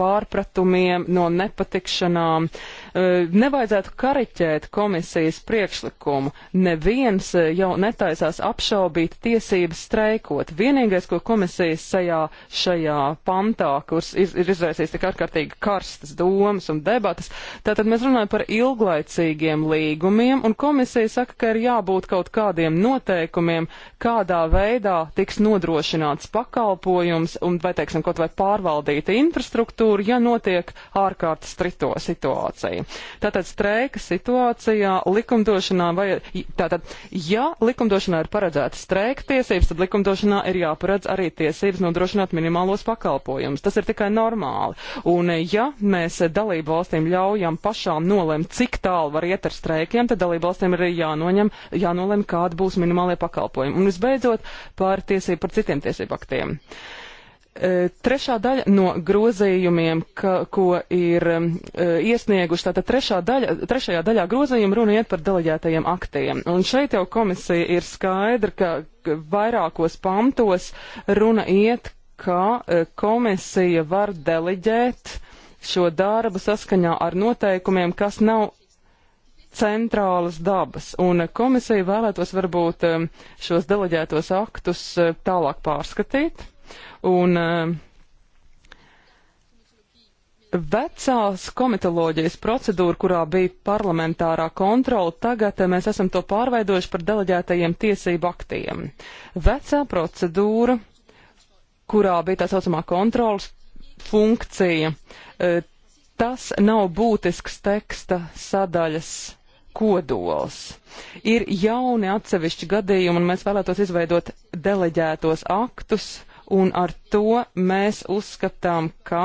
pārpratumiem, no nepatikšanām. Uh, Nevajadzētu kariķēt komisijas priekšlikumu. Neviens jau netaisās apšaubīt tiesības streikot. Vienīgais, ko komisijas sajā, šajā pantā, kurs iz, ir izraisījis tik ārkārtīgi karstas domas un debatas, tātad mēs runājam par ilglaicīgiem līgumiem, un komisija saka, ka ir jābūt kaut kādiem noteikumiem, kādā veidā tiks nodrošināts pakalpojums un, vai teiksim, kaut vai pārvaldīta infrastruktūra, ja notiek ārkārtas trito situācija valstī. Tātad streika situācijā likumdošanā vai, tātad, ja likumdošanā ir paredzēta streika tiesības, tad likumdošanā ir jāparedz arī tiesības nodrošināt minimālos pakalpojumus. Tas ir tikai normāli. Un ja mēs dalību valstīm ļaujam pašām nolemt, cik tālu var iet ar streikiem, tad dalību valstīm ir jānoņem, jānolem, kāda būs minimālie pakalpojumi. Un visbeidzot, par tiesību par citiem tiesību aktiem. Uh, E, trešā daļa no grozījumiem, ka, ko ir e, iesnieguši, tātad trešā daļa, trešajā daļā grozījuma runa iet par deleģētajiem aktiem. Un šeit jau komisija ir skaidra, ka vairākos pantos runa iet, ka e, komisija var deleģēt šo darbu saskaņā ar noteikumiem, kas nav centrālas dabas, un komisija vēlētos varbūt e, šos deleģētos aktus e, tālāk pārskatīt Un uh, vecās komitoloģijas procedūra, kurā bija parlamentārā kontrola, tagad eh, mēs esam to pārveidojuši par deleģētajiem tiesību aktiem. Vecā procedūra, kurā bija tā saucamā kontrolas funkcija, eh, tas nav būtisks teksta sadaļas kodols. Ir jauni atsevišķi gadījumi, un mēs vēlētos izveidot deleģētos aktus, uh, un ar to mēs uzskatām, ka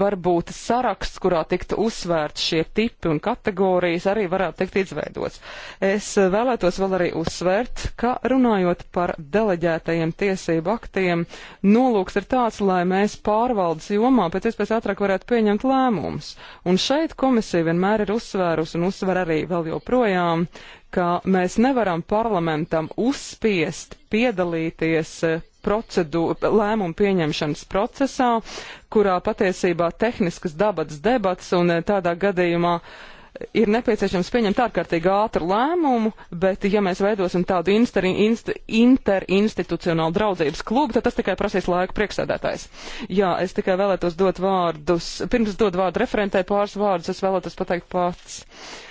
varbūt saraksts, kurā tiktu uzsvērts šie tipi un kategorijas, arī varētu tikt izveidots. Es vēlētos vēl arī uzsvērt, ka runājot par deleģētajiem tiesību aktiem, nolūks ir tāds, lai mēs pārvaldes jomā pēc iespējas ātrāk varētu pieņemt lēmumus. Un šeit komisija vienmēr ir uzsvērusi un uzsver arī vēl joprojām, ka mēs nevaram parlamentam uzspiest piedalīties lēmumu pieņemšanas procesā, kurā patiesībā tehniskas dabas debats un eh, tādā gadījumā ir nepieciešams pieņemt ārkārtīgi ātru lēmumu, bet ja mēs veidosim tādu insteri, inst, interinstitucionālu draudzības klubu, tad tas tikai prasīs laiku priekšsēdētājs. Jā, es tikai vēlētos dot vārdus, pirms dod vārdu referentē pāris vārdus, es vēlētos pateikt pats. Uh,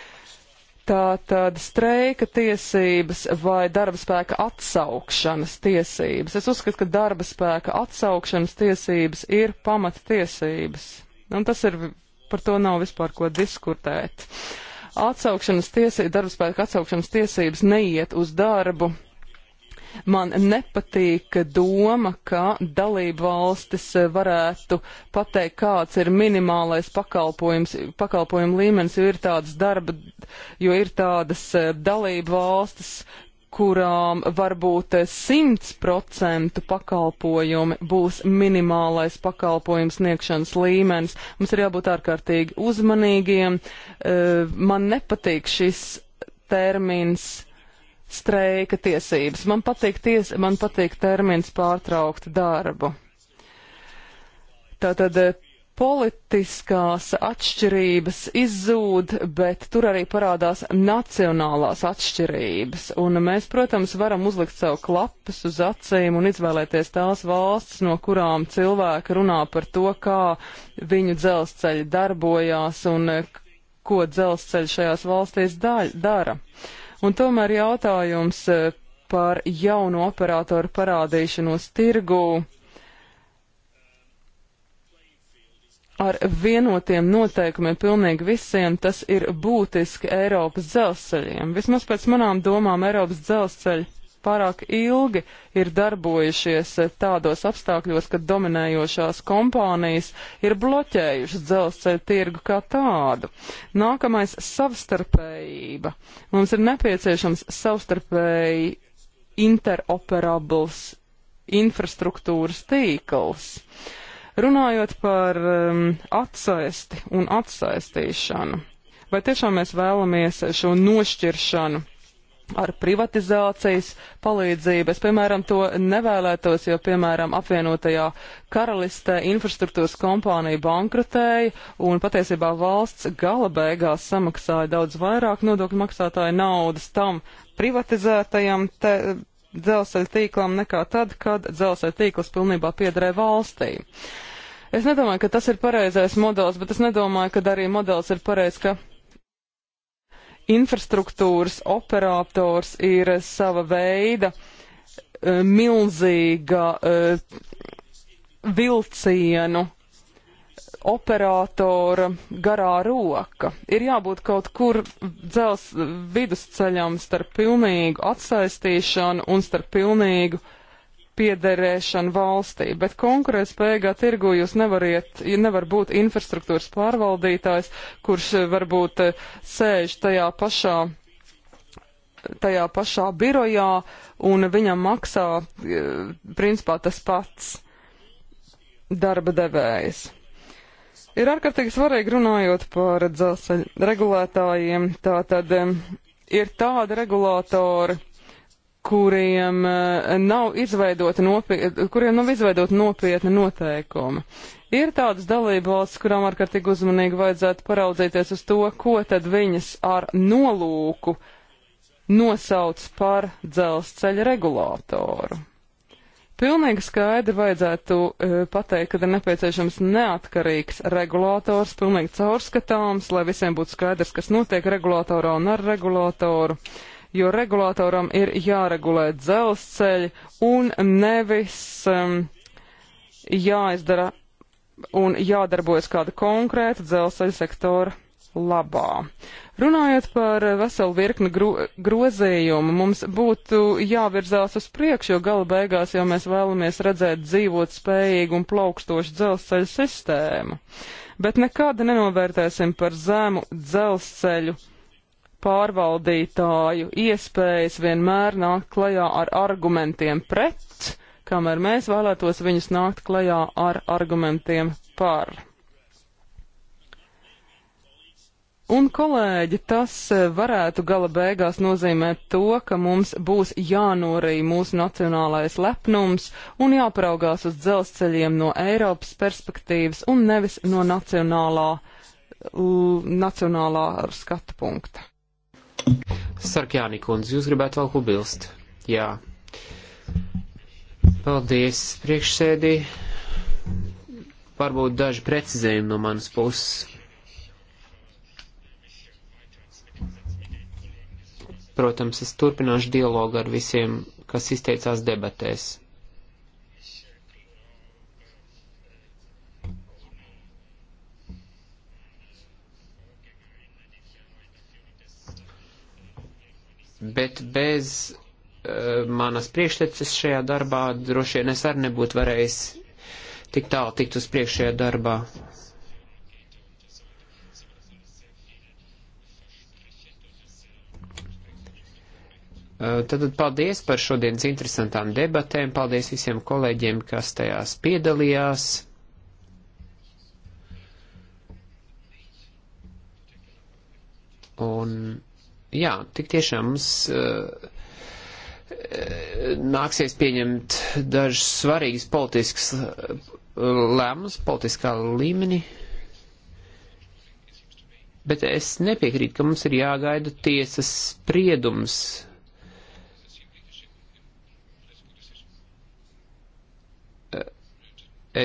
Tātad streika tiesības vai darba spēka atsaukšanas tiesības. Es uzskatu, ka darba spēka atsaukšanas tiesības ir pamattiesības. Un tas ir, par to nav vispār ko diskutēt. Atsaukšanas tiesības, darba spēka atsaukšanas tiesības neiet uz darbu Man nepatīk doma, ka dalību valstis eh, varētu pateikt, kāds ir minimālais pakalpojums, pakalpojumu līmenis, jo ir tādas darba, jo ir tādas eh, dalību valstis, kurām varbūt 100% eh, pakalpojumi būs minimālais pakalpojums sniegšanas līmenis. Mums ir jābūt ārkārtīgi uzmanīgiem. Man nepatīk šis termins streika tiesības. Man patīk, ties, man patīk termins pārtraukt darbu. Tātad eh, politiskās atšķirības izzūd, bet tur arī parādās nacionālās atšķirības. Un mēs, protams, varam uzlikt sev klapas uz acīm un izvēlēties tās valsts, no kurām cilvēki runā par to, kā viņu dzelzceļi darbojās un eh, ko dzelzceļi šajās valstīs dara. Un tomēr jautājums e, par jaunu operatoru parādīšanos tirgū ar vienotiem noteikumiem pilnīgi visiem, tas ir būtiski Eiropas dzelzceļiem. Vismaz pēc manām domām Eiropas dzelzceļi pārāk ilgi ir darbojušies eh, tādos apstākļos, kad dominējošās kompānijas ir bloķējušas dzelzceļa tirgu kā tādu. Nākamais - savstarpējība. Mums ir nepieciešams savstarpēji interoperabls infrastruktūras tīkls. Runājot par um, atsaisti un atsaistīšanu, vai tiešām mēs vēlamies šo nošķiršanu ar privatizācijas palīdzību. Es, piemēram, to nevēlētos, jo, piemēram, apvienotajā karalistē infrastruktūras kompānija bankrotēja un patiesībā valsts gala beigās samaksāja daudz vairāk nodokļu maksātāju naudas tam privatizētajam te, dzelzceļa tīklam nekā tad, kad dzelzceļa tīkls pilnībā piederēja valstī. Es nedomāju, ka tas ir pareizais modelis, bet es nedomāju, ka arī modelis ir pareizs, ka infrastruktūras operators ir sava veida e, milzīga e, vilcienu operatora garā roka. Ir jābūt kaut kur dzels vidusceļam starp pilnīgu atsaistīšanu un starp pilnīgu uh, piederēšanu valstī, bet konkurētspējīgā tirgu jūs nevariet, nevar būt infrastruktūras pārvaldītājs, kurš eh, varbūt eh, sēž tajā pašā tajā pašā birojā un viņam maksā eh, principā tas pats darba devējs. Ir ārkārtīgi svarīgi runājot par dzelzceļa regulētājiem, tā tad ir tādi regulātori, kuriem eh, nav izveidota nopietna, kuriem nav izveidota nopietna noteikuma. Ir tādas dalība valsts, kurām ārkārtīgi uzmanīgi vajadzētu paraudzīties uz to, ko tad viņas ar nolūku nosauc par dzelzceļa regulātoru. Pilnīgi skaidri vajadzētu uh, pateikt, ka ir nepieciešams neatkarīgs regulators, pilnīgi caurskatāms, lai visiem būtu skaidrs, kas notiek regulatorā un ar regulatoru. Uh, jo regulātoram ir jāregulē dzelzceļi un nevis um, jāizdara un jādarbojas kāda konkrēta dzelzceļa sektora labā. Runājot par veselu virkni gro grozījumu, mums būtu jāvirzās uz priekšu, jo gala beigās jau mēs vēlamies redzēt dzīvot spējīgu un plaukstošu dzelzceļu sistēmu. Bet nekad nenovērtēsim par zemu dzelzceļu pārvaldītāju iespējas vienmēr nākt klajā ar argumentiem pret, kamēr mēs vēlētos viņus nākt klajā ar argumentiem par. Un, kolēģi, tas varētu gala beigās nozīmēt to, ka mums būs jānorī mūsu nacionālais lepnums un jāpraugās uz dzelzceļiem no Eiropas perspektīvas un nevis no nacionālā, nacionālā skatu punkta. Sarkjāni kundze, jūs gribētu vēl ko bilst? Jā. Paldies, priekšsēdī. Varbūt daži precizējumi no manas puses. Protams, es turpināšu dialogu ar visiem, kas izteicās debatēs. bet bez uh, manas priekšteces šajā darbā droši vien es arī nebūtu varējis tik tālu tikt uz priekšējā darbā. Eh, tad paldies par šodienas interesantām debatēm, paldies visiem kolēģiem, kas tajās piedalījās. Un Jā, tik tiešām mums eh, eh, nāksies pieņemt dažas svarīgas politiskas eh, lēmumus politiskā līmenī. Bet es nepiekrītu, ka mums ir jāgaida tiesas spriedums.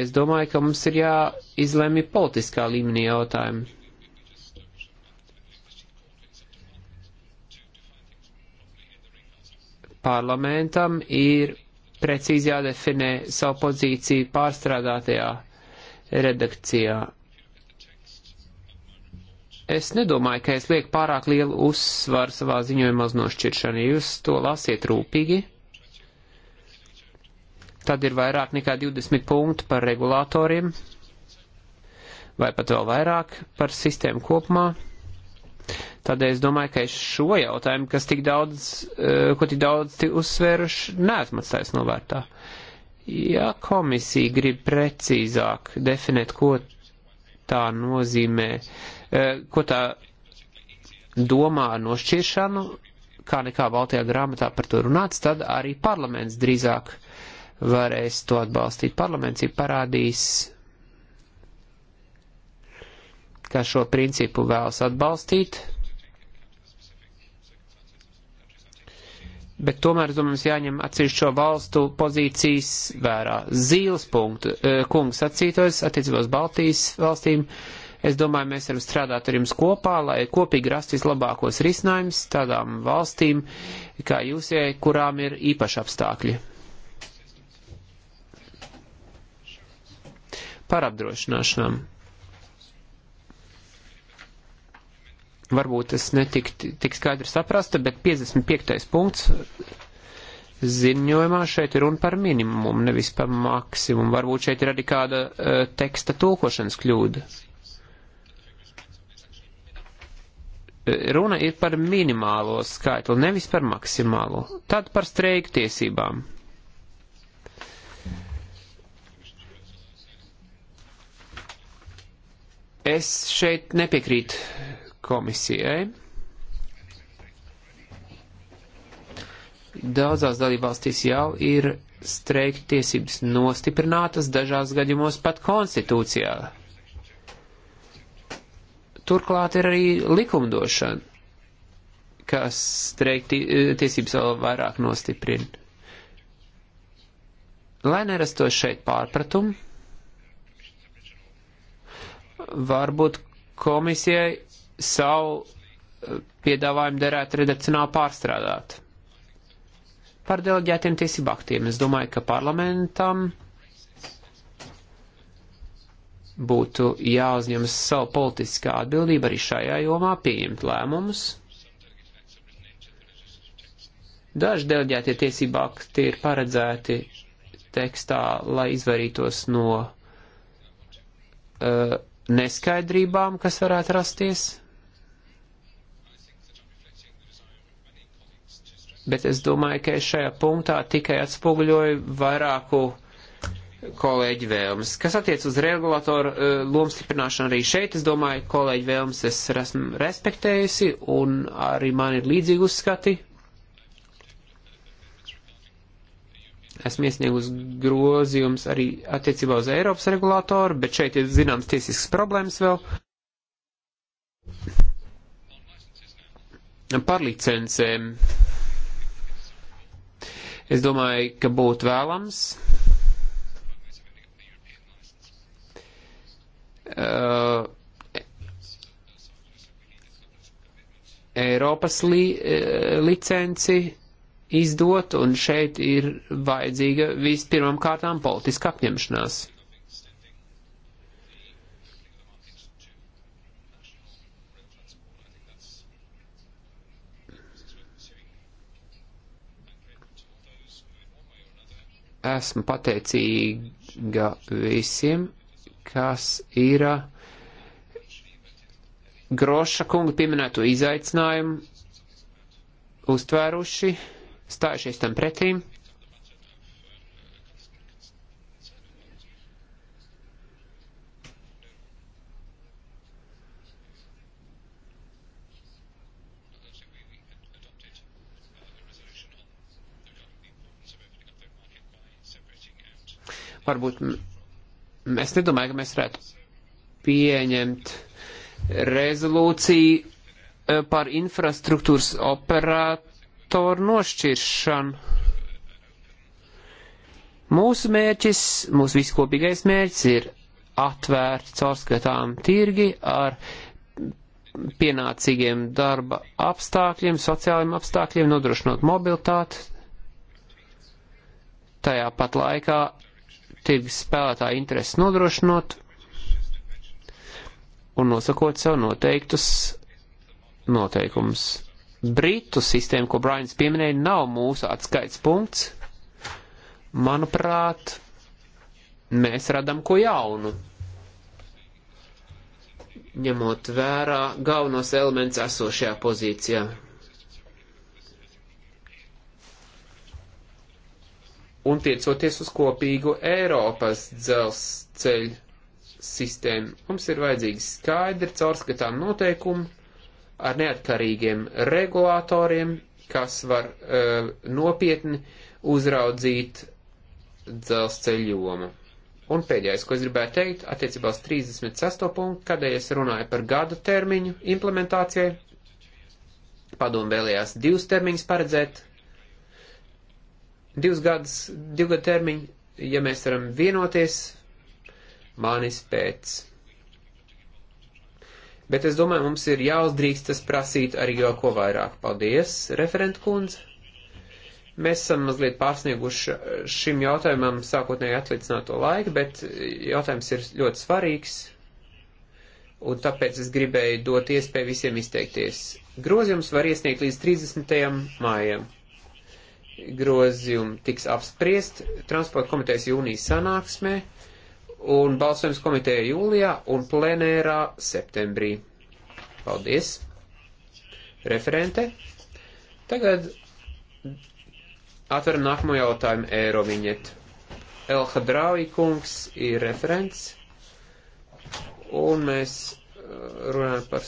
Es domāju, ka mums ir jāizlemj politiskā līmenī jautājumi. parlamentam ir precīzi jādefinē savu pozīciju pārstrādātajā redakcijā. Es nedomāju, ka es lieku pārāk lielu uzsvaru savā ziņojumā uz nošķiršanu. Jūs to lasiet rūpīgi. Tad ir vairāk nekā 20 punktu par regulātoriem, vai pat vēl vairāk par sistēmu kopumā. Tādēļ es domāju, ka es šo jautājumu, kas tik daudz, eh, ko tik daudz uzsvēruši, neesmu atstājis novērtā. Ja komisija grib precīzāk definēt, ko tā nozīmē, eh, ko tā domā nošķiršanu, kā nekā Baltajā grāmatā par to runāts, tad arī parlaments drīzāk varēs to atbalstīt. Parlaments ir parādījis ka šo principu vēlas atbalstīt, bet tomēr, es domāju, mums jāņem atsevišķo valstu pozīcijas vērā. Zīles punktu, e, kungs sacītos attiecībā uz Baltijas valstīm. Es domāju, mēs varam strādāt ar jums kopā, lai kopīgi rast vislabākos risinājumus tādām valstīm, kā jūsie, kurām ir īpaši apstākļi. Par apdrošināšanām. varbūt es netiktu tik skaidri saprasta, bet 55. punkts ziņojumā šeit ir runa par minimumu, nevis par maksimumu. Varbūt šeit ir arī kāda uh, teksta tulkošanas kļūda. E, runa ir par minimālo skaitli, nevis par maksimālo. Tad par streiku tiesībām. Es šeit nepiekrītu komisijai. Daudzās dalībvalstīs jau ir streika tiesības nostiprinātas, dažās gadījumos pat konstitūcijā. Turklāt ir arī likumdošana, kas streika eh, tiesības vēl vairāk nostiprina. Lai nerastos šeit pārpratumu, varbūt komisijai savu eh, piedāvājumu derētu redakcionāli pārstrādāt. Par deleģētiem tiesību aktiem es domāju, ka parlamentam būtu jāuzņemas savu politiskā atbildība arī šajā jomā pieņemt lēmumus. Daži deleģētie tiesību akti ir paredzēti tekstā, lai izvairītos no uh, neskaidrībām, kas varētu rasties. bet es domāju, ka es šajā punktā tikai atspoguļoju vairāku kolēģi vēlmes. Kas attiec uz regulatoru eh, lomu stiprināšanu arī šeit, es domāju, kolēģi vēlmes es esmu respektējusi un arī man ir līdzīgi uzskati. Esmu iesniegus grozījums arī attiecībā uz Eiropas regulātoru, bet šeit ir zināms tiesisks problēmas vēl. Par licencēm. Es domāju, ka būtu vēlams. Uh, Eiropas li, uh, licenci izdot, un šeit ir vajadzīga vispirmām kārtām politiska apņemšanās. esmu pateicīga visiem, kas ir uh, Groša kunga pieminēto izaicinājumu uztvēruši, stājušies tam pretīm. varbūt mēs nedomājam, ka mēs varētu pieņemt rezolūciju e, par infrastruktūras operatoru nošķiršanu. Mūsu mērķis, mūsu viskopīgais mērķis ir atvērti caurskatām tirgi ar pienācīgiem darba apstākļiem, sociāliem apstākļiem, nodrošinot mobilitāti, tajā pat laikā tirgus spēlētāju intereses nodrošinot un nosakot sev noteiktus noteikumus. Britu sistēma, ko Brains pieminēja, nav mūsu atskaits punkts. Manuprāt, mēs radam ko jaunu. Ņemot vērā galvenos elements esošajā pozīcijā. un tiecoties uz kopīgu Eiropas dzelzceļu sistēmu. Mums ir vajadzīgi skaidri caurskatām noteikumi ar neatkarīgiem regulātoriem, kas var uh, nopietni uzraudzīt dzelzceļu jomu. Un pēdējais, ko es gribēju teikt, attiecībā uz 36. punktu, kādēļ es runāju par gada termiņu implementācijai, padomu vēlējās divus termiņus paredzēt, divus gadus, divu gadu termiņu, ja mēs varam vienoties, manis pēc. Bet es domāju, mums ir jāuzdrīkst tas prasīt arī jau ko vairāk. Paldies, referent kundze. Mēs esam mazliet pārsnieguši šim jautājumam sākotnēji atlicināto laiku, bet jautājums ir ļoti svarīgs. Un tāpēc es gribēju dot iespēju visiem izteikties. Grozījums var iesniegt līdz 30. mājam grozījumi tiks apspriest transporta komitejas jūnijas sanāksmē un balsojums komiteja jūlijā un plenērā septembrī. Paldies, referente. Tagad atveram nākamo jautājumu Eiroviņet. Elha Drāvī kungs ir referents, un mēs uh, runājam par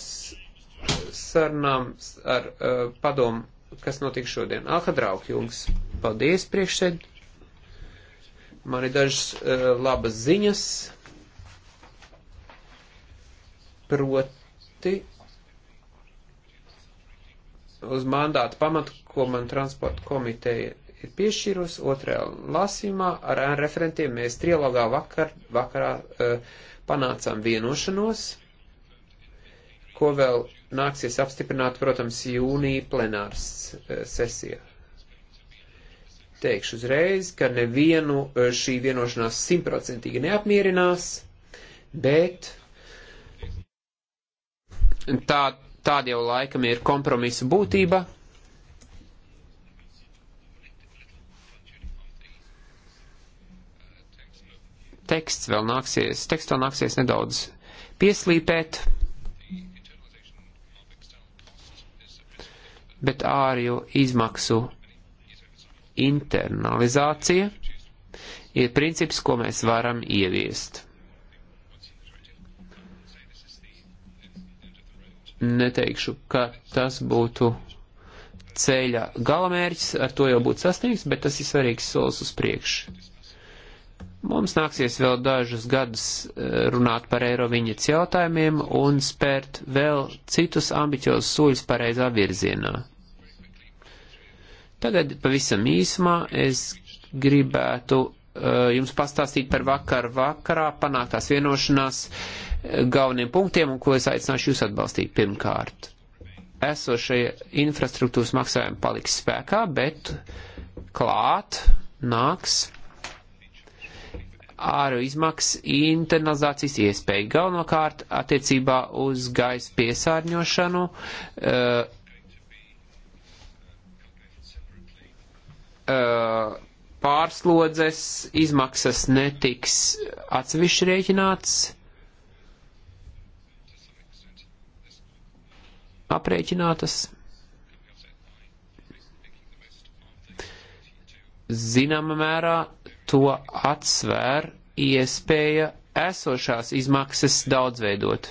sarunām ar uh, padomu kas notiks šodien. Aha, draugi, jums paldies priekšsēd. Man ir dažas uh, labas ziņas. Proti, uz mandātu pamatu, ko man transporta komiteja ir piešķīrusi, otrajā lasīmā ar referentiem mēs trilogā vakar, vakarā uh, panācām vienošanos, ko vēl nāksies apstiprināt, protams, jūnija plenārs eh, sesijā. Teikšu uzreiz, ka nevienu eh, šī vienošanās simtprocentīgi neapmierinās, bet tā, tāda jau laikam ir kompromisa būtība. Teksts vēl nāksies, teksts vēl nāksies nedaudz pieslīpēt. bet ārju izmaksu internalizācija ir princips, ko mēs varam ieviest. Neteikšu, ka tas būtu ceļa galamērķis, ar to jau būtu sasniegts, bet tas ir svarīgs solis uz priekšu. Mums nāksies vēl dažus gadus eh, runāt par eiroviņas jautājumiem un spērt vēl citus ambiciozus soļus pareizā virzienā. Tagad pavisam īsumā es gribētu uh, jums pastāstīt par vakar vakarā panāktās vienošanās eh, galveniem punktiem un ko es aicināšu jūs atbalstīt pirmkārt. Esošie infrastruktūras maksājumi paliks spēkā, bet klāt nāks āru izmaksu internalizācijas iespēju, galvenokārt attiecībā uz gaisa piesārņošanu. Uh, pārslodzes izmaksas netiks atsevišķi rēķināts. Aprēķinātas. Zināma mērā to atsvēr iespēja esošās izmaksas daudzveidot.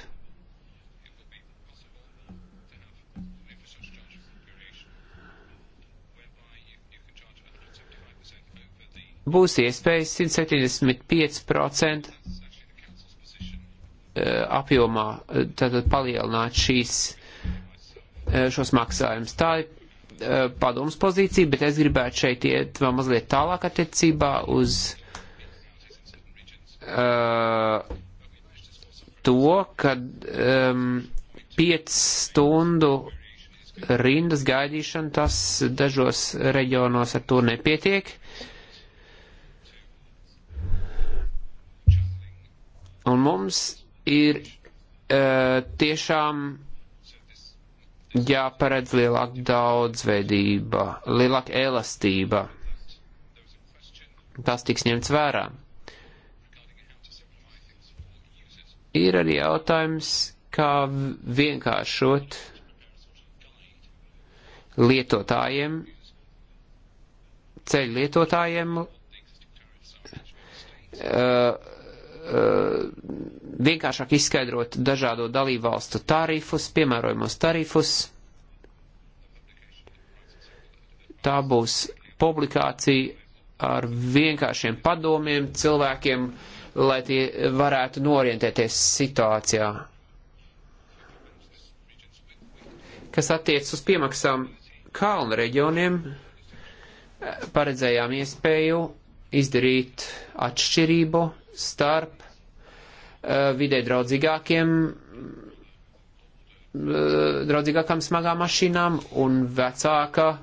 Būs iespējas 175% eh, apjomā eh, tātad palielināt šīs, eh, šos maksājumus. Tā ir Eh, padomas pozīciju, bet es gribētu šeit iet vēl mazliet tālāk attiecībā uz uh, to, ka um, 5 stundu rindas gaidīšana tas dažos reģionos ar to nepietiek. Un mums ir uh, tiešām jāparedz lielāka daudzveidība, lielāka elastība. Tas tiks ņemts vērā. Ir arī jautājums, kā vienkāršot lietotājiem, ceļu lietotājiem, uh, Uh, vienkāršāk izskaidrot dažādo dalību valstu tarifus, piemērojamos tarifus. Tā būs publikācija ar vienkāršiem padomiem cilvēkiem, lai tie varētu norientēties situācijā. Kas attiec uz piemaksām kalnu reģioniem, eh, paredzējām iespēju izdarīt atšķirību starp Eh, vidē draudzīgākiem eh, draudzīgākām smagām mašīnām un vecāka eh,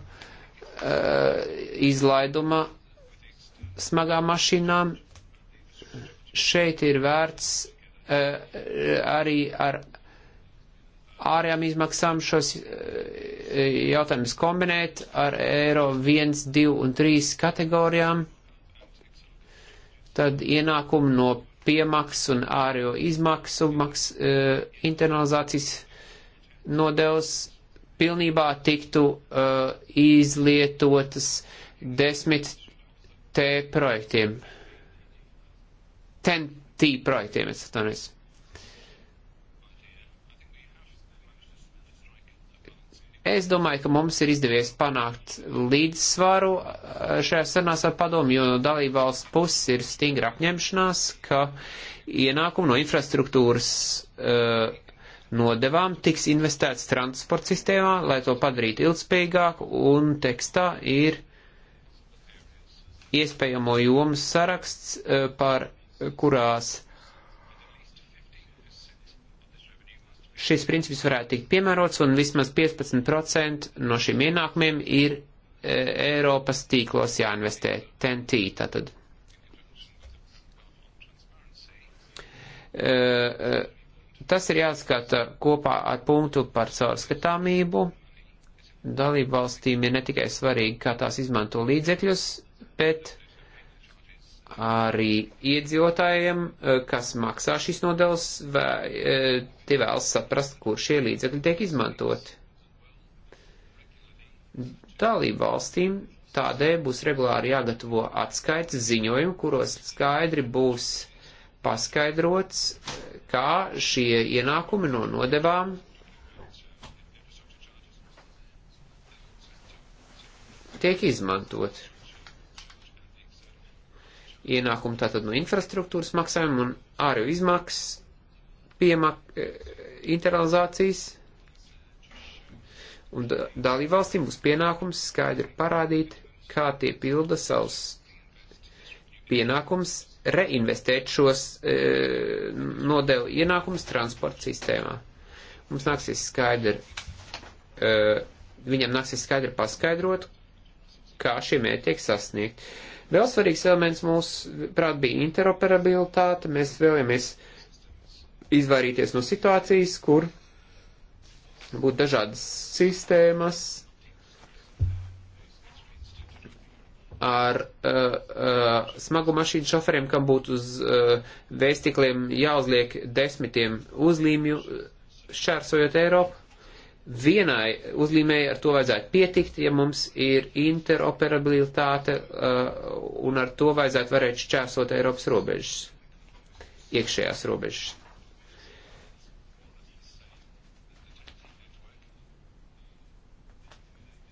izlaiduma smagām mašīnām. Šeit ir vērts arī ar ārējām izmaksām šos jautājumus kombinēt ar eiro 1, 2 un 3 kategorijām, tad ienākumu no piemaksu un ārējo izmaksu maks, uh, internalizācijas nodevs pilnībā tiktu uh, izlietotas desmit T projektiem. Ten T projektiem, es atvainojos. Es domāju, ka mums ir izdevies panākt līdzsvaru eh, šajā sarunās ar padomu, jo no dalībvalsts puses ir stingra apņemšanās, ka ienākumu no infrastruktūras uh, nodevām tiks investēts transporta sistēmā, lai to padarītu ilgspējīgāku, un tekstā ir iespējamo jomas saraksts, uh, par kurās šis princips varētu tikt piemērots un vismaz 15% no šiem ienākumiem ir e, Eiropas tīklos jāinvestē, TNT tātad. E, e, tas ir jāskata kopā ar punktu par caurskatāmību. Dalību valstīm ir ne tikai svarīgi, kā tās izmanto līdzekļus, bet arī iedzīvotājiem, eh, kas maksā šīs nodeļas, vē, eh, tie vēlas saprast, kur šie līdzekļi tiek izmantoti. Dalību valstīm tādēļ būs regulāri jāgatavo atskaites ziņojumi, kuros skaidri būs paskaidrots, kā šie ienākumi no nodevām tiek izmantoti ienākumu tātad no infrastruktūras maksājumu un ārēju izmaksas piemak eh, internalizācijas. Un dalību valstīm būs pienākums skaidri parādīt, kā tie pilda savus pienākums reinvestēt šos e, eh, nodevu ienākumus transporta sistēmā. Mums nāksies skaidri, e, viņam nāksies skaidri paskaidrot, kā šie mērķi tiek sasniegti. Vēl svarīgs elements mūs, prāt, bija interoperabilitāte. Mēs vēlamies izvairīties no situācijas, kur būtu dažādas sistēmas ar uh, uh, smagu mašīnu šoferiem, kam būtu uz uh, vēstikliem jāuzliek desmitiem uzlīmju uh, šķērsojot Eiropu vienai uzlīmēji ar to vajadzētu pietikt, ja mums ir interoperabilitāte uh, un ar to vajadzētu varēt šķērsot Eiropas robežas, iekšējās robežas.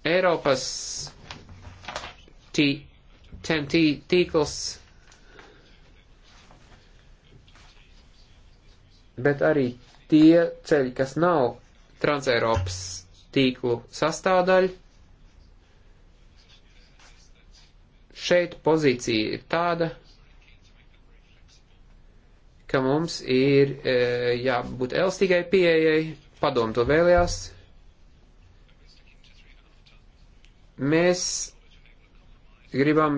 Eiropas TNT tīkls, bet arī tie ceļi, kas nav Transeiropas tīklu sastāvdaļu. Šeit pozīcija ir tāda, ka mums ir e, jābūt elastīgai pieejai, padom to vēlējās. Mēs gribam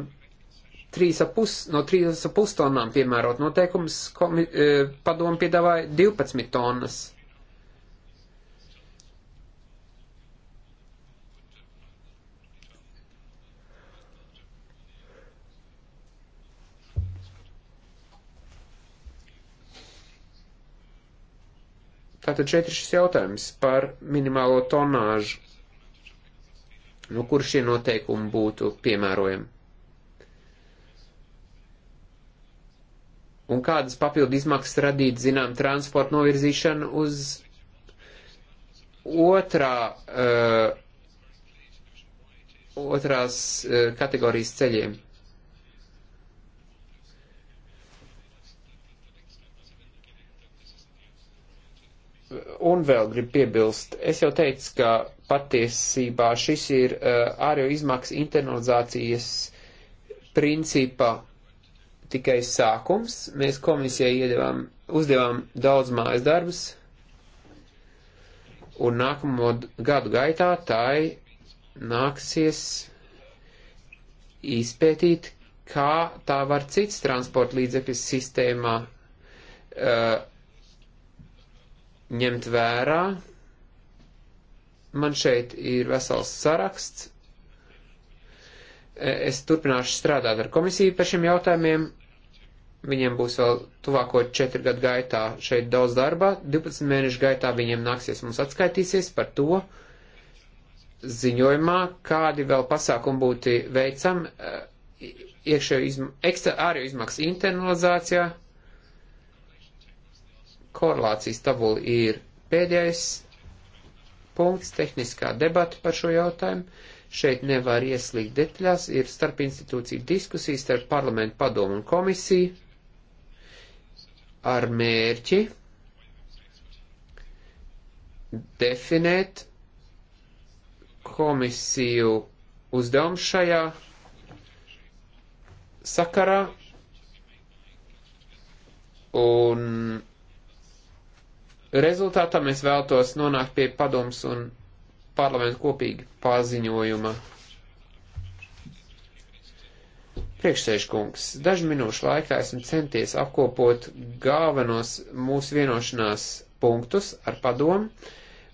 3,5, no 3,5 tonnām piemērot noteikums, komi, e, padomu piedāvāja 12 tonnas. Tātad šeit ir šis jautājums par minimālo tonāžu, no kur šie noteikumi būtu piemērojami. Un kādas papildu izmaksas radīt, zinām, transporta novirzīšanu uz otrā, uh, otrās uh, kategorijas ceļiem. Un vēl gribu piebilst, es jau teicu, ka patiesībā šis ir uh, ārējo izmaksu internalizācijas principa tikai sākums. Mēs komisijai iedevām, uzdevām daudz mājas darbus, un nākamo gadu gaitā tai nāksies izpētīt, kā tā var cits transporta līdzekļu sistēmā uh, ņemt vērā. Man šeit ir vesels saraksts. E, es turpināšu strādāt ar komisiju par šiem jautājumiem. Viņiem būs vēl tuvāko četru gadu gaitā šeit daudz darba. 12 mēnešu gaitā viņiem nāksies mums atskaitīsies par to ziņojumā, kādi vēl pasākumi būtu veicam e, iekšējo izma, ārējo izmaksu internalizācijā Korelācijas tabula ir pēdējais punkts tehniskā debata par šo jautājumu. Šeit nevar ieslīgt detaļās, ir starp institūciju diskusijas starp parlamentu padomu un komisiju ar mērķi definēt komisiju uzdevumu šajā sakarā un rezultātā mēs vēltos nonākt pie padoms un parlamentu kopīgi paziņojuma. Priekšsēžkungs, dažu minūšu laikā esmu centies apkopot galvenos mūsu vienošanās punktus ar padomu.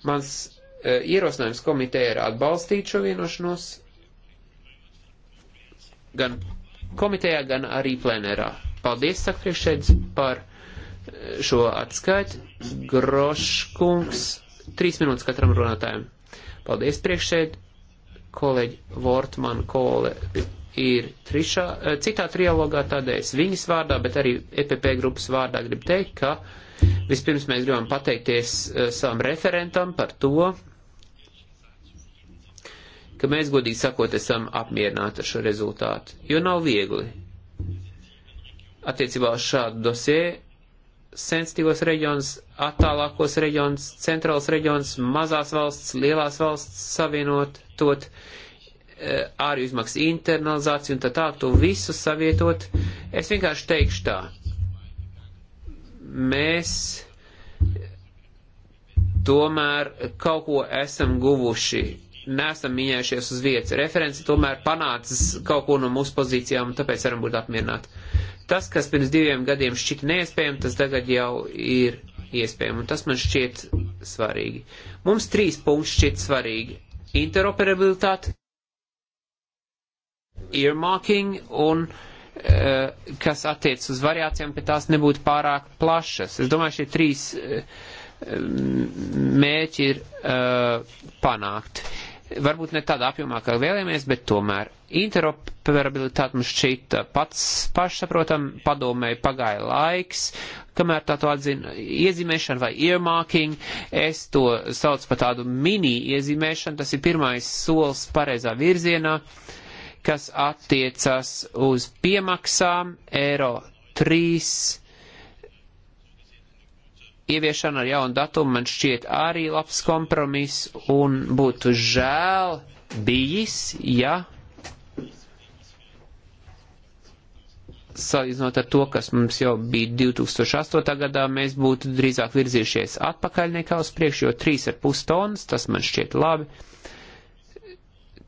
Mans e, ierosinājums komiteja ir atbalstīt šo vienošanos gan komitejā, gan arī plenērā. Paldies, saka priekšsēdz, par šo atskaiti. Groškungs, trīs minūtes katram runātājam. Paldies priekšēd, kolēģi Vortman Kole ir trišā, eh, citā trialogā, tādēļ es viņas vārdā, bet arī EPP grupas vārdā gribu teikt, ka vispirms mēs gribam pateikties eh, savam referentam par to, ka mēs, godīgi sakot, esam apmierināti ar šo rezultātu, jo nav viegli attiecībā uz šādu dosie sensitīvos reģionus, attālākos reģionus, centrāls reģionus, mazās valsts, lielās valsts savienot, tot eh, ārju izmaksu internalizāciju un tā tā, to visu savietot. Es vienkārši teikšu tā. Mēs tomēr kaut ko esam guvuši neesam mīļājušies uz vietas. Referenci tomēr panācis kaut ko no mūsu pozīcijām, un tāpēc varam būt apmierināti. Tas, kas pirms diviem gadiem šķita neiespējami, tas tagad jau ir iespējami, un tas man šķiet svarīgi. Mums trīs punkti šķiet svarīgi - interoperabilitāte, earmarking un eh, kas attiec uz variācijām, ka tās nebūtu pārāk plašas. Es domāju, šie trīs eh, mērķi ir eh, panākti varbūt ne tādā apjomā, kā vēlējāmies, bet tomēr interoperabilitāte mums šķita pats pašsaprotam, padomēji pagāja laiks, kamēr tā to atzina iezīmēšana vai earmarking, es to saucu par tādu mini iezīmēšanu, tas ir pirmais solis pareizā virzienā, kas attiecas uz piemaksām eiro 3 ieviešana ar jaunu datumu man šķiet arī labs kompromiss un būtu žēl bijis, ja salīdzinot ar to, kas mums jau bija 2008. gadā, mēs būtu drīzāk virzījušies atpakaļ nekā uz priekšu, jo 3,5 tonnas, tas man šķiet labi.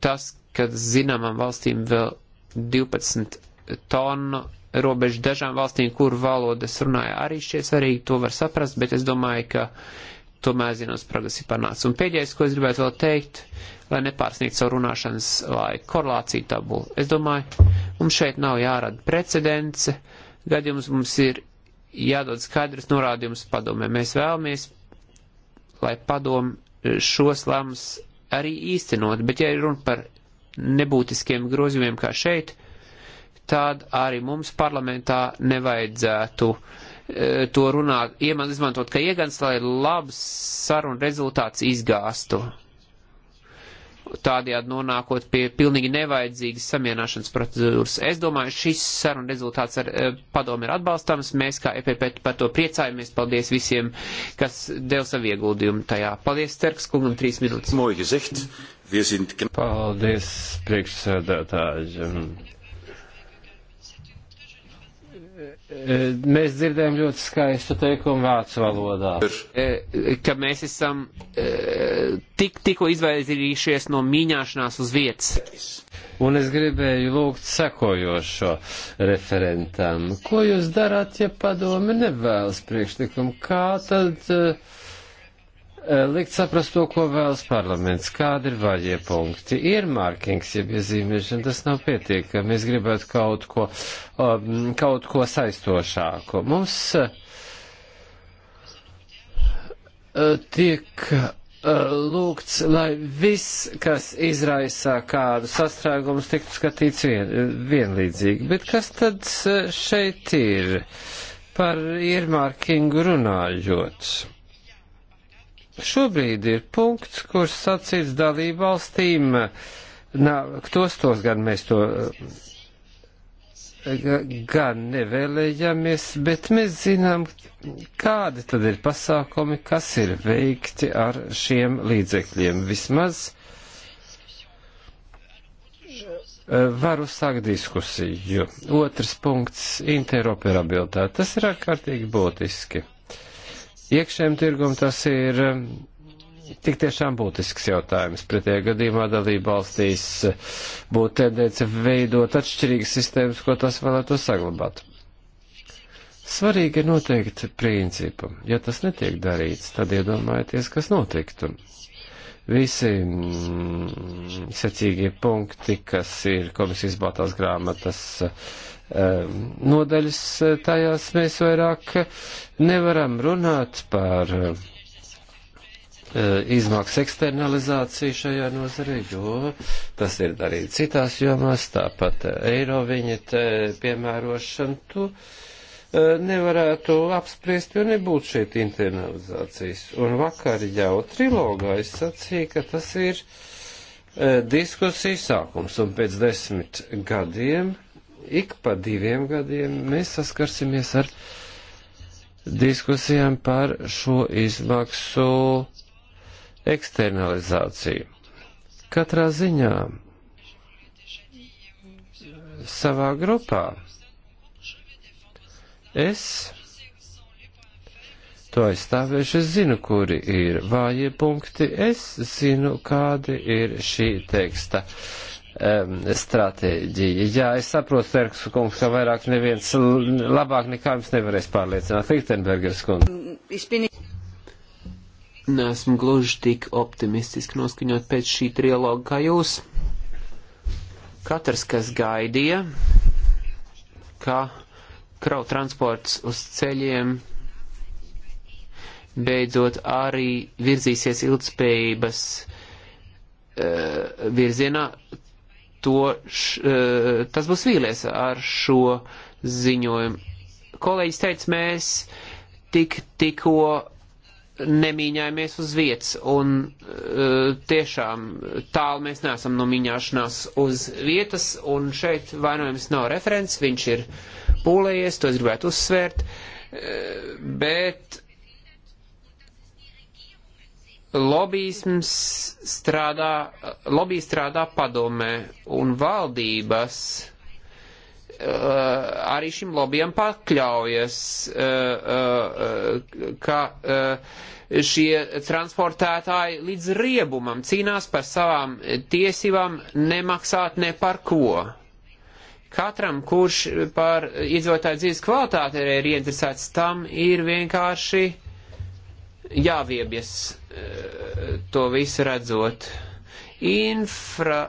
Tas, kad zināmam valstīm vēl 12 tonu robežu dažām valstīm, kur valodas runāja arī šie svarīgi, to var saprast, bet es domāju, ka tomēr zinos progress ir panācis. Un pēdējais, ko es gribētu vēl teikt, lai nepārsniegtu savu runāšanas laiku, korelāciju tabulu. Es domāju, mums šeit nav jārada precedence, gadījums mums ir jādod skaidrs norādījums padomē. Mēs vēlamies, lai padom šos lēmus arī īstenot, bet ja ir runa par nebūtiskiem grozījumiem kā šeit, tad arī mums parlamentā nevajadzētu e, to runāt, izmantot, ka iegans, lai labs sarunu rezultāts izgāstu. Tādējādi nonākot pie pilnīgi nevajadzīgas samienāšanas procedūras. Es domāju, šis sarunu rezultāts ar e, padomu ir atbalstams. Mēs kā EPP par to priecājamies. Paldies visiem, kas deva savu ieguldījumu tajā. Paldies, Cerks kungam, trīs minūtes. Paldies, priekšsēdētāji. Eh, mēs dzirdējam ļoti skaistu teikumu vācu valodā. Eh, ka mēs esam eh, tik, tikko izvairījušies no mīņāšanās uz vietas. Un es gribēju lūgt sekojošo referentam. Ko jūs darāt, ja padomi nevēlas priekšlikumu? Kā tad uh, Eh, likt saprast to, ko vēlas parlaments, kādi ir vaļie punkti. Ir mārkings, jeb iezīmēšana, tas nav pietiekami. Mēs gribētu kaut ko, um, kaut ko saistošāku. Mums uh, tiek uh, lūgts, lai viss, kas izraisa kādu sastrēgumus, tiktu skatīts vien, vienlīdzīgi. Bet kas tad šeit ir par iermārkingu runājot? Šobrīd ir punkts, kurš sacīts dalību valstīm, tos tos gan mēs to gan nevēlējamies, bet mēs zinām, kādi tad ir pasākumi, kas ir veikti ar šiem līdzekļiem. Vismaz eh, varu sākt diskusiju. Otrs punkts - interoperabilitāte. Tas ir ārkārtīgi būtiski iekšējiem tirgum tas ir um, tik tiešām būtisks jautājums. Pretējā gadījumā dalība valstīs uh, būtu tendence veidot atšķirīgas sistēmas, ko tas vēlētu saglabāt. Svarīgi ir noteikt principu. Ja tas netiek darīts, tad iedomājieties, kas notiktu. Visi mm, secīgie punkti, kas ir komisijas baltās grāmatas uh, Eh, nodaļas, eh, tajās mēs vairāk nevaram runāt par eh, izmaksu eksternalizāciju šajā nozarē, jo tas ir darīts citās jomās, tāpat eiro viņa piemērošana. Tu, nevarētu apspriest, jo nebūtu šeit internalizācijas. Un vakar jau trilogā es sacīju, ka tas ir diskusijas sākums, un pēc desmit gadiem ik pa diviem gadiem mēs saskarsimies ar diskusijām par šo izmaksu eksternalizāciju. Katrā ziņā savā grupā es to aizstāvēšu, es zinu, kuri ir vājie punkti, es zinu, kādi ir šī teksta uh, um, stratēģija. Jā, es saprotu, Terks kungs, ka vairāk neviens labāk nekā jums nevarēs pārliecināt. Lichtenbergers kungs. Nesmu gluži tik optimistiski noskaņot pēc šī trialoga kā jūs. Katrs, kas gaidīja, ka kraut transports uz ceļiem beidzot arī virzīsies ilgspējības uh, virzienā, to, š, e, tas būs vīlies ar šo ziņojumu. Kolēģis teica, mēs tik, tikko nemīņājamies uz vietas, un uh, tiešām tālu mēs neesam no mīņāšanās uz vietas, un šeit vainojums nav referents, viņš ir pūlējies, to es gribētu uzsvērt, uh, bet Lobīsms strādā, lobby strādā padomē un valdības uh, arī šim lobbyam pakļaujas, uh, uh, ka uh, šie transportētāji līdz riebumam cīnās par savām tiesībām nemaksāt ne par ko. Katram, kurš par iedzīvotāju dzīves kvalitāti ir ieinteresēts, tam ir vienkārši uh, jāviebjas eh, to visu redzot. Infra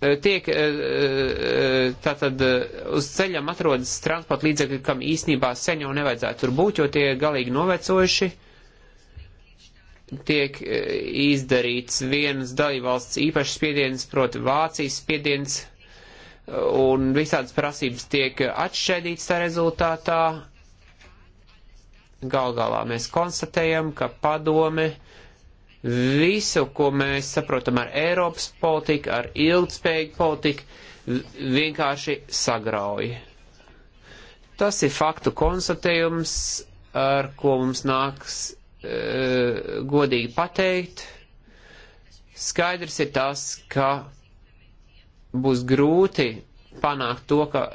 eh, tiek eh, tātad uz ceļam atrodas transporta līdzekļi, kam īsnībā sen jau nevajadzētu tur būt, jo tie galīgi novecojuši. Tiek izdarīts vienas dalībvalsts īpašs spiediens, proti Vācijas spiediens, un visādas prasības tiek atšķaidītas tā rezultātā, Gal galā mēs konstatējam, ka padome visu, ko mēs saprotam ar Eiropas politiku, ar ilgspējīgu politiku, vienkārši sagrauj. Tas ir faktu konstatējums, ar ko mums nāks e, godīgi pateikt. Skaidrs ir tas, ka būs grūti panākt to, ka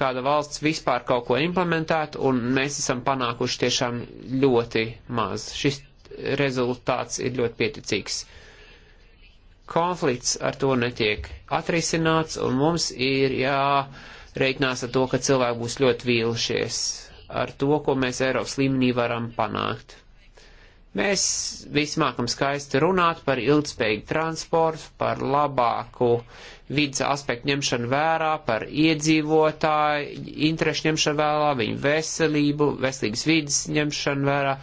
kāda valsts vispār kaut ko implementētu, un mēs esam panākuši tiešām ļoti maz. Šis rezultāts ir ļoti pieticīgs. Konflikts ar to netiek atrisināts, un mums ir jāreikinās ar to, ka cilvēki būs ļoti vīlušies ar to, ko mēs Eiropas līmenī varam panākt. Mēs visi mākam skaisti runāt par ilgspējīgu transportu, par labāku vidas aspektu ņemšanu vērā, par iedzīvotāju interešu ņemšanu vērā, viņu veselību, veselīgas vidas ņemšanu vērā.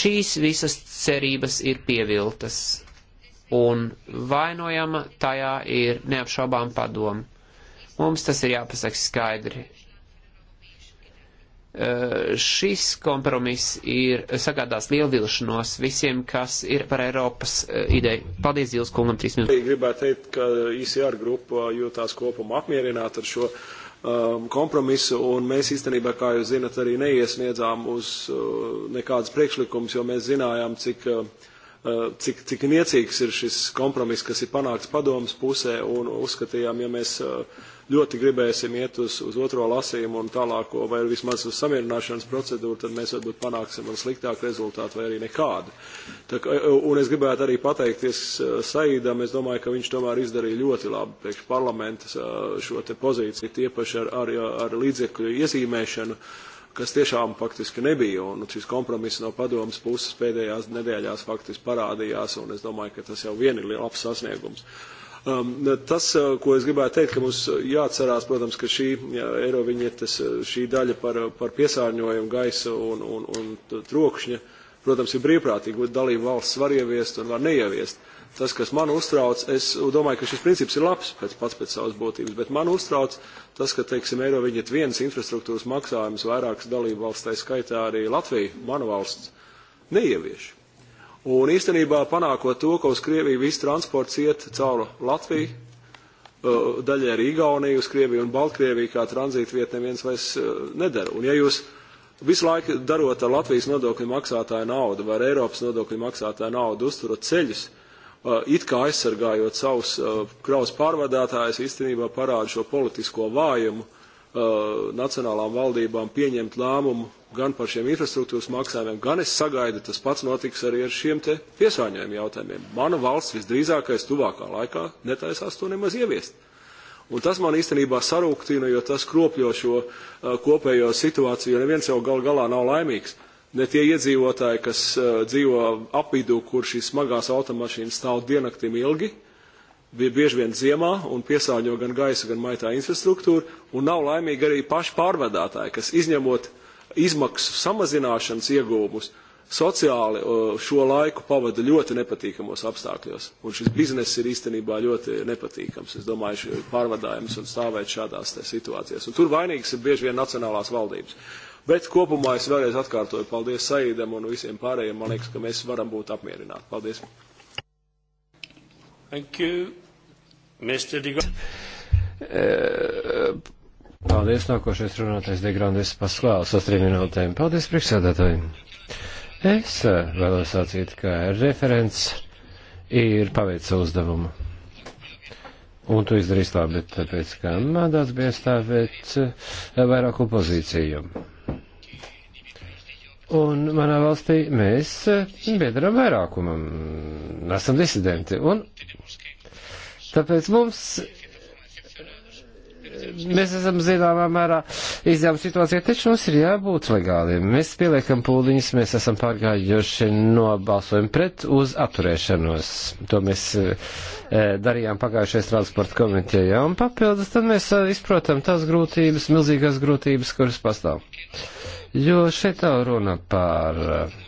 Šīs visas cerības ir pieviltas, un vainojama tajā ir neapšaubām padoma. Mums tas ir jāpasaka skaidri. Eh, šis kompromiss ir sagādās lielu vilšanos visiem, kas ir par Eiropas eh, ideju. Paldies, Zils kungam, trīs minūtes. Gribētu teikt, ka ICR grupa jūtās kopumā apmierināta ar šo um, kompromisu, un mēs īstenībā, kā jūs zinat, arī neiesniedzām uz uh, nekādas priekšlikumus, jo mēs zinājām, cik, uh, cik, cik niecīgs ir šis kompromiss, kas ir panākts padomas pusē, un uzskatījām, ja mēs uh, ļoti gribēsim iet uz, uz otro lasījumu un tālāko, vai vismaz uz samierināšanas procedūru, tad mēs varbūt panāksim vēl sliktāku rezultātu vai arī nekādu. Tā, un es gribētu arī pateikties uh, Saidam, es domāju, ka viņš tomēr izdarīja ļoti labi priekš parlamentas uh, šo te pozīciju, tiepaši ar, ar, ar līdzekļu iezīmēšanu kas tiešām faktiski nebija. Un šis kompromiss no padomas puses pēdējās nedēļās faktiski parādījās, un es domāju, ka tas jau vien ir labs sasniegums. Uh, Um, tas, uh, ko es gribētu teikt, ka mums uh, jāatcerās, protams, ka šī eiroviņietes, uh, šī daļa par, par piesārņojumu gaisa un, un, un trokšņa, protams, ir brīvprātīgi, dalību valsts var ieviest un var neieviest. Tas, kas man uztrauc, es domāju, ka šis princips ir labs pēc, pats pēc savas būtības, bet man uztrauc tas, ka, teiksim, eiro viņiet viens infrastruktūras maksājums vairākas dalību valsts, tā skaitā arī Latvija, mana valsts, neievieš. Un īstenībā panākot to, ka uz Krieviju viss transports iet cauri Latviju, uh, daļai arī Igauniju, uz Krieviju un Baltkrieviju kā tranzītu vietu neviens vairs uh, nedara. Un ja jūs visu laiku darot ar Latvijas nodokļu maksātāju naudu vai ar Eiropas nodokļu maksātāju naudu uzturot ceļus, uh, it kā aizsargājot savus kraus pārvadātājus, īstenībā parāda šo politisko vājumu Uh, nacionālām valdībām pieņemt lēmumu gan par šiem infrastruktūras maksājumiem, gan es sagaidu, tas pats notiks arī ar šiem te piesāņojumu jautājumiem. Mana valsts visdrīzākais tuvākā laikā netaisās to nemaz ieviest. Un tas man īstenībā sarūktina, jo tas kropļo šo uh, kopējo situāciju, jo neviens jau gal galā nav laimīgs. Ne tie iedzīvotāji, kas uh, dzīvo apvidū, kur šīs smagās automašīnas stāv dienaktīm ilgi, uh, bieži vien ziemā un piesārņo gan gaisu, gan maitā infrastruktūru, un nav laimīgi arī paši pārvadātāji, kas izņemot izmaksu samazināšanas ieguvumus, sociāli šo laiku pavada ļoti nepatīkamos apstākļos. Un šis bizness ir īstenībā ļoti nepatīkams. Es domāju, pārvadājums un stāvēt šādās situācijās. Un tur vainīgs ir bieži vien nacionālās valdības. Bet kopumā es vēlreiz atkārtoju, paldies Saidam un visiem pārējiem. Man liekas, ka mēs varam būt apmierināti. Paldies. Thank you. Eh, paldies, nākošais runātais Degrandis Paskvēls, astrīminūtēm. Paldies, priekšsēdētāji. Es eh, vēlos sacīt, ka referents ir paveicis savu uzdevumu. Un tu izdarīsi labi, tāpēc, ka mandāts bija stāvēt eh, vairāku pozīciju. Un manā valstī mēs piedaram vairākumam, esam disidenti. Un Tāpēc mums mēs esam zināmā mērā izņēmuma situācijā, taču mums ir jābūt legāliem. Mēs pieliekam pūliņus, mēs esam pārgājuši no balsojuma pret uz atturēšanos. To mēs e, darījām pagājušajā transporta komitejā. Un papildus tad mēs eh, izprotam tās grūtības, milzīgās grūtības, kuras pastāv. Jo šeit tā runa par eh,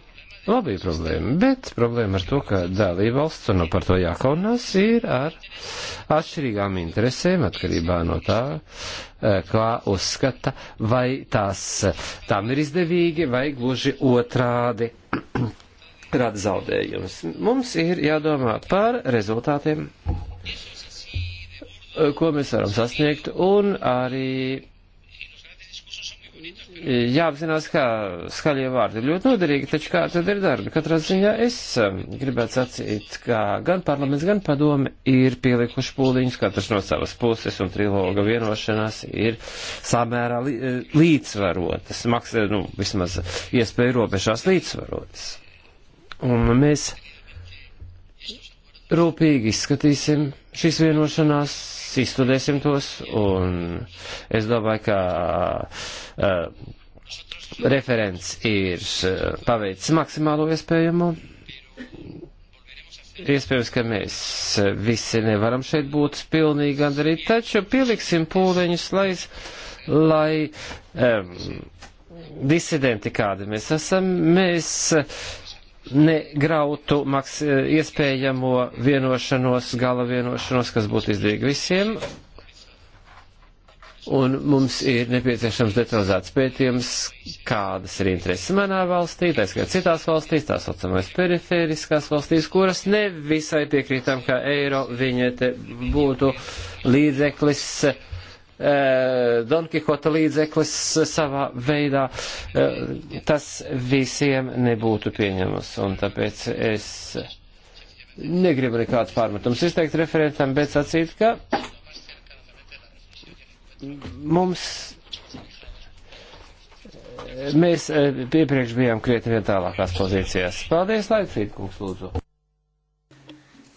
Labi problēma, bet problēma ar to, ka dalībvalsts, un no nu par to jākaunās, ir ar atšķirīgām interesēm atkarībā no tā, eh, kā uzskata, vai tās tām ir izdevīgi, vai gluži otrādi rada zaudējumus. Mums ir jādomā par rezultātiem, eh, ko mēs varam sasniegt, un arī jāapzinās, kā skaļie vārdi ir ļoti noderīgi, taču kā tad ir darbi. Katrā ziņā es um, gribētu sacīt, ka gan parlaments, gan padome ir pielikuši pūliņus, katrs no savas puses, un triloga vienošanās ir samērā eh, līdzsvarotas, maksā, eh, nu, vismaz iespēju robežās līdzsvarotas. Un mēs rūpīgi izskatīsim šīs vienošanās izstudēsim tos, un es domāju, ka uh, referents ir eh, paveicis maksimālo iespējamo. Iespējams, ka mēs visi nevaram šeit būt pilnīgi gandarīt, taču pieliksim pūliņus, lai, lai um, disidenti, kādi mēs esam, mēs negrautu maks, e, iespējamo vienošanos, gala vienošanos, kas būtu izdevīgi visiem. Un mums ir nepieciešams detalizēts pētījums, kādas ir intereses manā valstī, tā kā citās valstīs, tā saucamais perifēriskās valstīs, kuras nevisai piekrītam, ka eiro viņete būtu līdzeklis uh, Eh, Don Kihota līdzeklis savā veidā, eh, tas visiem nebūtu pieņemams. Un tāpēc es negribu nekādus pārmetumus izteikt referentam, bet sacīt, ka mums mēs eh, iepriekš bijām krietni vien tālākās pozīcijās. Paldies, Laicīt, kungs, lūdzu.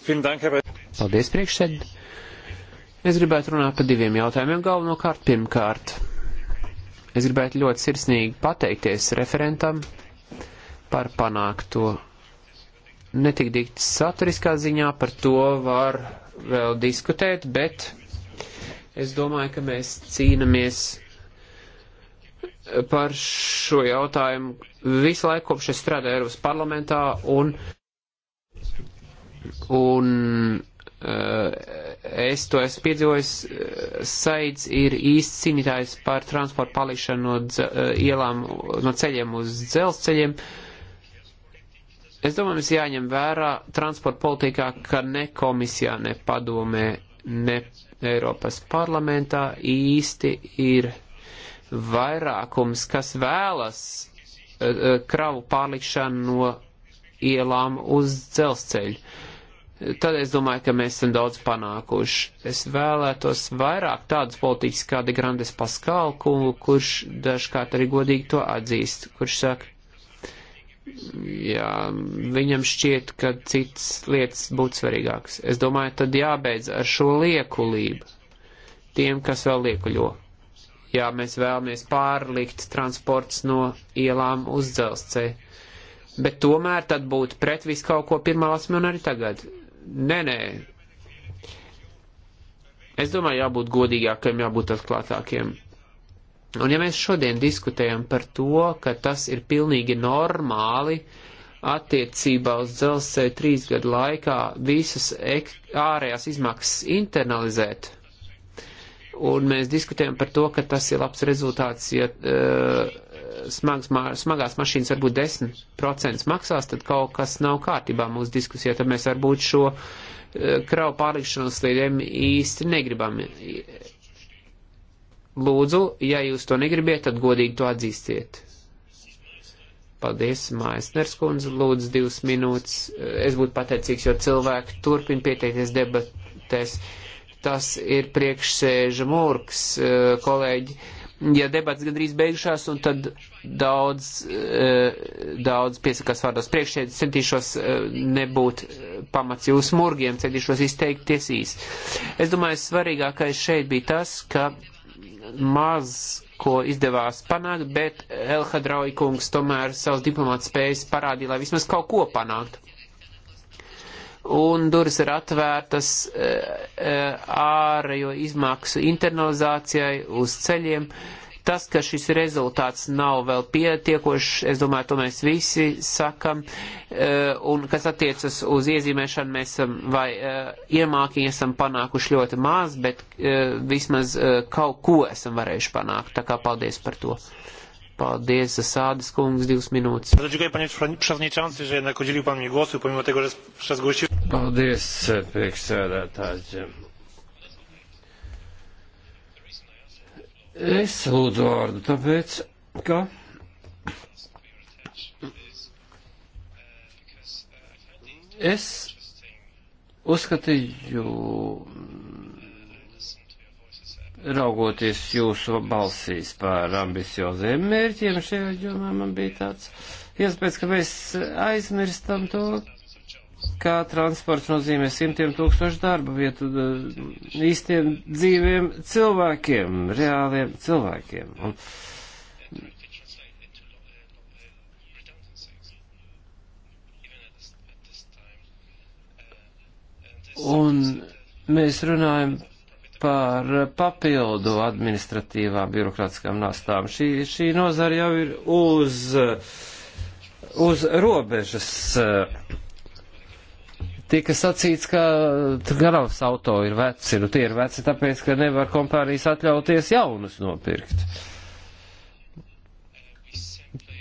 Paldies, priekšsēdētāji. Es gribētu runāt par diviem jautājumiem. Galvenokārt, pirmkārt, es gribētu ļoti sirsnīgi pateikties referentam par panākto. Netik dikti saturiskā ziņā par to var vēl diskutēt, bet es domāju, ka mēs cīnamies par šo jautājumu visu laiku, kopš es strādāju Eiropas parlamentā, un, un Eh, es to esmu piedzīvojis, eh, Saids ir īsts cīnītājs par transportu palikšanu no dze, eh, ielām, no ceļiem uz dzelzceļiem. Es domāju, mums jāņem vērā transporta politikā, ka ne komisijā, ne padomē, ne Eiropas parlamentā īsti ir vairākums, kas vēlas kravu pārlikšanu no ielām uz dzelzceļu tad es domāju, ka mēs esam daudz panākuši. Es vēlētos vairāk tādas politikas kā De Grandes Paskal, kurš dažkārt arī godīgi to atzīst, kurš saka, jā, viņam šķiet, ka cits lietas būtu svarīgākas. Es domāju, tad jābeidz ar šo liekulību tiem, kas vēl liekuļo. Jā, mēs vēlamies pārlikt transports no ielām uz dzelzceļu. Bet tomēr tad būtu pret visu kaut ko pirmā lasme un arī tagad. Nē, nē. Es domāju, jābūt godīgākiem, jābūt atklātākiem. Un ja mēs šodien diskutējam par to, ka tas ir pilnīgi normāli attiecībā uz dzelzceļu trīs gadu laikā visas ārējās izmaksas internalizēt, un mēs diskutējam par to, ka tas ir labs rezultāts, ja uh, smags, smagās mašīnas varbūt 10% maksās, tad kaut kas nav kārtībā mūsu diskusijā, tad mēs varbūt šo e, kravu pārlikšanas lietiem īsti negribam. Lūdzu, ja jūs to negribiet, tad godīgi to atzīstiet. Paldies, Maisners kundze, lūdzu divas minūtes. Es būtu pateicīgs, jo cilvēki turpin pieteikties debatēs. Tas ir priekšsēža mūrks, e, kolēģi ja debats gandrīz beigušās, un tad daudz, e, daudz piesakās vārdos priekšēji, centīšos e, nebūt pamats jūsu murgiem, centīšos izteikties īs. Es domāju, svarīgākais šeit bija tas, ka maz ko izdevās panākt, bet Elhadrauj kungs tomēr savus diplomātu spējas parādīja, lai vismaz kaut ko panāktu un durvis ir atvērtas e, e, ārējo izmaksu internalizācijai uz ceļiem. Tas, ka šis rezultāts nav vēl pietiekošs, es domāju, to mēs visi sakam, e, un kas attiecas uz iezīmēšanu, mēs esam vai iemākiņi esam panākuši ļoti maz, bet vismaz kaut ko esam varējuši panākt, tā kā paldies par to. Paldies, Sādes kungs, divas minūtes. Paldies, priekšsēdētāji. Es lūdzu vārdu, tāpēc, ka es uzskatīju raugoties jūsu balsīs par ambicioziem mērķiem šajā jomā, man bija tāds iespējas, ka mēs aizmirstam to, kā transports nozīmē simtiem tūkstošu darba vietu eh, īstiem dzīviem cilvēkiem, reāliem cilvēkiem. Un, un mēs runājam par papildu administratīvām birokrātiskām nastām. Šī, šī nozara jau ir uz, uz robežas. Tika sacīts, ka garavs auto ir veci, nu tie ir veci, tāpēc, ka nevar kompānijas atļauties jaunus nopirkt.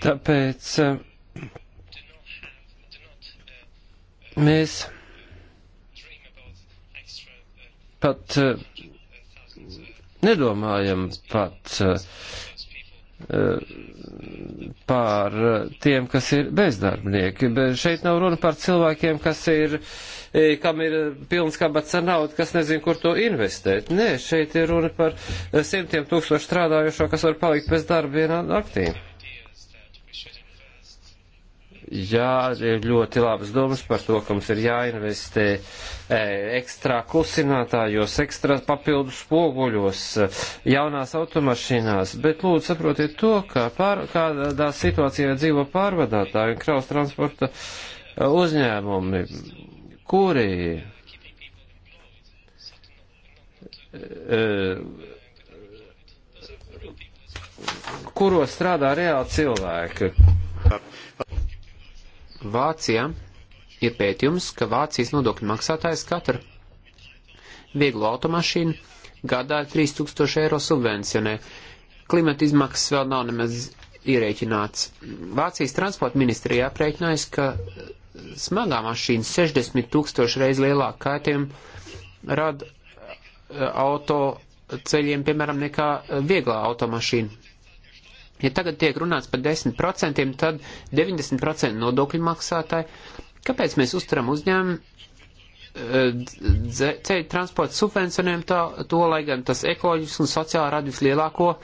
Tāpēc eh, mēs pat eh, nedomājam pat eh, pār tiem, kas ir bezdarbnieki. Bet šeit nav runa par cilvēkiem, kas ir, eh, kam ir pilns kabats ar naudu, kas nezin, kur to investēt. Nē, šeit ir runa par eh, simtiem tūkstošu strādājušo, kas var palikt bez darba vienā naktī. Jā, ir ļoti labas domas par to, ka mums ir jāinvestē e, ekstrā klusinātājos, ekstrā papildus spoguļos, e, jaunās automašīnās, bet lūdzu saprotiet to, ka pār, kādā situācijā dzīvo pārvadātāji un kraus transporta uzņēmumi, kuri. E, kuros strādā reāli cilvēki. Vācijā ir pētījums, ka Vācijas nodokļu maksātājs katru vieglu automašīnu gadā 3000 eiro subvencionē. Klimata izmaksas vēl nav nemaz ierēķināts. Vācijas transporta ministrija aprēķinājusi, ka smagā mašīna 60 tūkstoši reiz lielāku kaitējumu rada e, auto ceļiem, piemēram, nekā vieglā automašīna. Ja tagad tiek runāts par 10%, tad 90% nodokļu maksātāji. Kāpēc mēs uzturam uzņēmumu ceļu eh, transporta subvencionējumu tā, to, lai gan tas ekoloģiski un sociāli rada vislielāko e,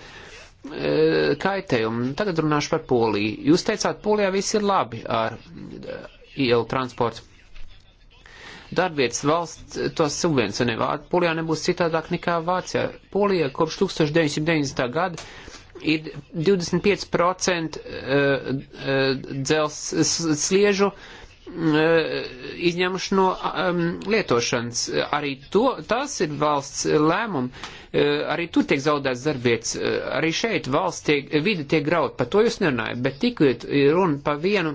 eh, kaitējumu? Tagad runāšu par Poliju. Jūs teicāt, Polijā viss ir labi ar e, ielu transportu. Darbvietas valsts tos subvencionē. Polijā nebūs citādāk nekā Vācijā. Polija kopš 1990. gada ir 25% eh, eh, dzels sliežu eh, izņemšanu no ehm, lietošanas. Arī to, tas ir valsts lēmumi. Arī tur tiek zaudēts darbietis. Arī šeit valsts tiek, vide tiek graut. Par to jūs nerunājat. Bet tikai runa par vienu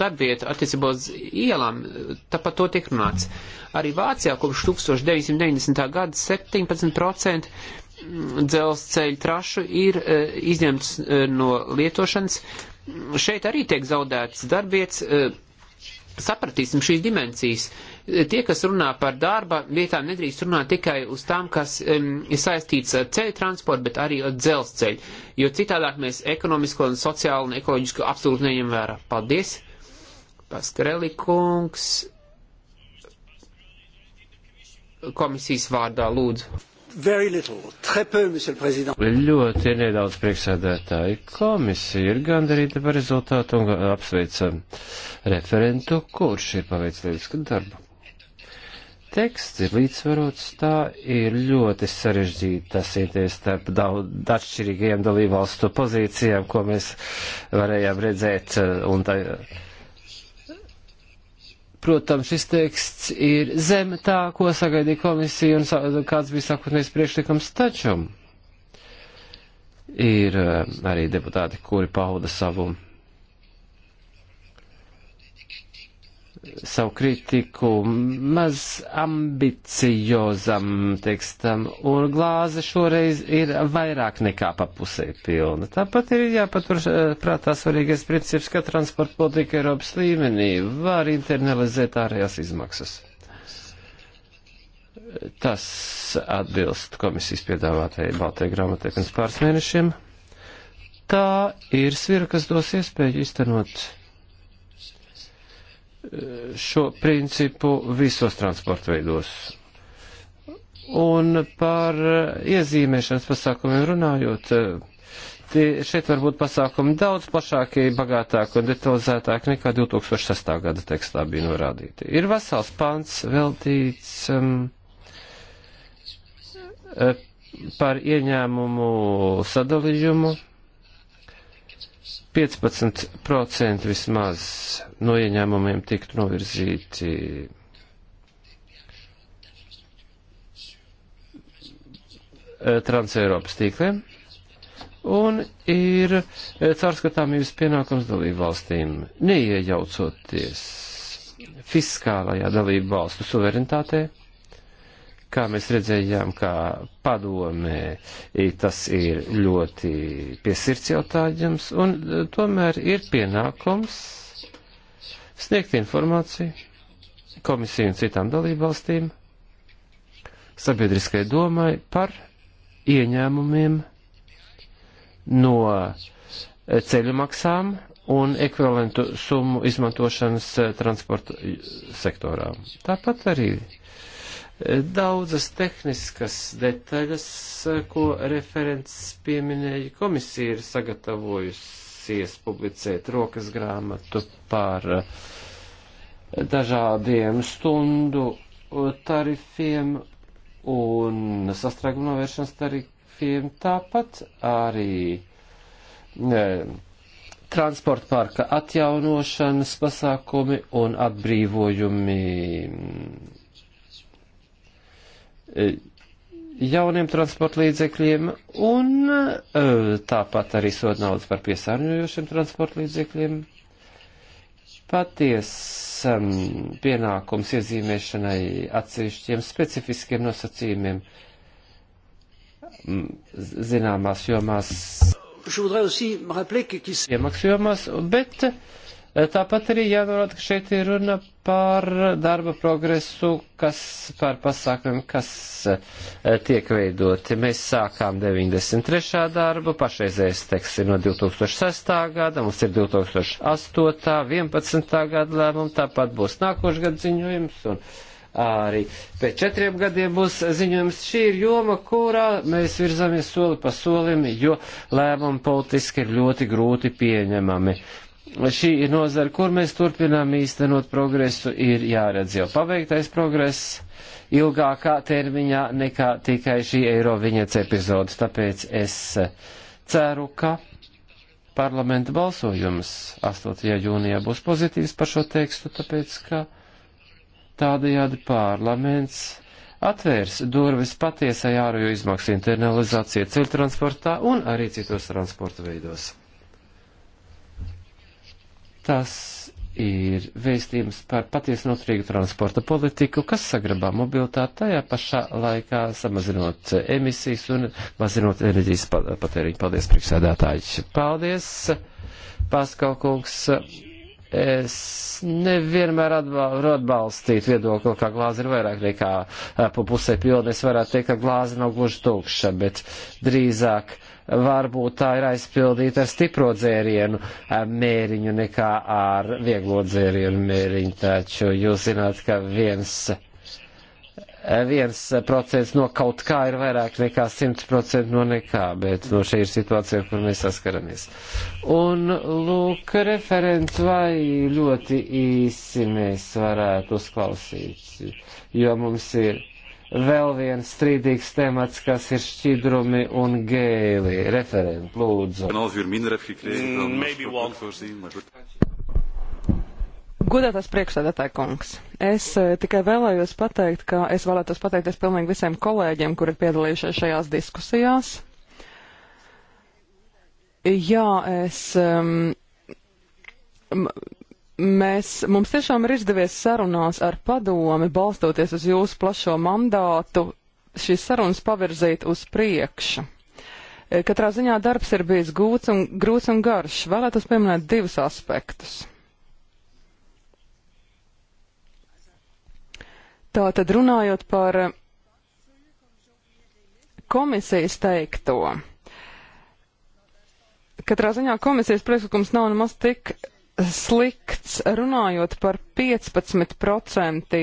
darbvietu attiecībā uz ielām, tāpat to tiek runāts. Arī Vācijā kopš 1990. gada 17% dzelzceļa trašu ir e, izņemts e, no lietošanas. Šeit arī tiek zaudēts darbietis. E, sapratīsim šīs dimensijas. Tie, kas runā par darba vietām, nedrīkst runāt tikai uz tām, kas um, ir saistīts ar ceļu transportu, bet arī ar dzelzceļu, jo citādāk mēs ekonomisko un sociālo un ekoloģisko absolūti neņem vērā. Paldies! Paskareli kungs komisijas vārdā lūdzu. Ļoti nedaudz priekšsēdētāji. Komisija ir gandarīta par rezultātu un apsveicam referentu, kurš ir paveicis lielisku darbu. Teksts ir līdzsvarots, tā ir ļoti sarežģīta sieties starp daudz atšķirīgajiem dalībvalstu pozīcijām, ko mēs varējām redzēt un tā. Uh, Protams, šis teksts ir zem tā, ko sagaidīja komisija un kāds bija sākotnējs priekšlikums taču. Ir eh, arī deputāti, kuri pauda savu savu kritiku maz ambiciozam tekstam, un glāze šoreiz ir vairāk nekā pa pusē pilna. Tāpat ir jāpatur eh, prātā svarīgais princips, ka transporta politika Eiropas līmenī var internalizēt ārējās izmaksas. Tas atbilst komisijas piedāvātajai Baltai grāmatai pirms pāris mēnešiem. Tā ir svira, kas dos iespēju iztenot šo principu visos transporta veidos. Un par iezīmēšanas pasākumiem runājot, tie, šeit var būt pasākumi daudz plašāki, bagātāki un detalizētāki nekā 2006. gada tekstā bija norādīti. Ir vesels pants veltīts um, eh, par ieņēmumu sadalījumu 15% vismaz no ieņēmumiem tiktu novirzīti eh, Transeiropas tīkliem, un ir eh, caurskatāmības pienākums dalību valstīm, neiejaucoties fiskālajā dalību valstu suverenitātē kā mēs redzējām, kā padomē, tas ir ļoti piesirds jautājums, un e, tomēr ir pienākums sniegt informāciju komisiju un citām dalībvalstīm, sabiedriskai domai par ieņēmumiem no e, ceļu maksām un ekvivalentu summu izmantošanas e, transporta sektorā. Tāpat arī Daudzas tehniskas detaļas, ko referents pieminēja, komisija ir sagatavojusies publicēt rokas grāmatu par eh, dažādiem stundu eh, tarifiem un sastrēgumu novēršanas tarifiem, tāpat arī ne, eh, transporta parka atjaunošanas pasākumi un atbrīvojumi E, jauniem transporta līdzekļiem un e, tāpat arī sodnaudas par piesārņojošiem transporta līdzekļiem. Paties um, pienākums iezīmēšanai atsevišķiem specifiskiem nosacījumiem zināmās jomās, iemaksas jomās, bet uh, Tāpat arī jānorāda, ka šeit ir runa par darba progresu, kas par pasākumiem, kas eh, tiek veidoti. Mēs sākām 93. darbu, pašreizējais teksts ir no 2006. gada, mums ir 2008. 11. gada lēmumi, tāpat būs nākošais gads ziņojums. Un, arī pēc četriem gadiem būs ziņojums. Šī ir joma, kurā mēs virzamies soli pa solim, jo lēmumi politiski ir ļoti grūti pieņemami šī ir nozara, kur mēs turpinām īstenot progresu, ir jāredz jau paveiktais progress ilgākā termiņā nekā tikai šī eiro viņets epizode. Tāpēc es ceru, ka parlamenta balsojums 8. jūnijā būs pozitīvs par šo tekstu, tāpēc ka tādajādi parlaments atvērs durvis patiesai ārējo izmaksu internalizācijai ceļtransportā un arī citos transporta veidos. Tas ir vēstījums par patiesu noturīgu transporta politiku, kas sagrabā mobilitāti tajā pašā laikā, samazinot emisijas un mazinot enerģijas patēriņu. Paldies, priekšsēdētāji. Paldies, Paskal kungs. Es nevienmēr atbalstītu viedokli, ka glāze ir vairāk nekā pa pusē pilna. Es varētu teikt, ka glāze nav gluži tūkša, bet drīzāk. Uh, varbūt tā ir aizpildīta ar stipro dzērienu mēriņu nekā ar vieglo dzērienu mēriņu, taču jūs zināt, ka viens viens procents no kaut kā ir vairāk nekā simts procenti no nekā, bet no šī ir situācija, kur mēs saskaramies. Un, lūk, referents vai ļoti īsi mēs varētu uzklausīt, jo mums ir vēl viens strīdīgs temats, kas ir šķidrumi un gēli. Referent, lūdzu. Gudētās mm, priekšsēdētāja kungs, es eh, tikai vēlējos pateikt, ka es vēlētos pateikties pilnīgi visiem kolēģiem, kuri ir piedalījušies šajās diskusijās. Jā, es. Um, Mēs, mums tiešām ir izdevies sarunās ar padomi, balstoties uz jūsu plašo mandātu, šīs sarunas pavirzīt uz priekšu. E, katrā ziņā darbs ir bijis gūts un grūts un garš. Vēlētos pieminēt divus aspektus. Tātad runājot par komisijas teikto. Katrā ziņā komisijas priekšlikums nav nemaz tik slikts, runājot par 15%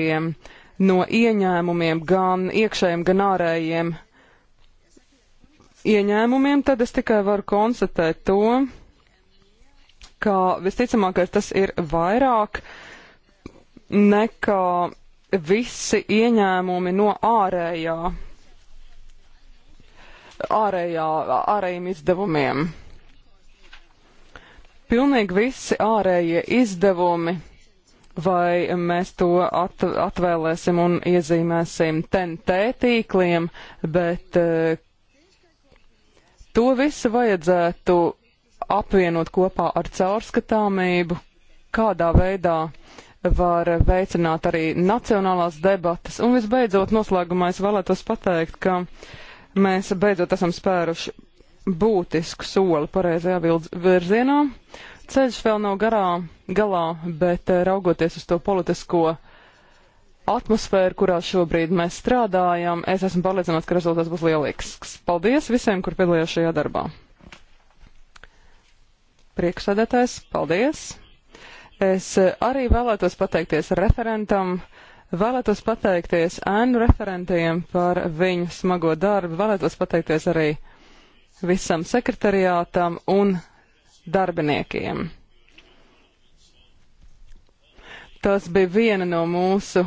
no ieņēmumiem, gan iekšējiem, gan ārējiem ieņēmumiem, tad es tikai varu konstatēt to, ka visticamākais tas ir vairāk nekā visi ieņēmumi no ārējā, ārējā, ārējiem izdevumiem pilnīgi visi ārējie izdevumi, vai mēs to at atvēlēsim un iezīmēsim TNT tīkliem, bet eh, to visu vajadzētu apvienot kopā ar caurskatāmību, kādā veidā var veicināt arī nacionālās debatas. Un visbeidzot, noslēgumā es vēlētos pateikt, ka mēs beidzot esam spēruši būtisku soli pareizajā virzienā. Ceļš vēl nav garā galā, bet eh, raugoties uz to politisko atmosfēru, kurā šobrīd mēs strādājam, es esmu pārliecināts, ka rezultāts būs lielisks. Paldies visiem, kur piedalījās šajā darbā. Priekšsēdētājs, paldies! Es eh, arī vēlētos pateikties referentam. Vēlētos pateikties ēnu referentiem par viņu smago darbu, vēlētos pateikties arī visam sekretariātam un darbiniekiem. Tas bija viena no mūsu,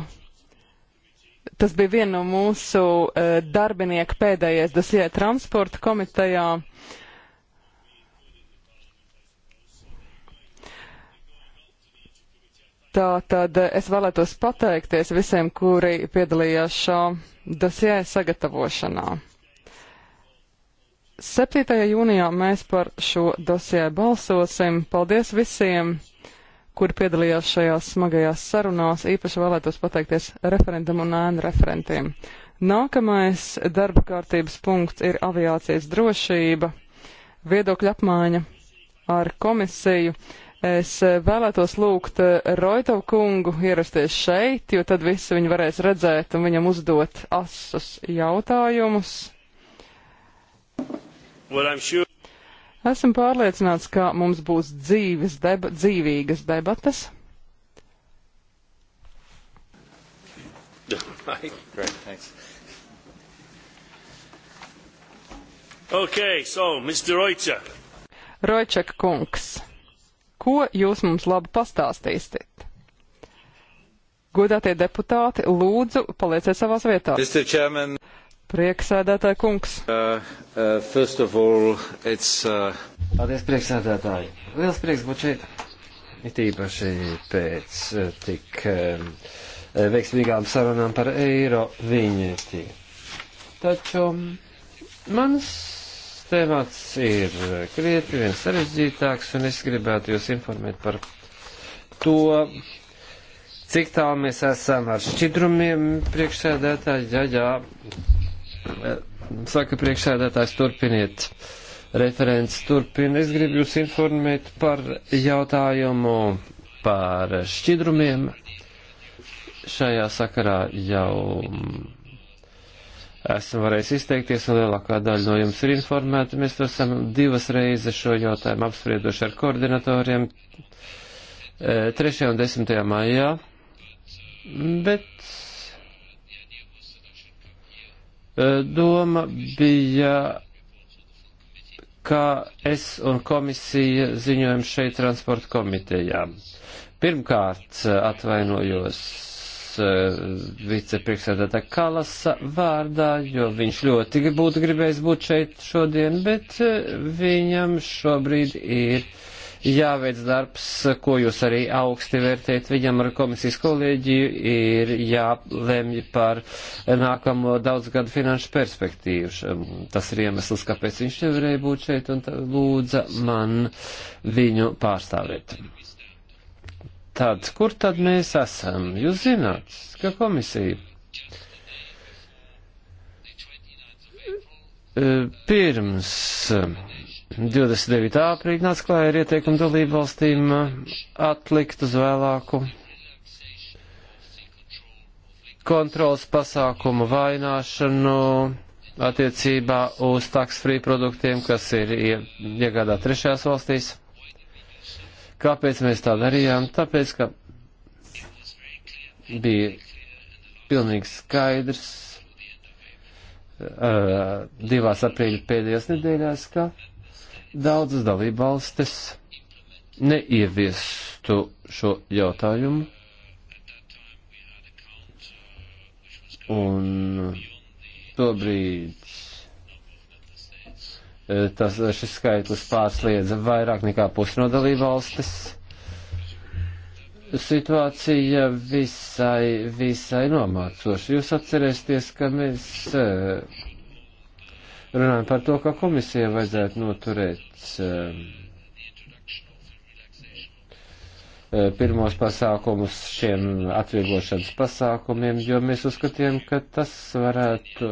tas bija viena no mūsu uh, darbinieku pēdējais dosie transporta komitejā. Tā tad eh, es vēlētos pateikties visiem, kuri piedalījās šā dosie sagatavošanā. 7. jūnijā mēs par šo dosijai balsosim. Paldies visiem, kuri piedalījās šajās smagajās sarunās. Īpaši vēlētos pateikties referendam un ēnu referentiem. Nākamais darba kārtības punkts ir aviācijas drošība, viedokļa apmaiņa ar komisiju. Es vēlētos lūgt Roitovu kungu ierasties šeit, jo tad visi viņu varēs redzēt un viņam uzdot asus jautājumus. Thank you. Sure... Esmu pārliecināts, ka mums būs dzīves deba, dzīvīgas debatas. Great, thanks. Okay, so, Mr. Reuter. Rojčak kungs, ko jūs mums labi pastāstīsiet? Godātie deputāti, lūdzu, palieciet savās vietās. Prieksēdētāji kungs. Uh, uh, all, uh... Paldies, prieksēdētāji. Liels prieks būt šeit. It īpaši pēc uh, tik um, uh, veiksmīgām sarunām par eiro viņieti. Taču um, mans temats ir uh, krietni vien sarežģītāks, un es gribētu jūs informēt par to, cik tālu mēs esam ar šķidrumiem priekšsēdētāji, ja, ja Saka priekšsēdētājs, turpiniet. Referents turpina. Es gribu jūs informēt par jautājumu par šķidrumiem. Šajā sakarā jau esmu varējis izteikties, un lielākā daļa no jums ir informēta. Mēs to esam divas reizes šo jautājumu apsprieduši ar koordinatoriem 3. E, un 10. maijā, bet doma bija, kā es un komisija ziņojam šeit transporta komitejā. Pirmkārt, atvainojos vicepriekšsēdētā Kalasa vārdā, jo viņš ļoti būtu gribējis būt šeit šodien, bet viņam šobrīd ir jāveic darbs, ko jūs arī augsti vērtējat. Viņam ar komisijas kolēģiju ir jālemj par nākamo daudzgadu finanšu perspektīvu. Tas ir iemesls, kāpēc viņš nevarēja būt šeit un lūdza man viņu pārstāvēt. Tad, kur tad mēs esam? Jūs zināt, ka komisija eh, pirms 29. aprīļa nāca klāja ar ieteikumu dalību valstīm uh, atlikt uz vēlāku kontrolas pasākumu vaināšanu attiecībā uz tax-free produktiem, kas ir iegādā trešajās valstīs. Kāpēc mēs tā darījām? Tāpēc, ka bija pilnīgi skaidrs uh, divās aprīļa pēdējās nedēļās, ka daudzas dalībvalstis neieviestu šo jautājumu. Un tobrīd e, tas, šis skaitlis pārsliedza vairāk nekā pusi no dalībvalstis. Situācija visai, visai nomācoša. Jūs atcerēsieties, ka mēs uh, runājam par to, ka komisija vajadzētu noturēt um, pirmos pasākumus šiem atvieglošanas pasākumiem, jo mēs uzskatījām, ka tas varētu,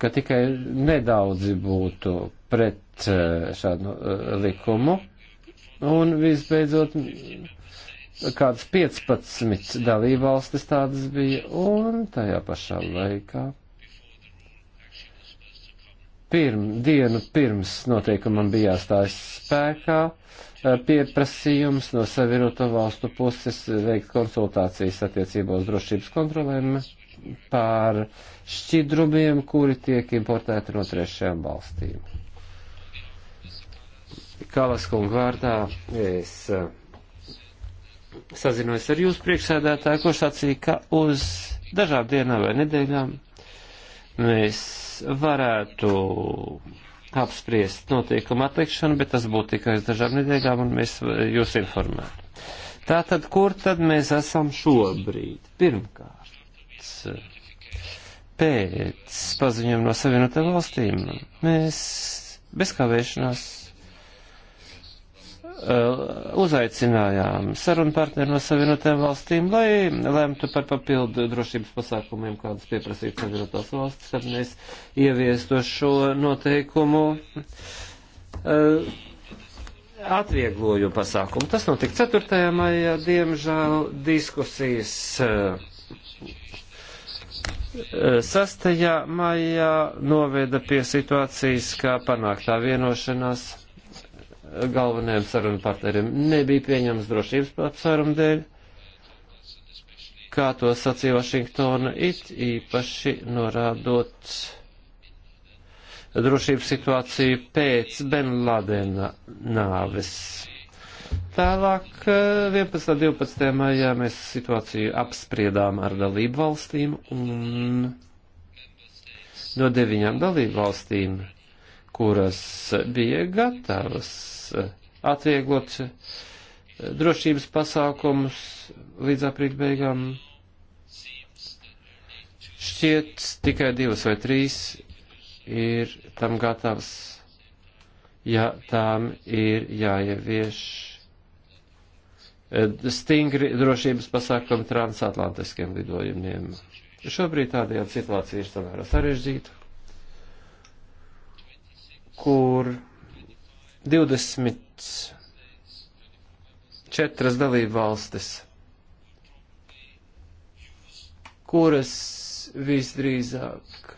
ka tikai nedaudzi būtu pret eh, šādu eh, likumu. Un visbeidzot, kādas 15 dalībvalstis tādas bija, un tajā pašā laikā pirm, dienu pirms noteikumam bija jāstājas spēkā eh, pieprasījums no savienoto valstu puses veikt konsultācijas attiecībā uz drošības kontrolēm pār šķidrumiem, kuri tiek importēti no trešajām valstīm. Kalas kungu vārdā es. Uh, sazinojos ar jūsu priekšsēdētāju, kurš sacīja, ka uz dažām dienām vai nedēļām mēs varētu apspriest notiekumu atlikšanu, bet tas būtu tikai uz dažām nedēļām un mēs jūs informētu. Tātad, kur tad mēs esam šobrīd? Pirmkārt, pēc paziņojuma no Savienotām valstīm mēs bez kavēšanās Uh, uzaicinājām sarunu partneri no Savienotajām valstīm, lai lemtu par papildu drošības pasākumiem, kādas pieprasītu Savienotās valstis, tad mēs ieviestu šo noteikumu uh, atviegloju pasākumu. Tas notika 4. maijā, diemžēl diskusijas 6. Uh, maijā noveda pie situācijas, kā panāktā vienošanās galvenajiem sarunu partneriem nebija pieņemts drošības apsvērumu dēļ, kā to sacīja Vašingtona, it īpaši norādot drošības situāciju pēc Ben Ladena nāves. Tālāk 11. un 12. maijā mēs situāciju apspriedām ar dalību valstīm un no deviņām dalību valstīm kuras bija gatavas Eh, atvieglot eh, drošības pasākumus līdz aprīļa beigām. Šķiet, tikai divas vai trīs ir tam gatavs, ja tām ir jāievieš eh, stingri drošības pasākumi transatlantiskiem lidojumiem. Šobrīd tādējādi situācija ir samērā sarežģīta, kur 24 dalību valstis, kuras visdrīzāk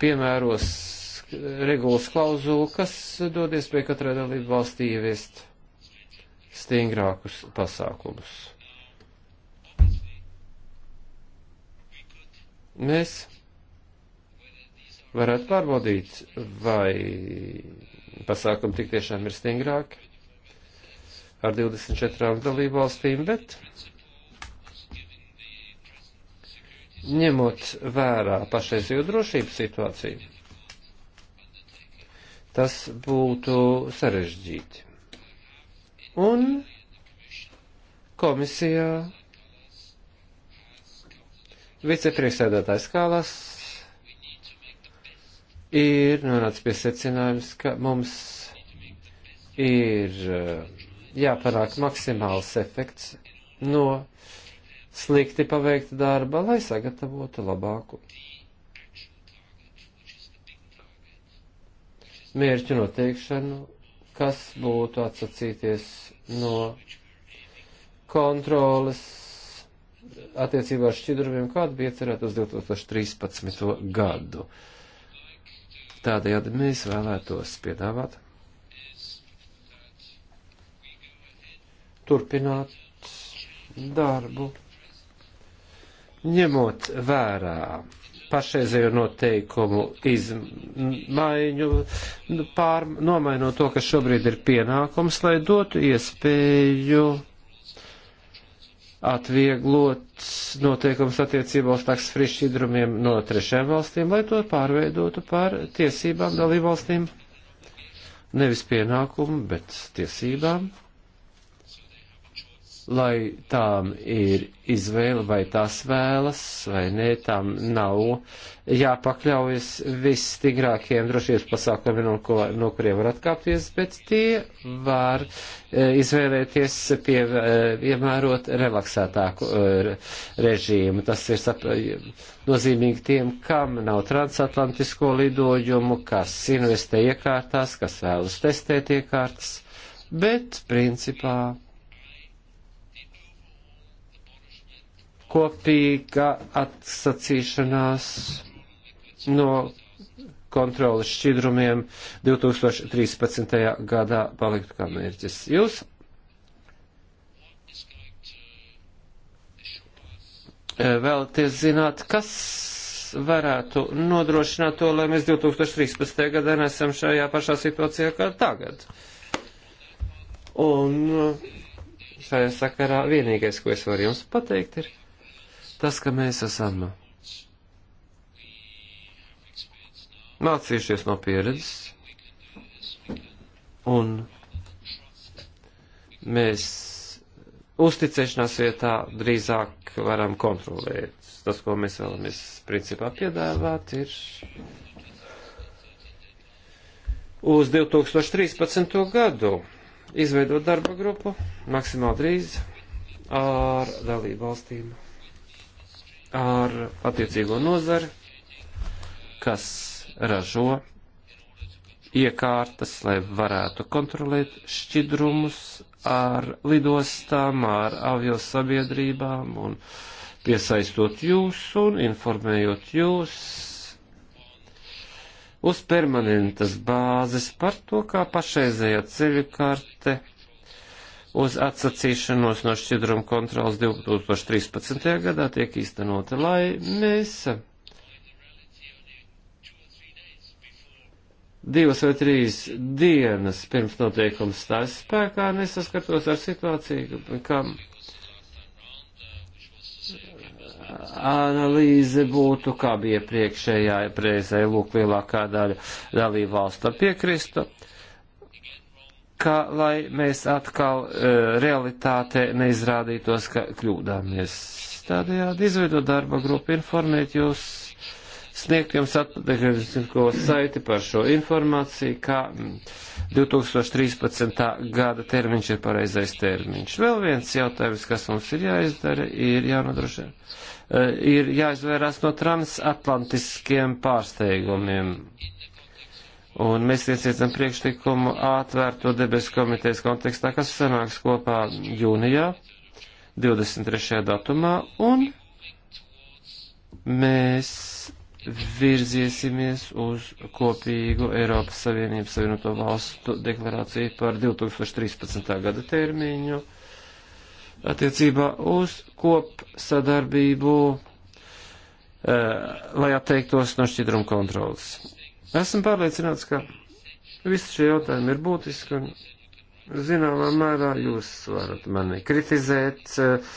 piemēros regulas klauzulu, kas dod iespēju katrai dalību valstī ieviest stingrākus pasākumus. Mēs varētu pārbaudīt, vai pasākumi tik tiešām ir stingrāki ar 24 dalību valstīm, bet ņemot vērā pašreizējo drošības situāciju, tas būtu sarežģīti. Un komisijā vicepriekšsēdētājs Kālas ir nonācis pie secinājums, ka mums ir eh, jāpanāk maksimāls efekts no slikti paveikta darba, lai sagatavotu labāku mērķu noteikšanu, kas būtu atsacīties no kontrolas attiecībā ar šķidrumiem, kāda bija cerēta uz 2013. gadu. Tādējādi mēs vēlētos piedāvāt turpināt darbu, ņemot vērā pašreizējo noteikumu izmaiņu, pār, nomainot to, kas šobrīd ir pienākums, lai dotu iespēju atvieglot noteikums attiecībā uz taks frišķidrumiem no trešajām valstīm, lai to pārveidotu par tiesībām dalībvalstīm, nevis pienākumu, bet tiesībām lai tām ir izvēle, vai tās vēlas, vai nē, tām nav jāpakļaujas visstingrākiem drošības pasākumiem, no, ko, no kuriem var atkāpties, bet tie var e, izvēlēties pie, e, iemērot relaksētāku e, režīmu. Tas ir sap, e, nozīmīgi tiem, kam nav transatlantisko lidojumu, kas investē iekārtās, kas vēlas testēt iekārtas, bet principā kopīga atsacīšanās no kontrolas šķidrumiem 2013. gadā paliktu kā mērķis. Jūs vēlaties zināt, kas varētu nodrošināt to, lai mēs 2013. gadā nesam šajā pašā situācijā kā tagad. Un šajā sakarā vienīgais, ko es varu jums pateikt, ir Tas, ka mēs esam mācījušies no pieredzes, un mēs uzticēšanās vietā drīzāk varam kontrolēt. Tas, ko mēs vēlamies principā piedāvāt, ir uz 2013. gadu izveidot darba grupu maksimāli drīz ar dalību valstīm ar attiecīgo nozari, kas ražo iekārtas, lai varētu kontrolēt šķidrumus ar lidostām, ar aviosabiedrībām un piesaistot jūs un informējot jūs uz permanentas bāzes par to, kā pašreizējā ceļu karte uz atsacīšanos no šķidruma kontrolas 2013. gadā tiek īstenota, lai mēs divas vai trīs dienas pirms noteikums stājas spēkā nesaskartos ar situāciju, kam analīze būtu, kā bija priekšējā reizē, lūk, lielākā daļa dalībvalsta piekrista ka lai mēs atkal uh, realitāte neizrādītos, ka kļūdāmies. Tādējādi izveidot darba grupu, informēt jūs, sniegt jums atpakaļ saiti par šo informāciju, kā 2013. gada termiņš ir pareizais termiņš. Vēl viens jautājums, kas mums ir jāizdara, ir jānodrošina. Uh, ir jāizvairās no transatlantiskiem pārsteigumiem. Mm Un mēs iecietām priekšlikumu atvērto debesu komitejas kontekstā, kas sanāks kopā jūnijā, 23. datumā, un mēs virziesimies uz kopīgu Eiropas Savienības Savienoto Valstu deklarāciju par 2013. gada termiņu attiecībā uz kop sadarbību, eh, lai atteiktos no šķidruma kontrolas. Esmu pārliecināts, ka visi šie jautājumi ir būtiski un zināmā mērā jūs varat mani kritizēt eh,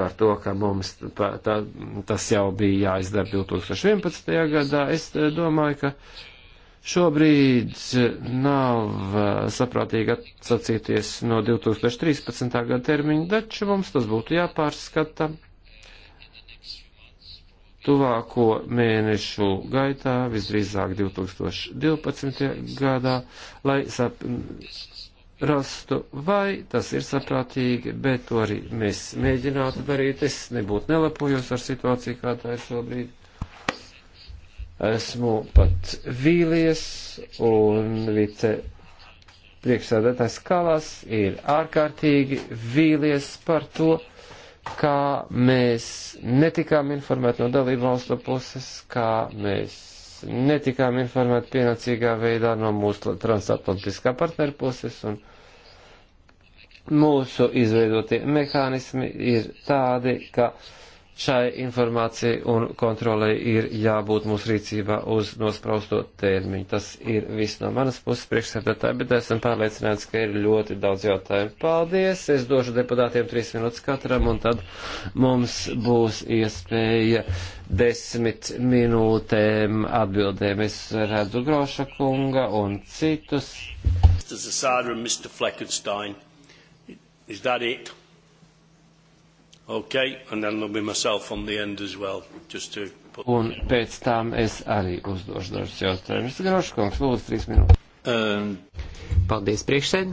par to, ka mums tā, tā, tas jau bija jāizdara 2011. gadā. Es eh, domāju, ka šobrīd eh, nav saprātīgi atsacīties no 2013. gada termiņa, taču mums tas būtu jāpārskata tuvāko mēnešu gaitā, visdrīzāk 2012. gadā, lai sap, rastu, vai tas ir saprātīgi, bet to arī mēs mēģinātu darīt. Es nebūtu nelapojos ar situāciju, kā tā ir šobrīd. Esmu pat vīlies un vice priekšsēdētājs Kalas ir ārkārtīgi vīlies par to, kā mēs netikām informēti no dalību valstu puses, kā mēs netikām informēti pienācīgā veidā no mūsu transatlantiskā partneru puses, un mūsu izveidotie mehānismi ir tādi, ka uh, šai informācijai un kontrolei ir jābūt mūsu rīcībā uz nospraustot termiņu. Tas ir viss no manas puses priekšsēdētāji, bet esam pārliecināts, ka ir ļoti daudz jautājumu. Paldies! Es došu deputātiem trīs minūtes katram, un tad mums būs iespēja desmit minūtēm atbildēm. Es redzu Groša kunga un citus. Mr. Zasada and Mr. Fleckenstein. Is that it? Okay, and then there'll be myself on the end as well, just to put... Un pēc tām es arī uzdošu dažus jautājumus. Groškungs, lūdzu, trīs minūtes. Um. Paldies priekšsēd.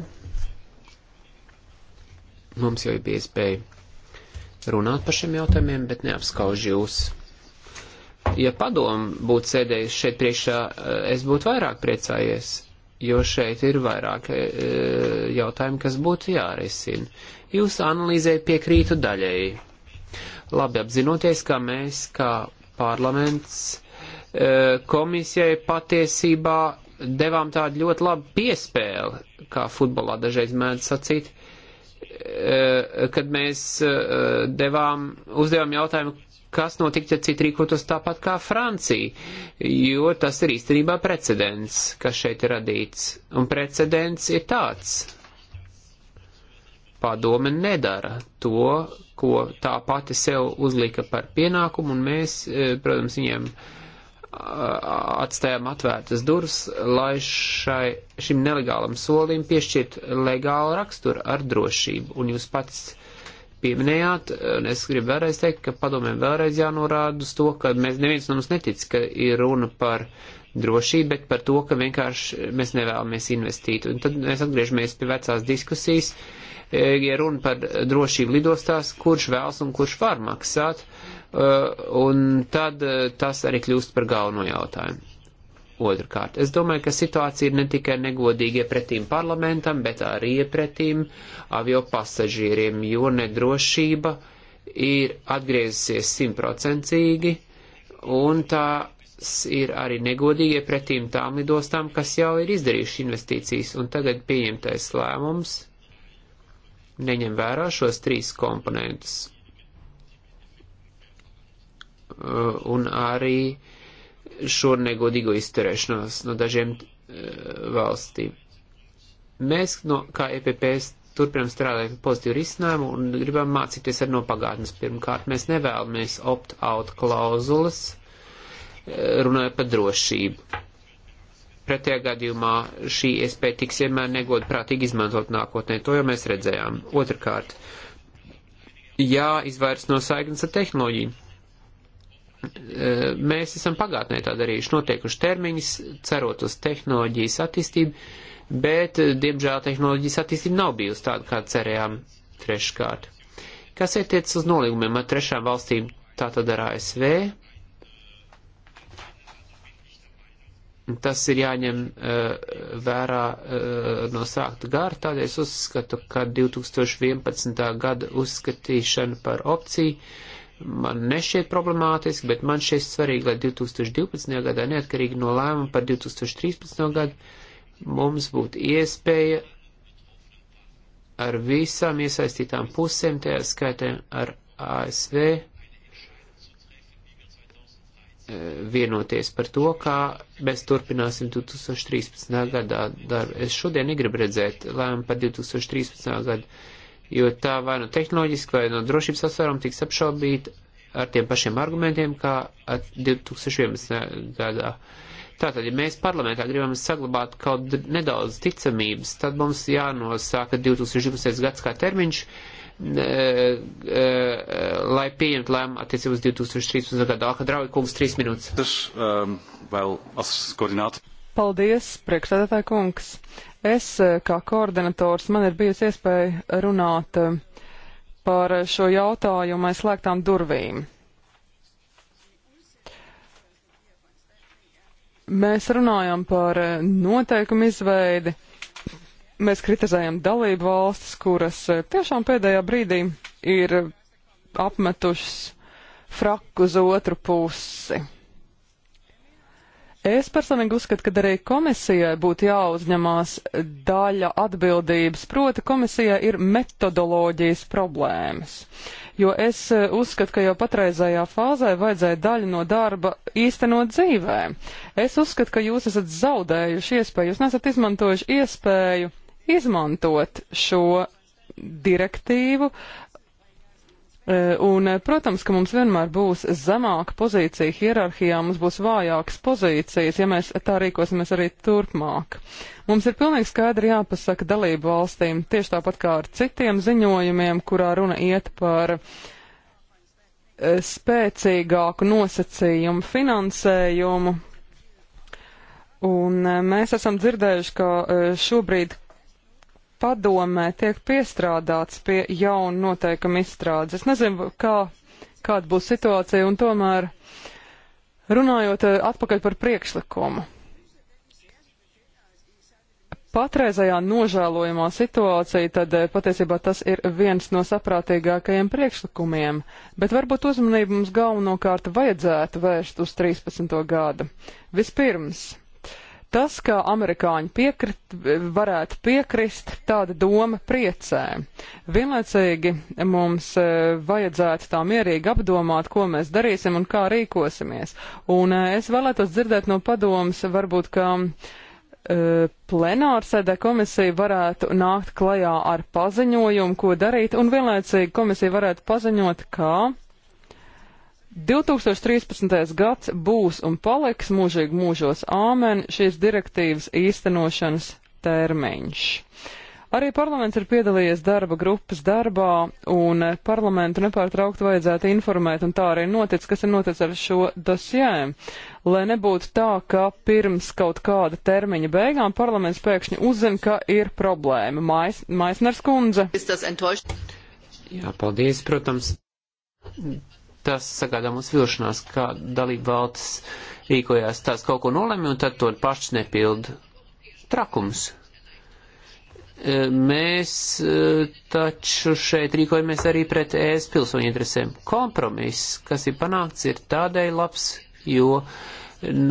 Mums jau ir bija iespēja runāt par šiem jautājumiem, bet neapskauž jūs ja padomu būtu sēdējis šeit priekšā, eh, es būtu vairāk priecājies jo šeit ir vairāk e, jautājumu, kas būtu jārisina. Jūsu analīzē piekrītu daļēji. Labi apzinoties, ka mēs, kā parlaments, e, komisijai patiesībā devām tādu ļoti labu piespēli, kā futbolā dažreiz mēdz sacīt, e, kad mēs e, devām, uzdevām jautājumu, kas notiktu, ja citi rīkotos tāpat kā Francija, jo tas ir īstenībā precedents, kas šeit ir radīts. Un precedents ir tāds. Padome nedara to, ko tā pati sev uzlika par pienākumu, un mēs, eh, protams, viņiem atstājām atvērtas durvis, lai šai, šim nelegālam solim piešķirt legālu raksturu ar drošību. Un jūs pats pieminējāt, un es gribu vēlreiz teikt, ka padomēm vēlreiz jānorāda uz to, ka mēs neviens no mums netic, ka ir runa par drošību, bet par to, ka vienkārši mēs nevēlamies investīt. Un tad mēs atgriežamies pie vecās diskusijas, e, ja runa par drošību lidostās, kurš vēlas un kurš var maksāt, e, un tad e, tas arī kļūst par galveno jautājumu. Otrkārt, es domāju, ka situācija ir ne tikai negodīga iepretīm parlamentam, bet arī iepretīm avio pasažieriem, jo nedrošība ir atgriezusies simtprocentīgi, un tās ir arī negodīgi iepretīm tām lidostām, kas jau ir izdarījuši investīcijas, un tagad pieņemtais lēmums neņem vērā šos trīs komponentus. Uh, un arī šo negodīgo izturēšanos no dažiem uh, valstīm. Mēs no, kā EPPS turpinam strādāt pie pozitīvu risinājumu un gribam mācīties arī no pagātnes. Pirmkārt, mēs nevēlamies opt-out klauzulas, e, runājot par drošību. Pretējā gadījumā šī iespēja tiks vienmēr negodprātīgi izmantot nākotnē, to jau mēs redzējām. Otrkārt, jāizvairs no saiknes ar tehnoloģiju Mēs esam pagātnē tā darījuši, noteikuši termiņus, cerot uz tehnoloģijas attīstību, bet, diemžēl, tehnoloģijas attīstība nav bijusi tāda, kā cerējām treškārt. Kas attiec uz nolīgumiem ar trešām valstīm, tā tad ar ASV, tas ir jāņem uh, vērā uh, no sākta gara. Tādēļ es uzskatu, ka 2011. gada uzskatīšana par opciju man nešķiet problemātiski, bet man šķiet svarīgi, lai 2012. gadā, neatkarīgi no lēmuma par 2013. gadu, mums būtu iespēja ar visām iesaistītām pusēm, tajā skaitē ar ASV, eh, vienoties par to, kā mēs turpināsim 2013. gadā darbu. Es šodien negribu redzēt lēmumu par 2013. gadu jo tā vai no nu tehnoloģiski, vai no nu drošības asvērumu tiks apšaubīt ar tiem pašiem argumentiem, kā 2011. gadā. Tātad, ja mēs parlamentā gribam saglabāt kaut nedaudz ticamības, tad mums jānosāka 2012. gads kā termiņš, e, e, lai pieņemtu lēmumu attiecībā uz 2013. gadu. Alka Draugi, kungs, trīs minūtes. Tas, um, vēl, as koordinātu. Paldies, priekšstādātāja kungs. Es, eh, kā koordinators, man ir bijusi iespēja runāt eh, par šo jautājumu aiz slēgtām durvīm. Mēs runājam par eh, noteikumu izveidi, mēs kritizējam dalību valstis, kuras tiešām pēdējā brīdī ir apmetušas fraku uz otru pusi. Es personīgi uzskatu, ka arī komisijai būtu jāuzņemās daļa atbildības, proti komisijai ir metodoloģijas problēmas. Jo es eh, uzskatu, ka jau patreizējā fāzē vajadzēja daļu no darba īstenot dzīvē. Es uzskatu, ka jūs esat zaudējuši iespēju, jūs nesat izmantojuši iespēju izmantot šo direktīvu, E, un, e, protams, ka mums vienmēr būs zemāka pozīcija hierarhijā, mums būs vājākas pozīcijas, ja mēs tā rīkosimies arī turpmāk. Mums ir pilnīgi skaidri jāpasaka dalību valstīm, tieši tāpat kā ar citiem ziņojumiem, kurā runa iet par e, spēcīgāku nosacījumu finansējumu. Un mēs esam dzirdējuši, ka šobrīd padomē tiek piestrādāts pie jaunu noteikumu izstrādes. Es nezinu, kā, kāda būs situācija, un tomēr runājot eh, atpakaļ par priekšlikumu. Patreizajā nožēlojamā situācija, tad eh, patiesībā tas ir viens no saprātīgākajiem priekšlikumiem, bet varbūt uzmanību mums galvenokārt vajadzētu vērst uz 13. gadu. Vispirms Tas, kā amerikāņi piekrit, varētu piekrist, tāda doma priecē. Vienlaicīgi mums e, vajadzētu tā mierīgi apdomāt, ko mēs darīsim un kā rīkosimies. Un e, es vēlētos dzirdēt no padomas, varbūt, ka e, plenārsēdē komisija varētu nākt klajā ar paziņojumu, ko darīt, un vienlaicīgi komisija varētu paziņot, kā. Ka 2013. gads būs un paliks mūžīgi mūžos āmen šīs direktīvas īstenošanas termiņš. Arī parlaments ir piedalījies darba grupas darbā, un parlamentu nepārtraukti vajadzētu informēt, un tā arī notic, kas ir noticis ar šo dosjē. Lai nebūtu tā, ka pirms kaut kāda termiņa beigām parlaments pēkšņi uzzina, ka ir problēma. Mais, Maisners kundze. Jā, paldies, protams tas sagādā mums vilšanās, kā dalība valsts rīkojās, tās kaut ko nolemj un tad to pašs nepild. Trakums. E, mēs e, taču šeit rīkojamies arī pret ES pilsoņu interesēm. Kompromiss, kas ir panākts, ir tādēļ labs, jo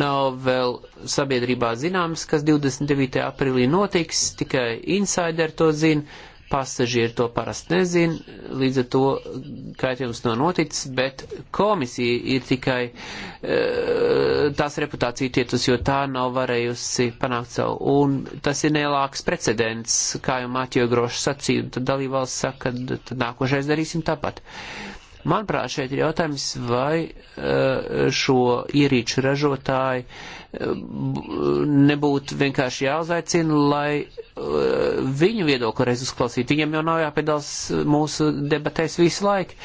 nav vēl sabiedrībā zināms, kas 29. aprīlī notiks, tikai insider to zina Pasažieri to parasti nezina, līdz ar to kaitījums nav noticis, bet komisija ir tikai e, tās reputācija tietus, jo tā nav varējusi panākt savu. Un tas ir nelāks precedents, kā jau Mātjo Grošs sacīja, tad dalībvalsts saka, tad nākošais darīsim tāpat. Uh, Manuprāt, šeit ir jautājums, vai eh, šo ierīču ražotāju eh, nebūtu vienkārši jāuzaicina, lai eh, viņu viedokli reiz uzklausītu. Viņam jau nav jāpiedalās mūsu debatēs visu laiku.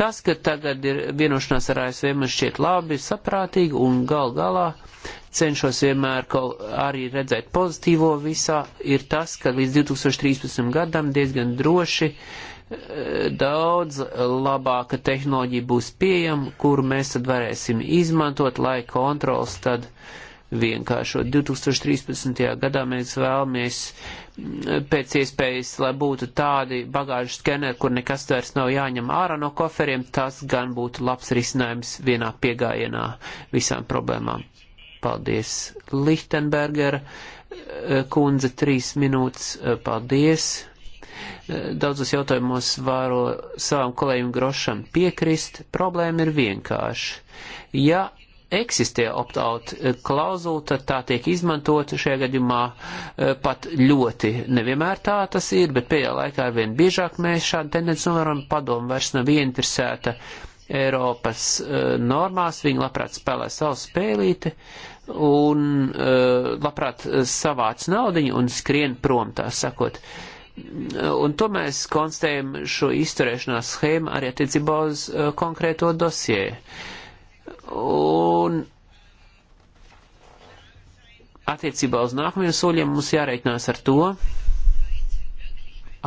Tas, ka tagad ir vienošanās ar ASV, man šķiet labi, saprātīgi un gal galā cenšos vienmēr arī redzēt pozitīvo visā, ir tas, ka līdz 2013. gadam diezgan droši uh, daudz labāka tehnoloģija būs pieejama, kuru mēs tad varēsim izmantot, lai kontrols tad vienkāršot. 2013. gadā mēs vēlamies mm, pēc iespējas, lai būtu tādi bagāžu skeneri, kur nekas vairs nav jāņem ārā no koferiem, tas gan būtu labs risinājums vienā piegājienā visām problēmām. Paldies, Lichtenberger eh, kundze, trīs minūtes, eh, paldies. Daudzos jautājumos vāro savam kolēģim Grošam piekrist. Problēma ir vienkārša. Ja eksistē opt-out klauzula, tad tā tiek izmantot šajā gadījumā eh, pat ļoti. Nevienmēr tā tas ir, bet pēdējā laikā arvien biežāk mēs šādu tendenci novērojam. Padomu vairs nav ieinteresēta Eiropas eh, normās, viņi labprāt spēlē savu spēlīti un eh, labprāt savāc naudiņu un skrien prom, tā sakot. Uh, Un to mēs konstatējam šo izturēšanās schēmu arī attiecībā uz uh, konkrēto dosie. Un attiecībā uz nākamajiem soļiem mums jārēķinās ar to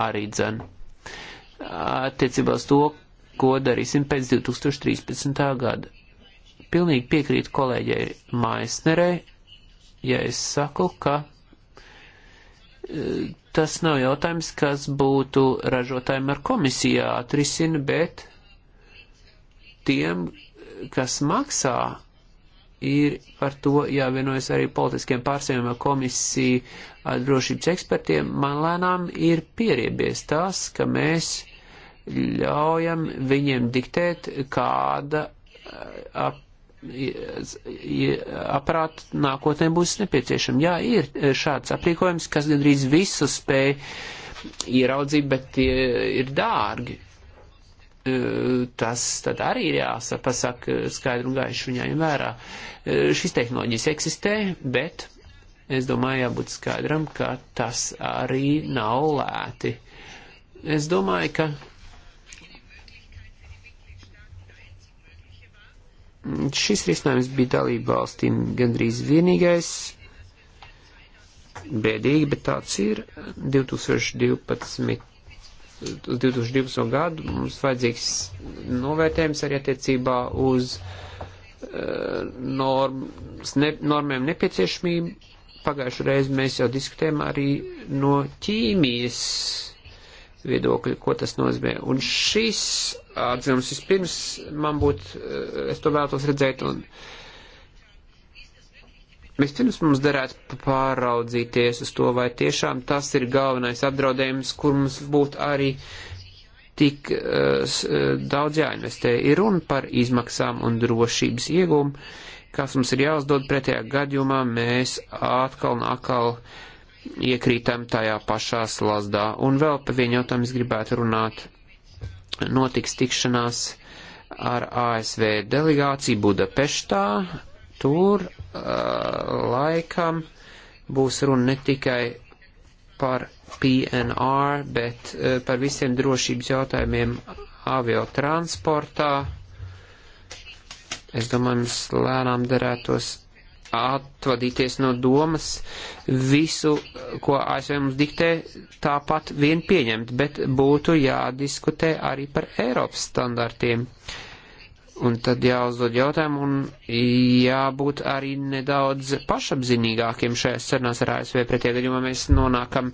arī dzen. Attiecībā uz to, ko darīsim pēc 2013. gada. Pilnīgi piekrītu kolēģei Maisnerei, ja es saku, ka uh, tas nav jautājums, kas būtu ražotājiem ar komisijā atrisina, bet tiem, kas maksā, ir par to jāvienojas arī politiskiem pārstāvjiem ar komisiju ar drošības ekspertiem. Man lēnām ir pieriebies tas, ka mēs ļaujam viņiem diktēt, kāda ap aparāti nākotnē būs nepieciešami. Jā, ir šāds aprīkojums, kas gandrīz visu spēj ieraudzīt, bet tie ir dārgi. E, tas tad arī ir jāsapasaka skaidru un gaišu viņai vērā. E, šis tehnoloģijas eksistē, bet es domāju, jābūt skaidram, ka tas arī nav lēti. Es domāju, ka Šis risinājums bija dalība valstīm gandrīz vienīgais. Bēdīgi, bet tāds ir. 2012. 2012. gadu mums vajadzīgs novērtējums arī attiecībā uz uh, eh, normas, ne, normēm nepieciešamību. Pagājušajā reizē mēs jau diskutējām arī no ķīmijas viedokļa, ko tas nozīmē. Un šīs atzinums vispirms man būtu, eh, es to vēlos redzēt, un vispirms mums darētu pāraudzīties uz to, vai tiešām tas ir galvenais apdraudējums, kur mums būtu arī tik uh, daudz jāinvestē. Ir runa par izmaksām un drošības ieguvumu, kas mums ir jāuzdod pretējā gadījumā, mēs atkal un atkal. Uh, iekrītam tajā pašā slazdā. Un vēl par vienu jautājumu es gribētu runāt. Notiks tikšanās ar ASV delegāciju Budapeštā. Tur uh, laikam būs runa ne tikai par PNR, bet uh, par visiem drošības jautājumiem aviotransportā. Es domāju, mums lēnām derētos atvadīties no domas visu, ko ASV mums diktē, tāpat vien pieņemt, bet būtu jādiskutē arī par Eiropas standartiem. Un tad jāuzdod jautājumu un jābūt arī nedaudz pašapzinīgākiem šajās sarunās ar ASV, pretie gadījumā mēs nonākam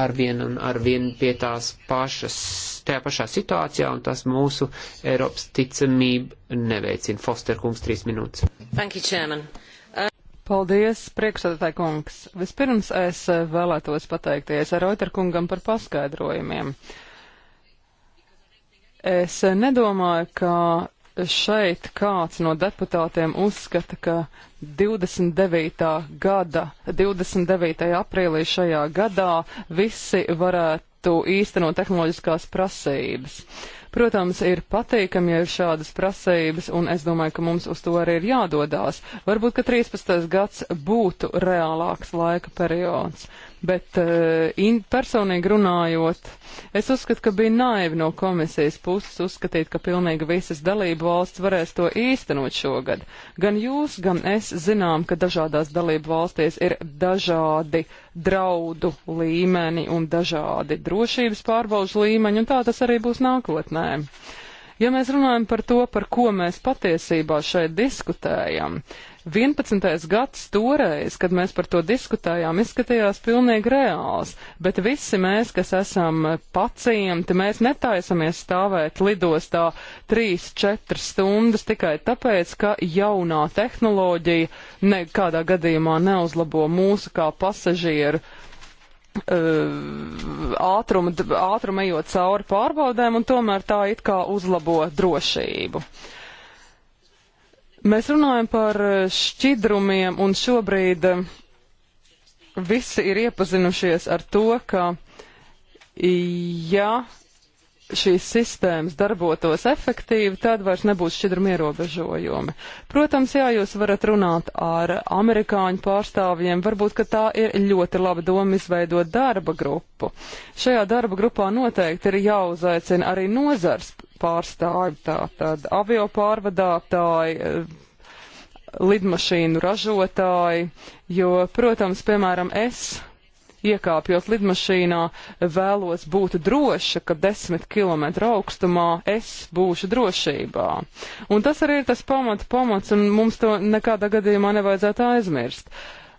arvien un arvien pie tās pašas, tajā pašā situācijā un tas mūsu Eiropas ticamību neveicina. Foster kungs, trīs minūtes. Thank you, Chairman. Uh, Paldies, priekšsēdētāji kungs. Vispirms es eh, vēlētos pateikties Reuterkungam par paskaidrojumiem. Es eh, nedomāju, ka šeit kāds no deputātiem uzskata, ka 29. gada, 29. aprīlī šajā gadā visi varētu īstenot tehnoloģiskās prasības. Uh, Protams, ir patīkami, ja ir šādas prasības, un es domāju, ka mums uz to arī ir jādodās. Varbūt, ka 13. gads būtu reālāks laika periods. Bet eh, in, personīgi runājot, es uzskatu, ka bija naivi no komisijas puses uzskatīt, ka pilnīgi visas dalību valsts varēs to īstenot šogad. Gan jūs, gan es zinām, ka dažādās dalību valstīs ir dažādi draudu līmeni un dažādi drošības pārbaužu līmeņi, un tā tas arī būs nākotnē. Ja mēs runājam par to, par ko mēs patiesībā šeit diskutējam, 11. gads toreiz, kad mēs par to diskutējām, izskatījās pilnīgi reāls, bet visi mēs, kas esam pacienti, mēs netaisamies stāvēt lidostā 3-4 stundas tikai tāpēc, ka jaunā tehnoloģija nekādā gadījumā neuzlabo mūsu kā pasažieru ātrumu, eh, ātrumu ejot cauri pārbaudēm, un tomēr tā it kā uzlabo drošību. Uh, Mēs runājam par šķidrumiem, un šobrīd eh, visi ir iepazinušies ar to, ka ja šīs sistēmas darbotos efektīvi, tad vairs nebūs šķidruma ierobežojumi. Protams, jā, jūs varat runāt ar amerikāņu pārstāvjiem, varbūt, ka tā ir ļoti laba doma izveidot darba grupu. Šajā darba grupā noteikti ir jāuzaicina arī nozars pārstāvi, tātad avio pārvadātāji, lidmašīnu ražotāji, jo, protams, piemēram, es, iekāpjot lidmašīnā, vēlos būt droša, ka desmit kilometru augstumā es būšu drošībā. Un tas arī ir tas pamata pamats, un mums to nekādā gadījumā nevajadzētu aizmirst.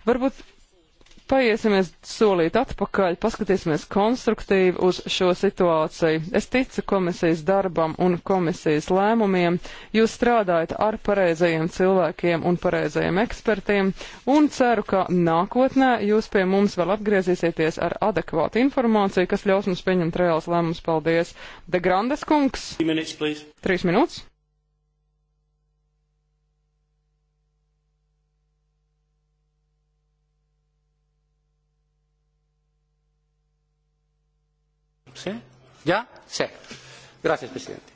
Varbūt Paiesimies solīt atpakaļ, paskatīsimies konstruktīvi uz šo situāciju. Es ticu komisijas darbam un komisijas lēmumiem. Jūs strādājat ar pareizajiem cilvēkiem un pareizajiem ekspertiem un ceru, ka nākotnē jūs pie mums vēl atgriezīsieties ar adekvātu informāciju, kas ļaus mums pieņemt reāls lēmums. Paldies! De Grandes kungs! Minutes, Trīs minūtes! ¿Sí? ¿Ya? Sí. Gracias, presidente.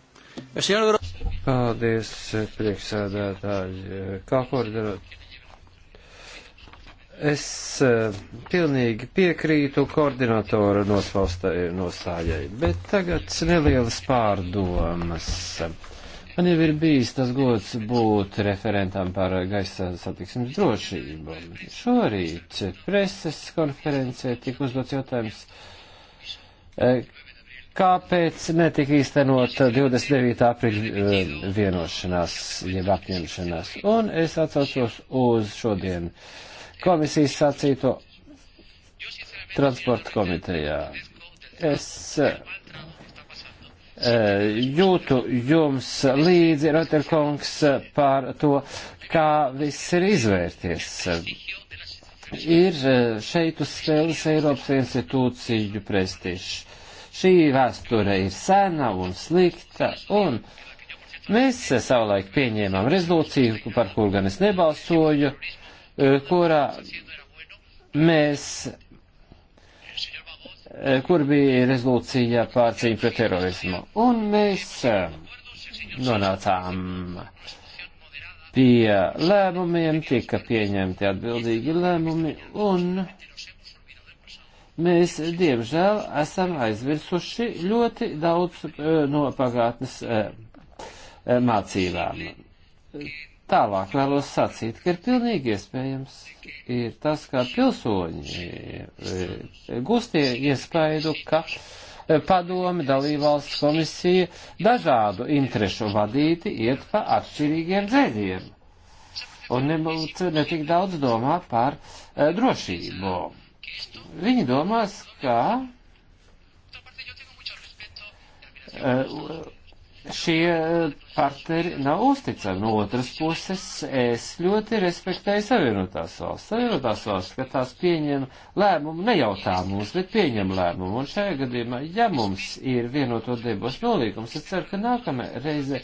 El señor... Paldies, priekšsēdētāji. Kā koordinēt? Es eh, pilnīgi piekrītu koordinatora nostājai, bet tagad nelielas pārdomas. Man jau ir bijis tas gods būt referentam par gaisa satiksmes drošību. Šorīt preses konferencē tika uzdots jautājums. Uh, Kāpēc netika īstenot 29. aprīļa eh, vienošanās, jeb apņemšanās? Un es atsaucos uz šodien komisijas sacīto transporta komitejā. Es eh, jūtu jums līdzi, Roterkungs, par to, kā viss ir izvērties. Ir eh, šeit uz spēles Eiropas institūciju prestižs šī vēsture ir sena un slikta, un mēs savulaik pieņēmām rezolūciju, par kur gan es nebalsoju, e, kurā mēs e, kur bija rezolūcija pār cīņu pret terorismu. Un mēs e, nonācām pie lēmumiem, tika pieņemti atbildīgi lēmumi, un mēs, diemžēl, esam aizvirsuši ļoti daudz eh, no pagātnes eh, eh, mācībām. Tālāk vēlos sacīt, ka ir pilnīgi iespējams, ir tas, kā pilsoņi gustie iespaidu, ka padomi, dalībvalsts komisija dažādu interešu vadīti iet pa atšķirīgiem dzēļiem. Un ne, ne tik daudz domā par drošību Viņi domās, ka eh, šie partneri nav uzticami. No otras puses, es ļoti respektēju Savienotās valsts. Savienotās valsts, ka tās pieņem lēmumu, nejautā mums, bet pieņem lēmumu. Un šajā gadījumā, ja mums ir vienoto debos nolīgums, es ceru, ka nākamajā reize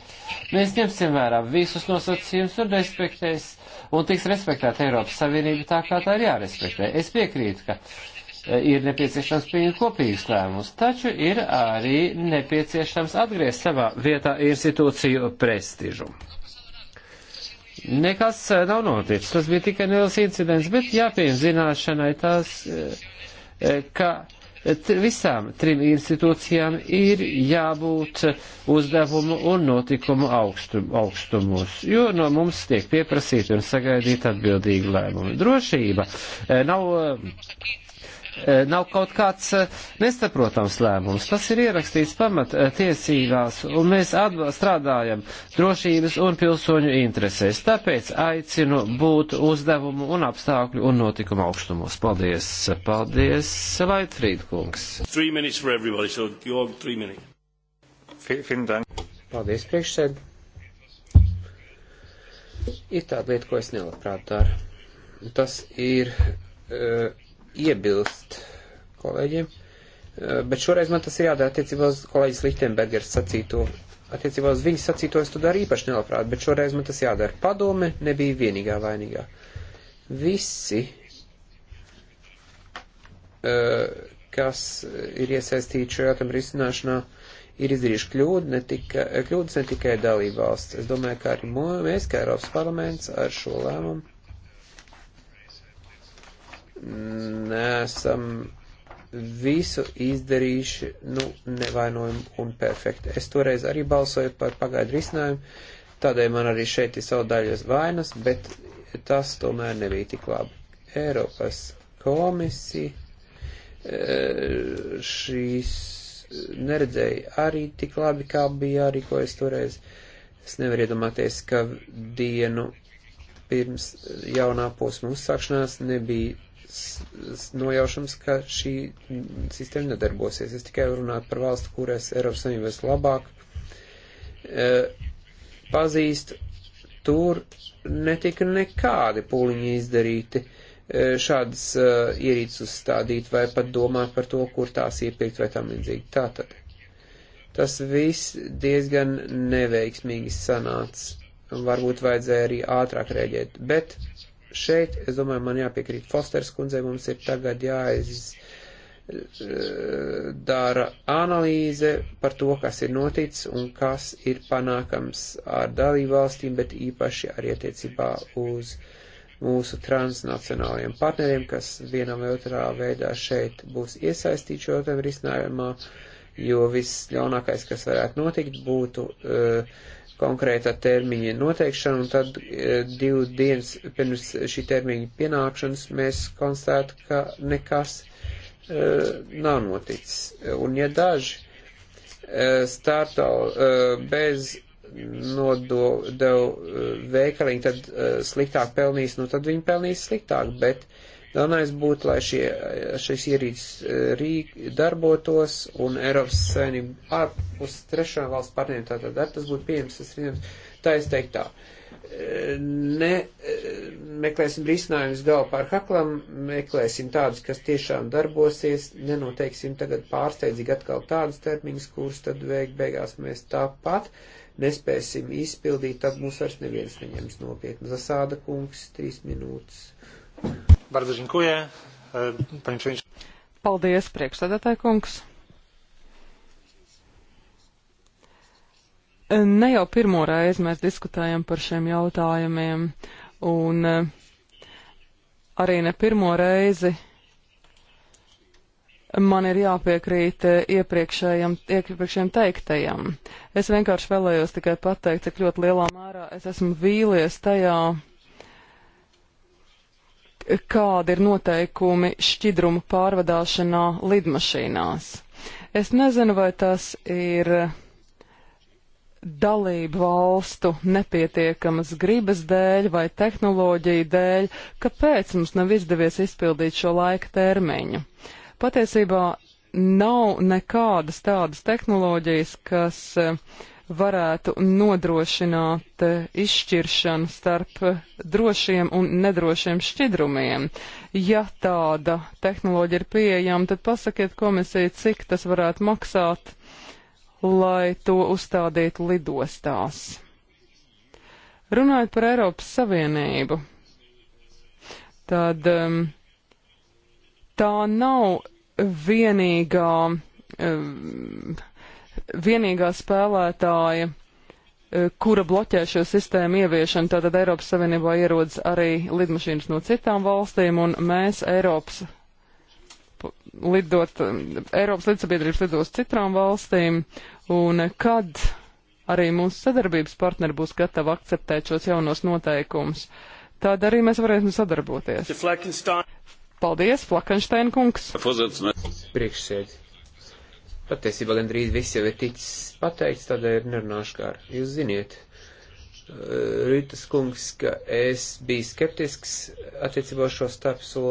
mēs ņemsim vērā visus nosacījumus un respektēs un tiks respektēta Eiropas Savienība tā, kā tā ir jārespektē. Es piekrītu, ka Eh, ir nepieciešams pieņemt kopīgus lēmumus, taču ir arī nepieciešams atgriezt savā vietā institūciju prestižu. Nekas eh, nav noticis, tas bija tikai neliels incidents, bet jāpieņem zināšanai tās, eh, ka visām trim institūcijām ir jābūt uzdevumu un notikumu augstum, augstumos, jo no mums tiek pieprasīti un sagaidīti atbildīgi lēmumi. Drošība nav Eh, nav kaut kāds eh, nesaprotams lēmums. Tas ir ierakstīts pamattiesībās, eh, un mēs strādājam drošības un pilsoņu interesēs. Tāpēc aicinu būt uzdevumu un apstākļu un notikumu augstumos. Paldies! Paldies, Vaitfrīd kungs! So Paldies, priekšsēd! Ir tāda lieta, ko es nelabprāt daru. Tas ir uh, iebilst kolēģiem, eh, bet šoreiz man tas ir jādara attiecībā uz kolēģis Lichtenbergers sacīto. Attiecībā uz viņas sacīto es to daru īpaši nelabprāt, bet šoreiz man tas jādara. Padome nebija vienīgā vainīgā. Visi, eh, kas ir iesaistīti šajā tam risināšanā, ir izdarījuši kļūdu, ne tika, kļūdas ne tikai dalībvalsts. Es domāju, ka arī mēs, kā Eiropas parlaments, ar šo lēmumu nesam visu izdarījuši, nu, nevainojumu un perfekti. Es toreiz arī balsoju par pagaidu risinājumu, tādēļ man arī šeit ir savu daļas vainas, bet tas tomēr nebija tik labi. Eiropas komisija e, šīs neredzēja arī tik labi, kā bija arī, ko es toreiz. Es nevaru iedomāties, ka dienu pirms jaunā posma uzsākšanās nebija nojaušams, ka šī sistēma nedarbosies. Es tikai runāju par valstu, kuras Eiropas Savienības labāk e, pazīst. Tur netika nekādi pūliņi izdarīti, e, šādas e, ierīces uzstādīt vai pat domāt par to, kur tās iepirkt vai tam līdzīgi. Tātad tas viss diezgan neveiksmīgi sanāca. Varbūt vajadzēja arī ātrāk rēģēt, bet šeit, es domāju, man jāpiekrīt Fosters kundzei, mums ir tagad jāiz eh, dara analīze par to, kas ir noticis un kas ir panākams ar dalību valstīm, bet īpaši arī attiecībā uz mūsu transnacionālajiem partneriem, kas vienam vai otrā veidā šeit būs iesaistīti šo jautājumu risinājumā, jo viss ļaunākais, kas varētu notikt, būtu uh, konkrētā termiņa noteikšanu, un tad e, divu dienas pirms šī termiņa pienākšanas mēs konstatētu, ka nekas e, nav noticis. Un ja daži e, startā e, bez nodevu e, veikaliņu, tad e, sliktāk pelnīs, nu tad viņi pelnīs sliktāk, bet e, Galvenais būtu, lai šie, šis ierīces e, rīk darbotos un Eiropas saimnība ārpus trešajām valsts partneriem tātad ar tas būtu pieejams, tas riņems, tā es teiktu tā. E, ne, e, meklēsim risinājumus galvu pār haklam, meklēsim tādus, kas tiešām darbosies, nenoteiksim tagad pārsteidzīgi atkal tādas termiņas, kuras tad veik beigās mēs tāpat nespēsim izpildīt, tad mūs vairs neviens neņems nopietni. Zasāda kungs, trīs minūtes. Bardzo dziękuję. E, Pani Čeņš. Paldies, priekšsēdētāji kungs. Ne jau pirmo reizi mēs diskutējam par šiem jautājumiem, un e, arī ne pirmo reizi man ir jāpiekrīt e, iepriekšējiem, iepriekšējiem teiktajam. Es vienkārši vēlējos tikai pateikt, cik ļoti lielā mērā es esmu vīlies tajā, kādi ir noteikumi šķidrumu pārvadāšanā lidmašīnās. Es nezinu, vai tas ir dalību valstu nepietiekamas gribas dēļ vai tehnoloģiju dēļ, kāpēc mums nav izdevies izpildīt šo laika termiņu. Patiesībā nav nekādas tādas tehnoloģijas, kas uh, varētu nodrošināt eh, izšķiršanu starp drošiem un nedrošiem šķidrumiem. Ja tāda tehnoloģija ir pieejama, tad pasakiet komisiju, cik tas varētu maksāt, lai to uzstādītu lidostās. Runājot par Eiropas Savienību, tad um, tā nav vienīgā um, vienīgā spēlētāja, e, kura bloķē šo sistēmu ieviešanu. Tātad Eiropas Savienībā ierodas arī lidmašīnas no citām valstīm, un mēs Eiropas, lidot, e, Eiropas līdzsabiedrības lidos citām valstīm, un e, kad arī mūsu sadarbības partneri būs gatavi akceptēt šos jaunos noteikumus, tad arī mēs varēsim sadarboties. Paldies, Flakensteina kungs! Priekšsēdi Patiesībā gandrīz viss jau ir ticis pateikts, tādēļ nerunāšu kā ar. Jūs ziniet, eh, Rītas kungs, ka es biju skeptisks attiecībā šo starpsolu,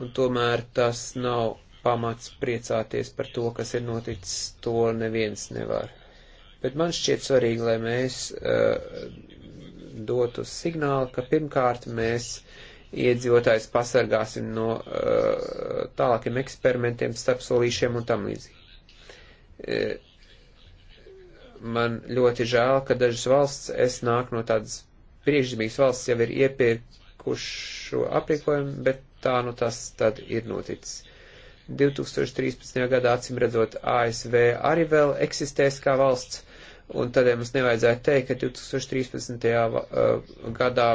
un tomēr tas nav pamats priecāties par to, kas ir noticis, to neviens nevar. Bet man šķiet svarīgi, lai mēs uh, dotu signālu, ka pirmkārt mēs iedzīvotājs pasargāsim no uh, tālākiem eksperimentiem, starpsolīšiem un tam līdzīgi. E, man ļoti žēl, ka dažas valsts, es nāku no tādas priekšzīmīgas valsts, jau ir iepirkušu aprīkojumu, bet tā nu tas tad ir noticis. 2013. gadā, acīm redzot, ASV arī vēl eksistēs kā valsts, un tādēļ mums nevajadzētu teikt, ka 2013. E, gadā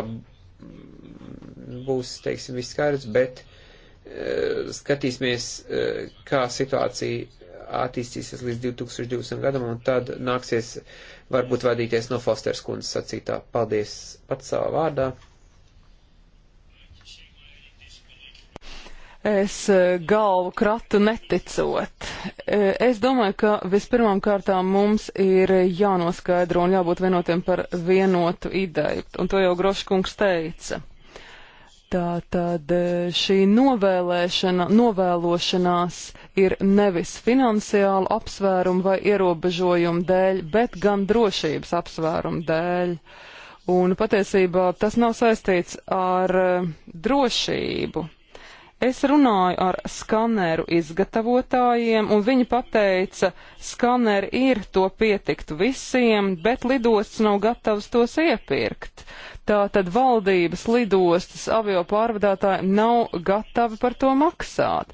būs, teiksim, viss skaidrs, bet e, skatīsimies, kā situācija attīstīsies līdz 2020. gadam, un tad nāksies varbūt vadīties no Fosters kundzes sacītā. Paldies pats savā vārdā. Es eh, galvu kratu neticot. Eh, es domāju, ka vispirmām kārtām mums ir jānoskaidro un jābūt vienotiem par vienotu ideju, un to jau Groškungs teica. Tā tad eh, šī novēlēšana, novēlošanās ir nevis finansiālu apsvērumu vai ierobežojumu dēļ, bet gan drošības apsvērumu dēļ. Un patiesībā tas nav saistīts ar eh, drošību. Es runāju ar skaneru izgatavotājiem, un viņi pateica, skaneri ir, to pietiktu visiem, bet lidosts nav gatavs tos iepirkt. Uh, Tātad valdības, lidostas, avio pārvadātāji nav gatavi par to maksāt.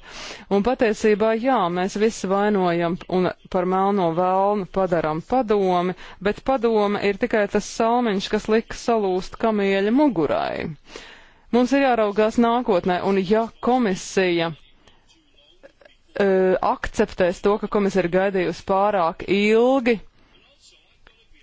Un patiesībā, jā, mēs visi vainojam un par melno vēlnu padaram padomi, bet padome ir tikai tas salmiņš, kas lika salūst kamieļa mugurai. Mums ir jāraugās nākotnē, un ja komisija uh, akceptēs to, ka komisija ir gaidījusi pārāk ilgi,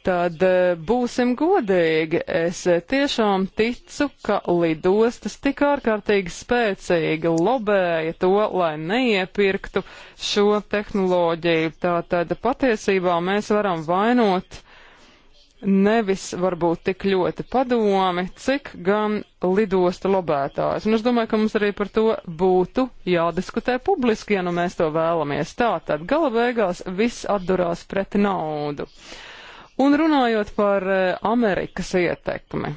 Tad eh, būsim godīgi, es eh, tiešām ticu, ka lidostas tik ārkārtīgi spēcīgi lobēja to, lai neiepirktu šo tehnoloģiju. Tātad patiesībā mēs varam vainot nevis varbūt tik ļoti padomi, cik gan lidosta lobētājs. Un es domāju, ka mums arī par to būtu jādiskutē publiski, ja nu mēs to vēlamies. Tātad gala beigās viss atdurās pret naudu. Uh, Un runājot par eh, Amerikas ietekmi,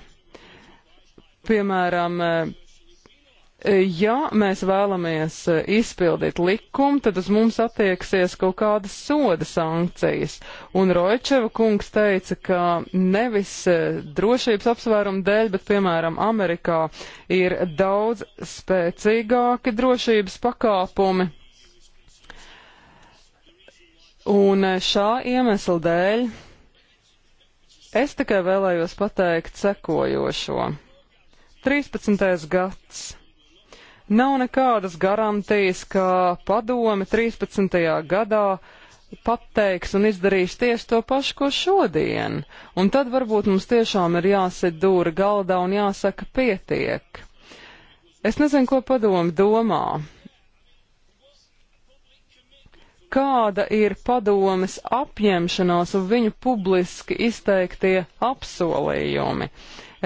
piemēram, eh, ja mēs vēlamies eh, izpildīt likumu, tad uz mums attieksies kaut kādas soda sankcijas. Un Ročeva kungs teica, ka nevis drošības apsvērumu dēļ, bet, piemēram, Amerikā ir daudz spēcīgāki drošības pakāpumi. Un šā iemesla dēļ Es tikai vēlējos pateikt sekojošo. 13. gads. Nav nekādas garantijas, ka padome 13. gadā pateiks un izdarīs tieši to pašu, ko šodien. Un tad varbūt mums tiešām ir jāsit dūri galdā un jāsaka pietiek. Es nezinu, ko padomi domā kāda ir padomes apņemšanās un viņu publiski izteiktie apsolījumi.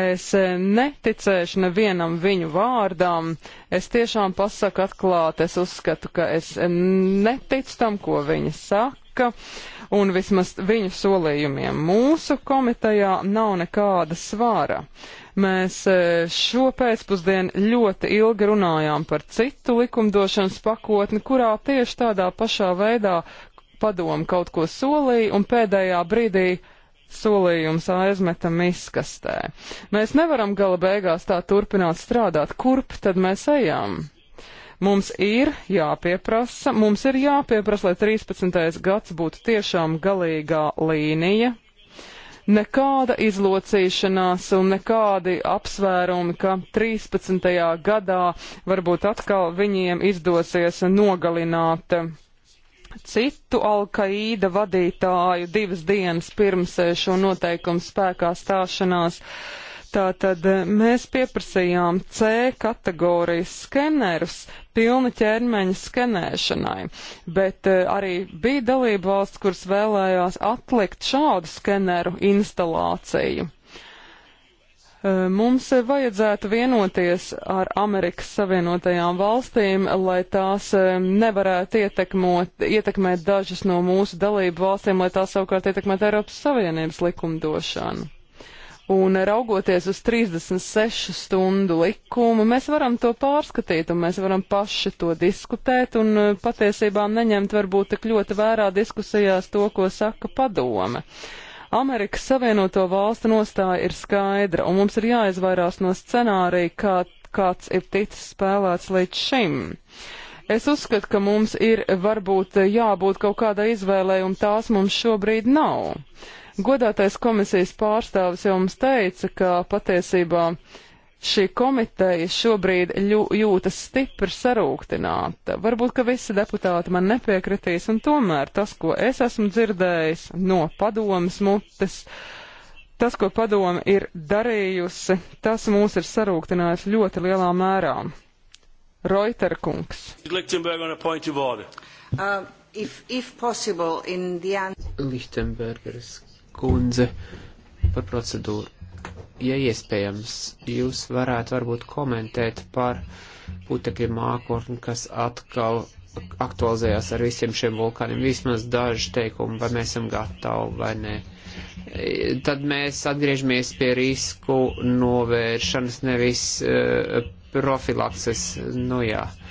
Es eh, neticēšu nevienam viņu vārdam, es tiešām pasaku atklāti, es uzskatu, ka es neticu tam, ko viņi saka, un vismaz viņu solījumiem mūsu komitejā nav nekāda svāra. Mēs e, šo pēcpusdienu ļoti ilgi runājām par citu likumdošanas pakotni, kurā tieši tādā pašā veidā padomu kaut ko solīja un pēdējā brīdī solījums aizmetam izkastē. Mēs nevaram gala beigās tā turpināt strādāt. Kurp tad mēs ejam? Mums ir jāpieprasa, mums ir jāpieprasa, lai 13. gads būtu tiešām galīgā līnija, Nekāda izlocīšanās un nekādi apsvērumi, ka 13. gadā varbūt atkal viņiem izdosies nogalināt citu Alkaīda vadītāju divas dienas pirms šo noteikumu spēkā stāšanās. Tātad mēs pieprasījām C kategorijas skenerus, pilna ķermeņa skenēšanai, bet eh, arī bija dalība valsts, kuras vēlējās atlikt šādu skeneru instalāciju. Eh, mums vajadzētu vienoties ar Amerikas Savienotajām valstīm, lai tās eh, nevarētu ietekmot, ietekmēt dažas no mūsu dalību valstīm, lai tās savukārt ietekmētu Eiropas Savienības likumdošanu. Un raugoties uz 36 stundu likumu, mēs varam to pārskatīt un mēs varam paši to diskutēt un eh, patiesībā neņemt varbūt tik ļoti vērā diskusijās to, ko saka padome. Amerikas Savienoto Valstu nostāja ir skaidra un mums ir jāizvairās no scenārija, kā, kāds ir ticis spēlēts līdz šim. Es uzskatu, ka mums ir varbūt eh, jābūt kaut kādai izvēlei un tās mums šobrīd nav. Godātais komisijas pārstāvis jau mums teica, ka patiesībā šī komiteja šobrīd jūtas stipri sarūktināta. Varbūt, ka visi deputāti man nepiekritīs, un tomēr tas, ko es esmu dzirdējis no padomas mutes, tas, ko padoma ir darījusi, tas mūs ir sarūktinājis ļoti lielā mērā. Reuter kungs. Uh, Lichtenbergeres kundze par procedūru. Ja iespējams, jūs varētu varbūt komentēt par putekļu mākotni, kas atkal aktualizējās ar visiem šiem vulkāniem, vismaz daži teikumi, vai mēs esam gatavi vai nē. Tad mēs atgriežamies pie risku novēršanas, nevis uh, profilakses, nu jā. Uh,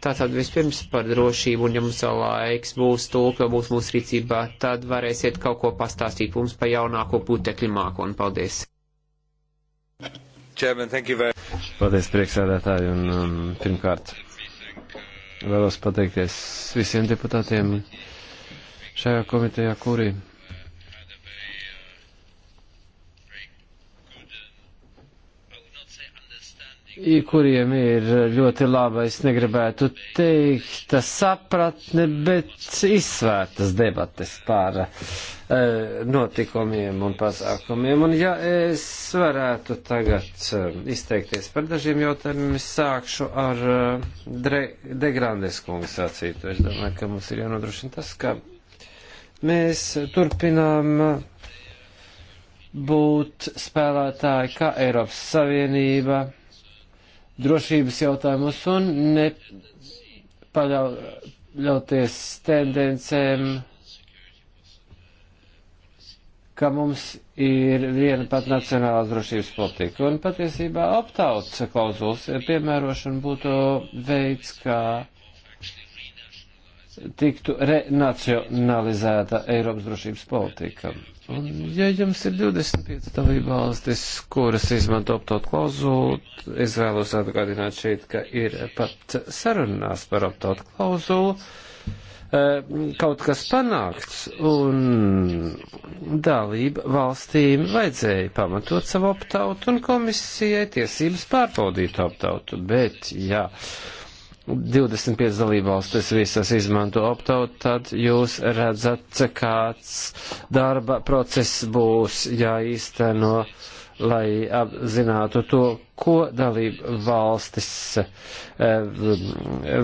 Tātad vispirms par drošību, un ja mums vēl laiks būs tulka, būs mūsu rīcībā, tad varēsiet kaut ko pastāstīt mums par jaunāko putekļu mākonu. Paldies! Chairman, thank you very much. Paldies, priekšsēdētāji, un um, pirmkārt vēlos pateikties visiem deputātiem šajā komitejā, kuri kuriem ir ļoti laba, es negribētu teikt, sapratne, bet izsvērtas debates pār uh, eh, notikumiem un pasākumiem. Un ja es varētu tagad uh, izteikties par dažiem jautājumiem, es sākšu ar uh, eh, Degrandes kungu sacītu. Es domāju, ka mums ir jānodrošina tas, ka mēs turpinām būt spēlētāji kā Eiropas Savienība drošības jautājumus un nepaļauties tendencēm, ka mums ir viena pat nacionālās drošības politika. Un patiesībā aptauts klauzulas piemērošana būtu veids, kā tiktu renacionalizēta Eiropas drošības politika. Un, ja jums ir 25 dalībvalstis, kuras izmanto optautu klauzulu, es vēlos atgādināt šeit, ka ir pat sarunās par optautu klauzulu eh, kaut kas panākts, un dalība valstīm vajadzēja pamatot savu optautu un komisijai tiesības pārbaudīt optautu, bet, jā. Ja, 25 dalībvalstis visas izmanto optaut, tad jūs redzat, kāds darba process būs jāīsteno, lai apzinātu to, ko dalība valstis eh,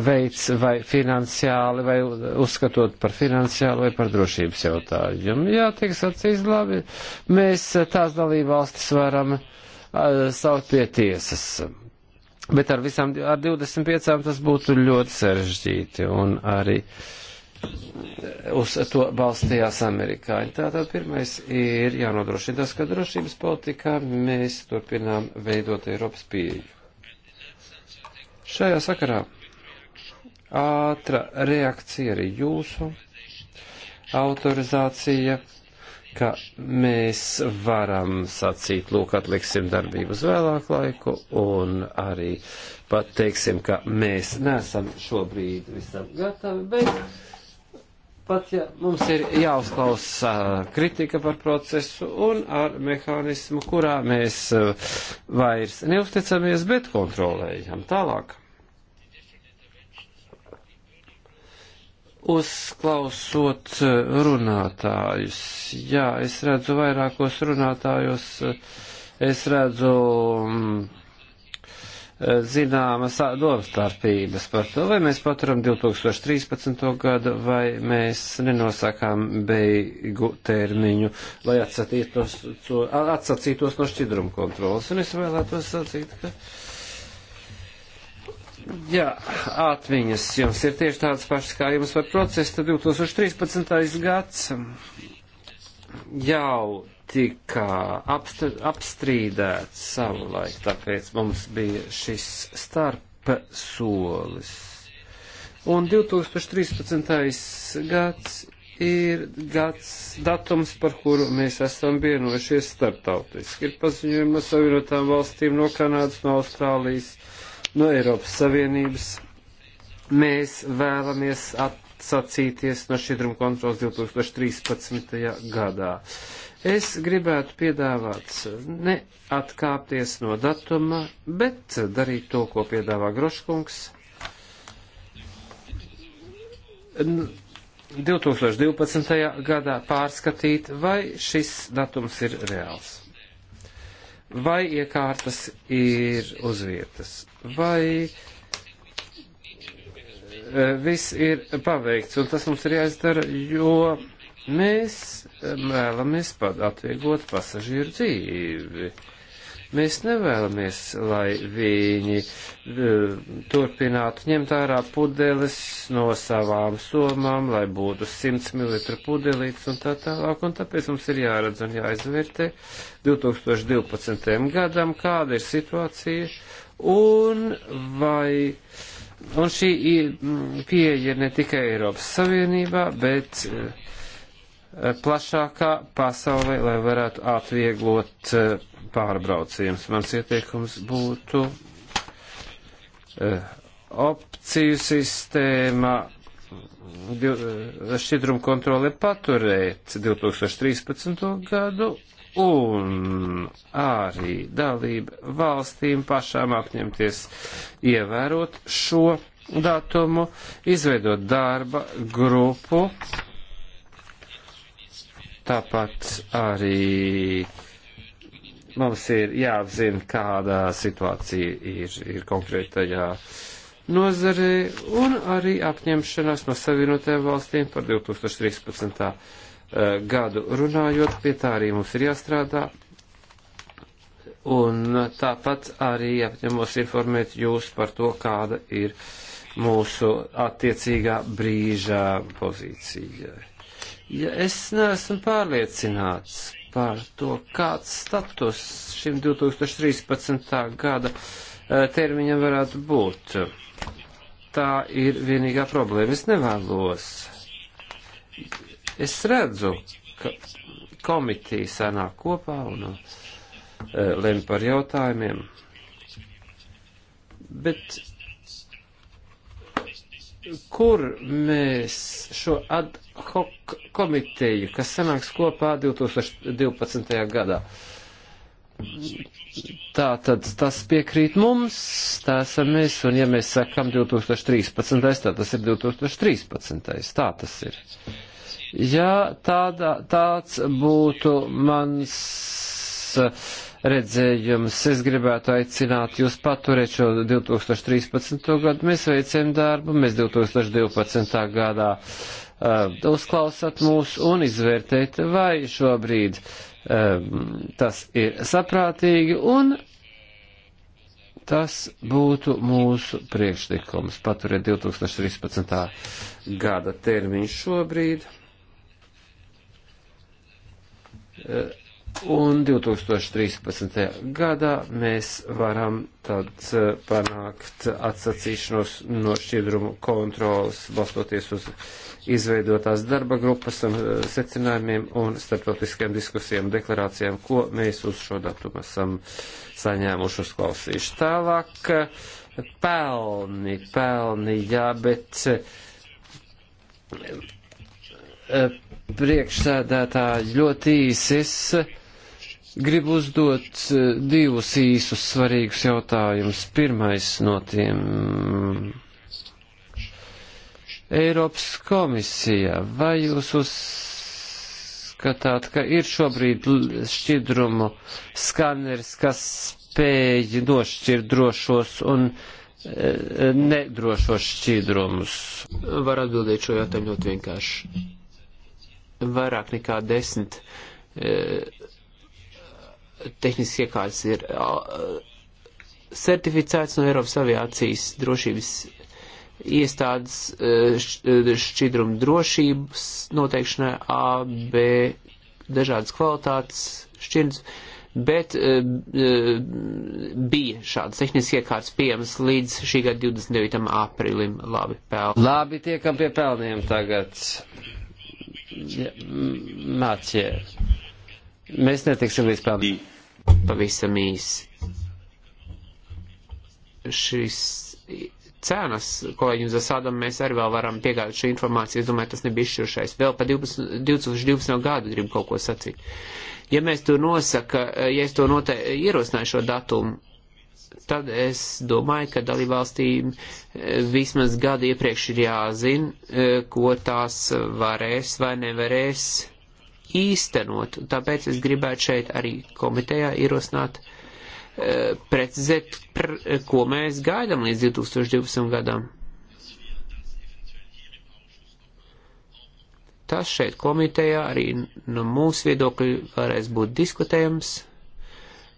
veids vai finansiāli, vai uzskatot par finansiāli vai par drošības jautājumu. Jā, tiek sacīts labi, mēs tās dalība valstis varam eh, saukt pie tiesas Bet ar visām, ar 25 tas būtu ļoti sarežģīti un arī uz to balstījās amerikāņi. Tātad pirmais ir jānodrošina tas, ka drošības politikā mēs turpinām veidot Eiropas pieeju. Šajā sakarā ātra reakcija arī jūsu autorizācija ka mēs varam sacīt, lūk, atliksim darbību uz vēlāku laiku un arī pat teiksim, ka mēs nesam šobrīd visam gatavi, bet pat ja mums ir jāuzklausa kritika par procesu un ar mehānismu, kurā mēs eh, vairs neusticamies, bet kontrolējam tālāk. uzklausot eh, runātājus. Jā, es redzu vairākos runātājus, es redzu mm, eh, zināmas domstarpības par to, vai mēs paturam 2013. gadu, vai mēs nenosakām beigu termiņu, lai atsacītos, atsacītos no šķidruma kontrolas. Un es vēlētos sacīt, ka Jā, atmiņas jums ir tieši tādas pašas kā jums par procesu, tad 2013. gads jau tika apstr apstrīdēts savulaik, tāpēc mums bija šis starp solis. Un 2013. gads ir gads, datums, par kuru mēs esam vienojušies starptautiski. Ir paziņojumi no Savienotām valstīm, no Kanādas, no Austrālijas no Eiropas Savienības. Mēs vēlamies atsacīties no šķidruma kontrols 2013. gadā. Es gribētu piedāvāt neatkāpties no datuma, bet darīt to, ko piedāvā Groškungs. 2012. gadā pārskatīt, vai šis datums ir reāls vai iekārtas ir uz vietas, vai e, viss ir paveikts, un tas mums ir jāizdara, jo mēs e, vēlamies atvieglot pasažieru dzīvi. Uh, Mēs nevēlamies, lai viņi e, turpinātu ņemt ārā pudeles no savām somām, lai būtu 100 ml pudelītes un tā tālāk, un tāpēc mums ir jāredz un jāizvērtē 2012. gadam, kāda ir situācija un vai. Un šī pieeja ir ne tikai Eiropas Savienībā, bet uh, Eh, plašākā pasaulē, lai varētu atvieglot eh, pārbraucienus. Mans ieteikums būtu eh, opciju sistēma šķidrumu kontroli paturēt 2013. gadu un arī dalību valstīm pašām apņemties ievērot šo datumu, izveidot darba grupu, Tāpat arī mums ir jāapzina, kāda situācija ir, ir konkrētajā nozarē, un arī apņemšanās no Savienotajām valstīm par 2013. Eh, gadu runājot, pie tā arī mums ir jāstrādā. Un tāpat arī apņemos informēt jūs par to, kāda ir mūsu attiecīgā brīža pozīcija. Ja es neesmu pārliecināts par to, kāds status šim 2013. gada eh, termiņam varētu būt. Tā ir vienīgā problēma. Es nevēlos. Es redzu, ka komitija sanāk kopā un uh, lem par jautājumiem. Bet kur mēs šo ad hoc komiteju, kas sanāks kopā 2012. gadā. Tā tad tas piekrīt mums, tā esam mēs, un ja mēs sakam 2013, tā tas ir 2013. Tā tas ir. Ja tāda, tāds būtu mans eh, redzējums, es gribētu aicināt jūs paturēt šo 2013. gadu. Mēs veicam darbu, mēs 2012. gadā Uh, uzklausat mūs un izvērtēt, vai šobrīd um, tas ir saprātīgi un tas būtu mūsu priekšlikums. Paturiet 2013. gada termiņu šobrīd. Uh, Un 2013. gadā mēs varam tad eh, panākt atsacīšanos no šķidrumu kontrolas, balstoties uz izveidotās darba grupas un um, secinājumiem un starptautiskajām diskusijām, deklarācijām, ko mēs uz šo datumu esam saņēmuši uzklausījuši. Tālāk, eh, pelni, pelni, jā, bet eh, priekšsēdētāji ļoti īsis Gribu uzdot eh, divus īsus svarīgus jautājumus. Pirmais no tiem. Eiropas komisija, vai jūs uzskatāt, ka ir šobrīd šķidrumu skaneris, kas spēj nošķirt drošos un eh, nedrošos šķīdrumus? Var atbildēt šo jautājumu ļoti vienkārši. Vairāk nekā desmit e, tehnisks iekārts ir uh, certificēts no Eiropas aviācijas drošības iestādes uh, uh, šķidruma drošības noteikšanai AB dažādas kvalitātes šķirnes, bet bija šāds tehnisks iekārts pieejams līdz šī gada 29. aprīlim. Labi, pelni. Labi, tiekam pie pelniem tagad. Ja, Mācie. Mēs netiksim līdz pēdējiem. Pavisam īsi. Šis cenas, ko viņam zasādam, mēs arī vēl varam piegādāt šo informāciju. Es domāju, tas nebija izšķiršais. Vēl pa 12, 2012. gadu gribu kaut ko sacīt. Ja mēs to nosaka, ja es to note, ierosināju šo datumu, tad es domāju, ka dalībvalstīm e, vismaz gadu iepriekš ir jāzina, e, ko tās varēs vai nevarēs īstenot. Tāpēc es gribētu šeit arī komitejā ierosināt, e, precizēt, pr, ko mēs gaidām līdz 2020. gadam. Tas šeit komitejā arī no mūsu viedokļa varēs būt diskutējams,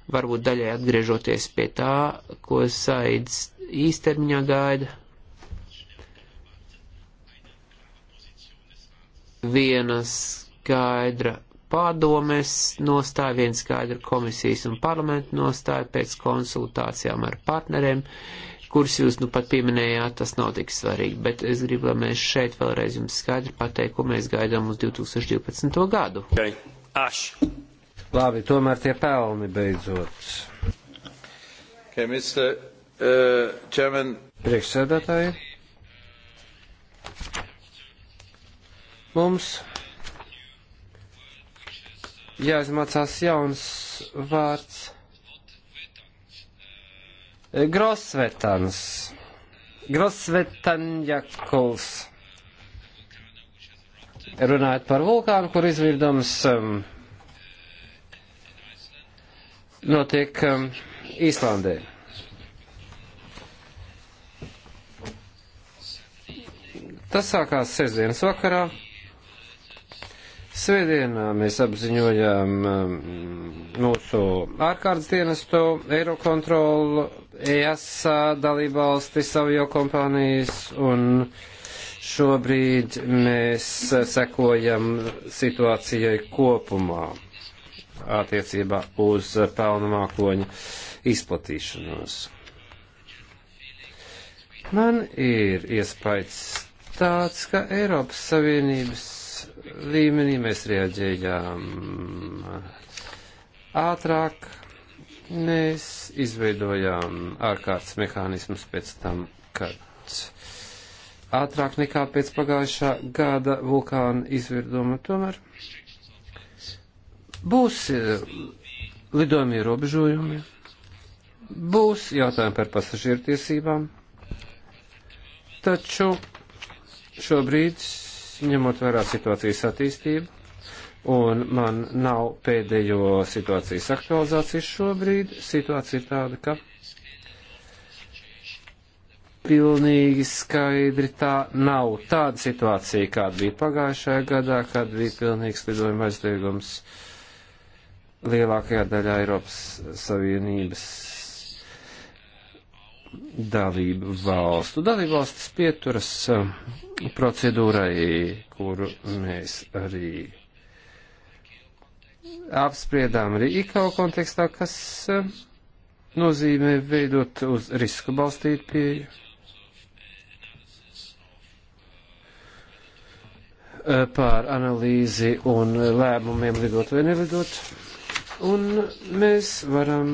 varbūt daļai atgriežoties pie tā, ko saidz īstermiņā gaida. Vienas skaidra pārdomēs nostāja, viena skaidra komisijas un parlamenta nostāja pēc konsultācijām ar partneriem, kurus jūs nu pat pieminējāt, tas nav tik svarīgi, bet es gribu, lai mēs šeit vēlreiz jums skaidri pateikt, ko mēs gaidām uz 2012. gadu. Okay. Aš. Labi, tomēr tie pelni beidzot. Okay, Mr. Uh, eh, Chairman. Priekšsēdētāji. Mums jāizmācās jauns vārds. Grosvetans. Grosvetanjakuls. Runājot par vulkānu, kur izvirdums um, notiek um, Īslandē. Tas sākās sestdienas vakarā. Svētdienā mēs apziņojām um, mūsu ārkārtas dienestu, Eirokontrolu, EASA dalībvalsti, savio kompānijas un šobrīd mēs sekojam situācijai kopumā attiecībā uz pelnu mākoņu izplatīšanos. Man ir iespējas tāds, ka Eiropas Savienības līmenī mēs reaģējām ātrāk, mēs izveidojām ārkārtas mehānismus pēc tam, kad ātrāk nekā pēc pagājušā gada vulkāna izvirduma. Tomēr būs eh, lidojumi ierobežojumi, būs jautājumi par pasažieru tiesībām, taču šobrīd ņemot vērā situācijas attīstību, un man nav pēdējo situācijas aktualizācijas šobrīd, situācija ir tāda, ka pilnīgi skaidri tā nav tāda situācija, kāda bija pagājušajā gadā, kad bija pilnīgs lidojuma aizliegums lielākajā daļā Eiropas Savienības dalību valstu. Dalību valstis pieturas uh, procedūrai, kuru mēs arī apspriedām arī IKAU kontekstā, kas uh, nozīmē veidot uz risku balstītu pieeju. Uh, pār analīzi un lēmumiem lidot vai nelidot. Un mēs varam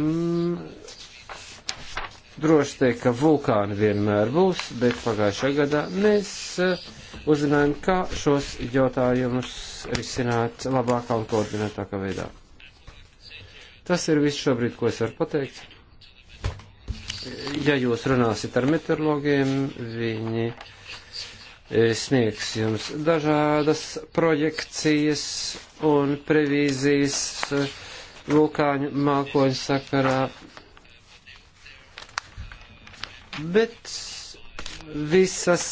droši teikt, ka vulkāni vienmēr būs, bet pagājušā gadā mēs eh, uzzinājām, kā šos jautājumus risināt labākā un koordinētākā veidā. Tas ir viss šobrīd, ko es varu pateikt. Ja jūs runāsiet ar meteorologiem, viņi eh, sniegs jums dažādas projekcijas un prevīzijas eh, vulkāņu mākoņu sakarā Bet visas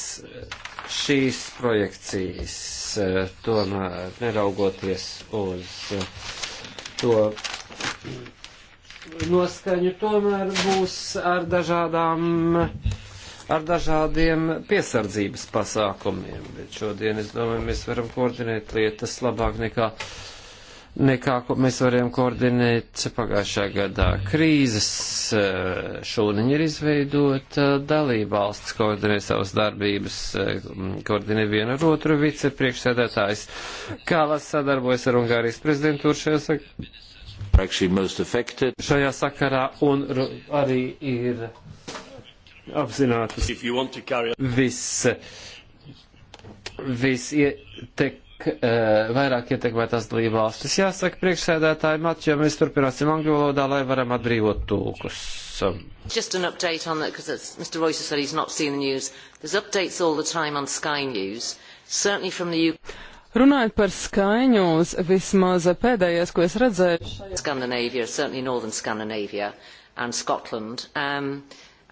šīs projekcijas, eh, tomēr neraugoties uz eh, to noskaņu, tomēr būs ar dažādām, ar dažādiem piesardzības pasākumiem. Bet šodien, es domāju, mēs varam koordinēt lietas labāk nekā uh, nekā mēs varējām koordinēt pagājušā gadā. Krīzes eh, šūniņa ir izveidota, dalībvalsts koordinē savas darbības, eh, koordinē vienu ar otru vicepriekšsēdētājs. Kā Latvijas sadarbojas ar Ungārijas prezidentūru šajā sakarā? Šajā sakarā un arī ir apzinātas viss. Viss ietek vairāk, eh, vairāk ietekmētās dalībvalstis. Jāsaka, priekšsēdētāji, Matu, ja mēs turpināsim angļu valodā, lai varam atbrīvot tūkus. Um, Just an update on that, because Mr. Royce said he's not seen the news. There's updates all the time on Sky News, certainly from the UK. Runājot par Sky News, vismaz pēdējais, ko es redzēju. Scandinavia, certainly northern Scandinavia and Scotland. Um,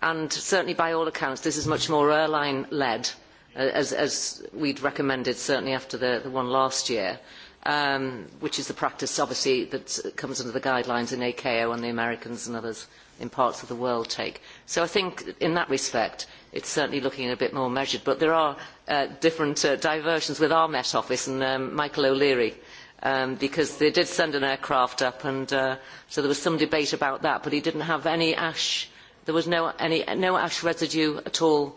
and certainly by all accounts, this is much more airline-led as, as we'd recommended certainly after the, the one last year, um, which is the practice obviously that comes under the guidelines in ACAO and the Americans and others in parts of the world take. So I think in that respect it's certainly looking a bit more measured, but there are uh, different uh, diversions with our Met Office and um, Michael O'Leary um, because they did send an aircraft up and uh, so there was some debate about that, but he didn't have any ash, there was no, any, no ash residue at all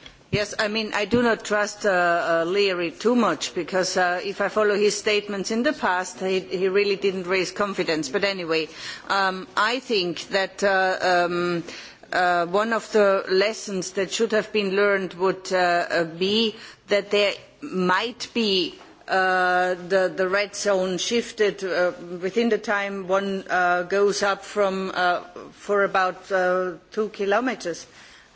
Yes, I mean, I do not trust uh, uh, Leary too much because uh, if I follow his statements in the past, he, he really didn't raise confidence. But anyway, um, I think that uh, um, uh, one of the lessons that should have been learned would uh, uh be that there might be Uh, the, the red zone shifted uh, within the time one uh, goes up from, uh, for about uh, two kilometers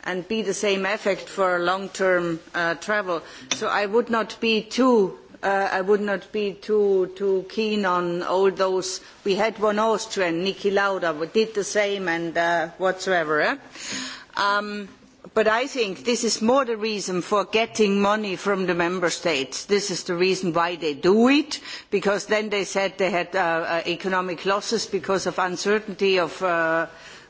and be the same effect for long-term uh, travel. So I would not be too uh, I would not be too too keen on all those. We had one Austrian, Niki Lauda, who did the same and uh, whatsoever. Eh? Um, but I think this is more the reason for getting money from the member states. This is the reason why they do it, because then they said they had uh, uh, economic losses because of uncertainty of. Uh,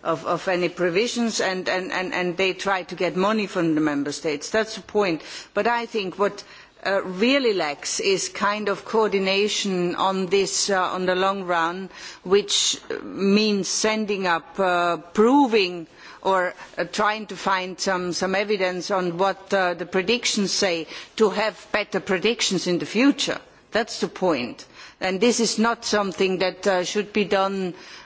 of, of any provisions and, and, and, and they try to get money from the member states. That's the point. But I think what uh, really lacks is kind of coordination on this uh, on the long run, which means sending up, uh, proving or uh, trying to find some, some evidence on what uh, the predictions say to have better predictions in the future. That's the point. And this is not something that uh, should be done uh,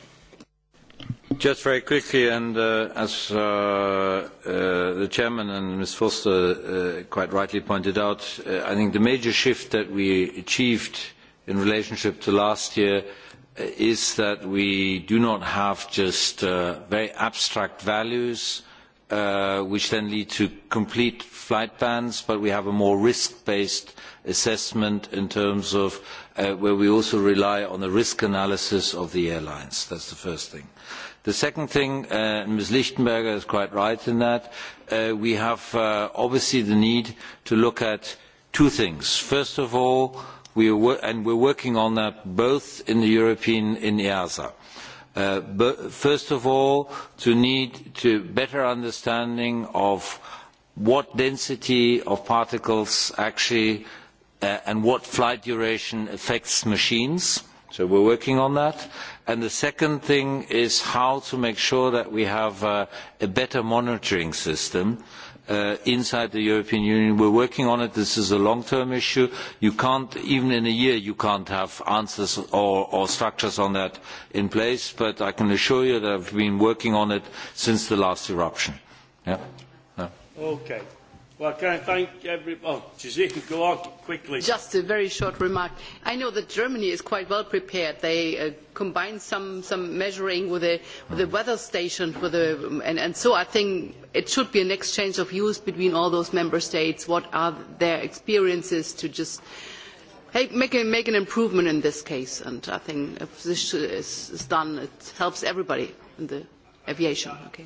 Just very quickly, and uh, as uh, uh, the chairman and Ms. Foster uh, quite rightly pointed out, uh, I think the major shift that we achieved in relationship to last year uh, is that we do not have just uh, very abstract values uh, which then lead to complete flight bans, but we have a more risk-based assessment in terms of uh, where we also rely on the risk analysis of the airlines. That's the first thing. Uh, The second thing, uh, Ms. Lichtenberger is quite right in that, uh, we have uh, obviously the need to look at two things. First of all, we are, and we're working on that both in the European, in EASA. E uh, but first of all, to need to better understanding of what density of particles actually uh, and what flight duration affects machines. So we're working on that. Uh, And the second thing is how to make sure that we have uh, a better monitoring system uh, inside the European Union. We're working on it. This is a long-term issue. You can't, even in a year, you can't have answers or, or structures on that in place, but I can assure you that I've been working on it since the last eruption. Yeah. yeah. Okay. Well, can I thank everyone? Oh, Jazika, go on quickly. Just a very short remark. I know that Germany is quite well prepared. They uh, combine some, some measuring with a, with a weather station, with a, and, and so I think it should be an exchange of views between all those member states. What are their experiences to just hey, make, a, make an improvement in this case? And I think if this is, is done, it helps everybody in the aviation. Okay.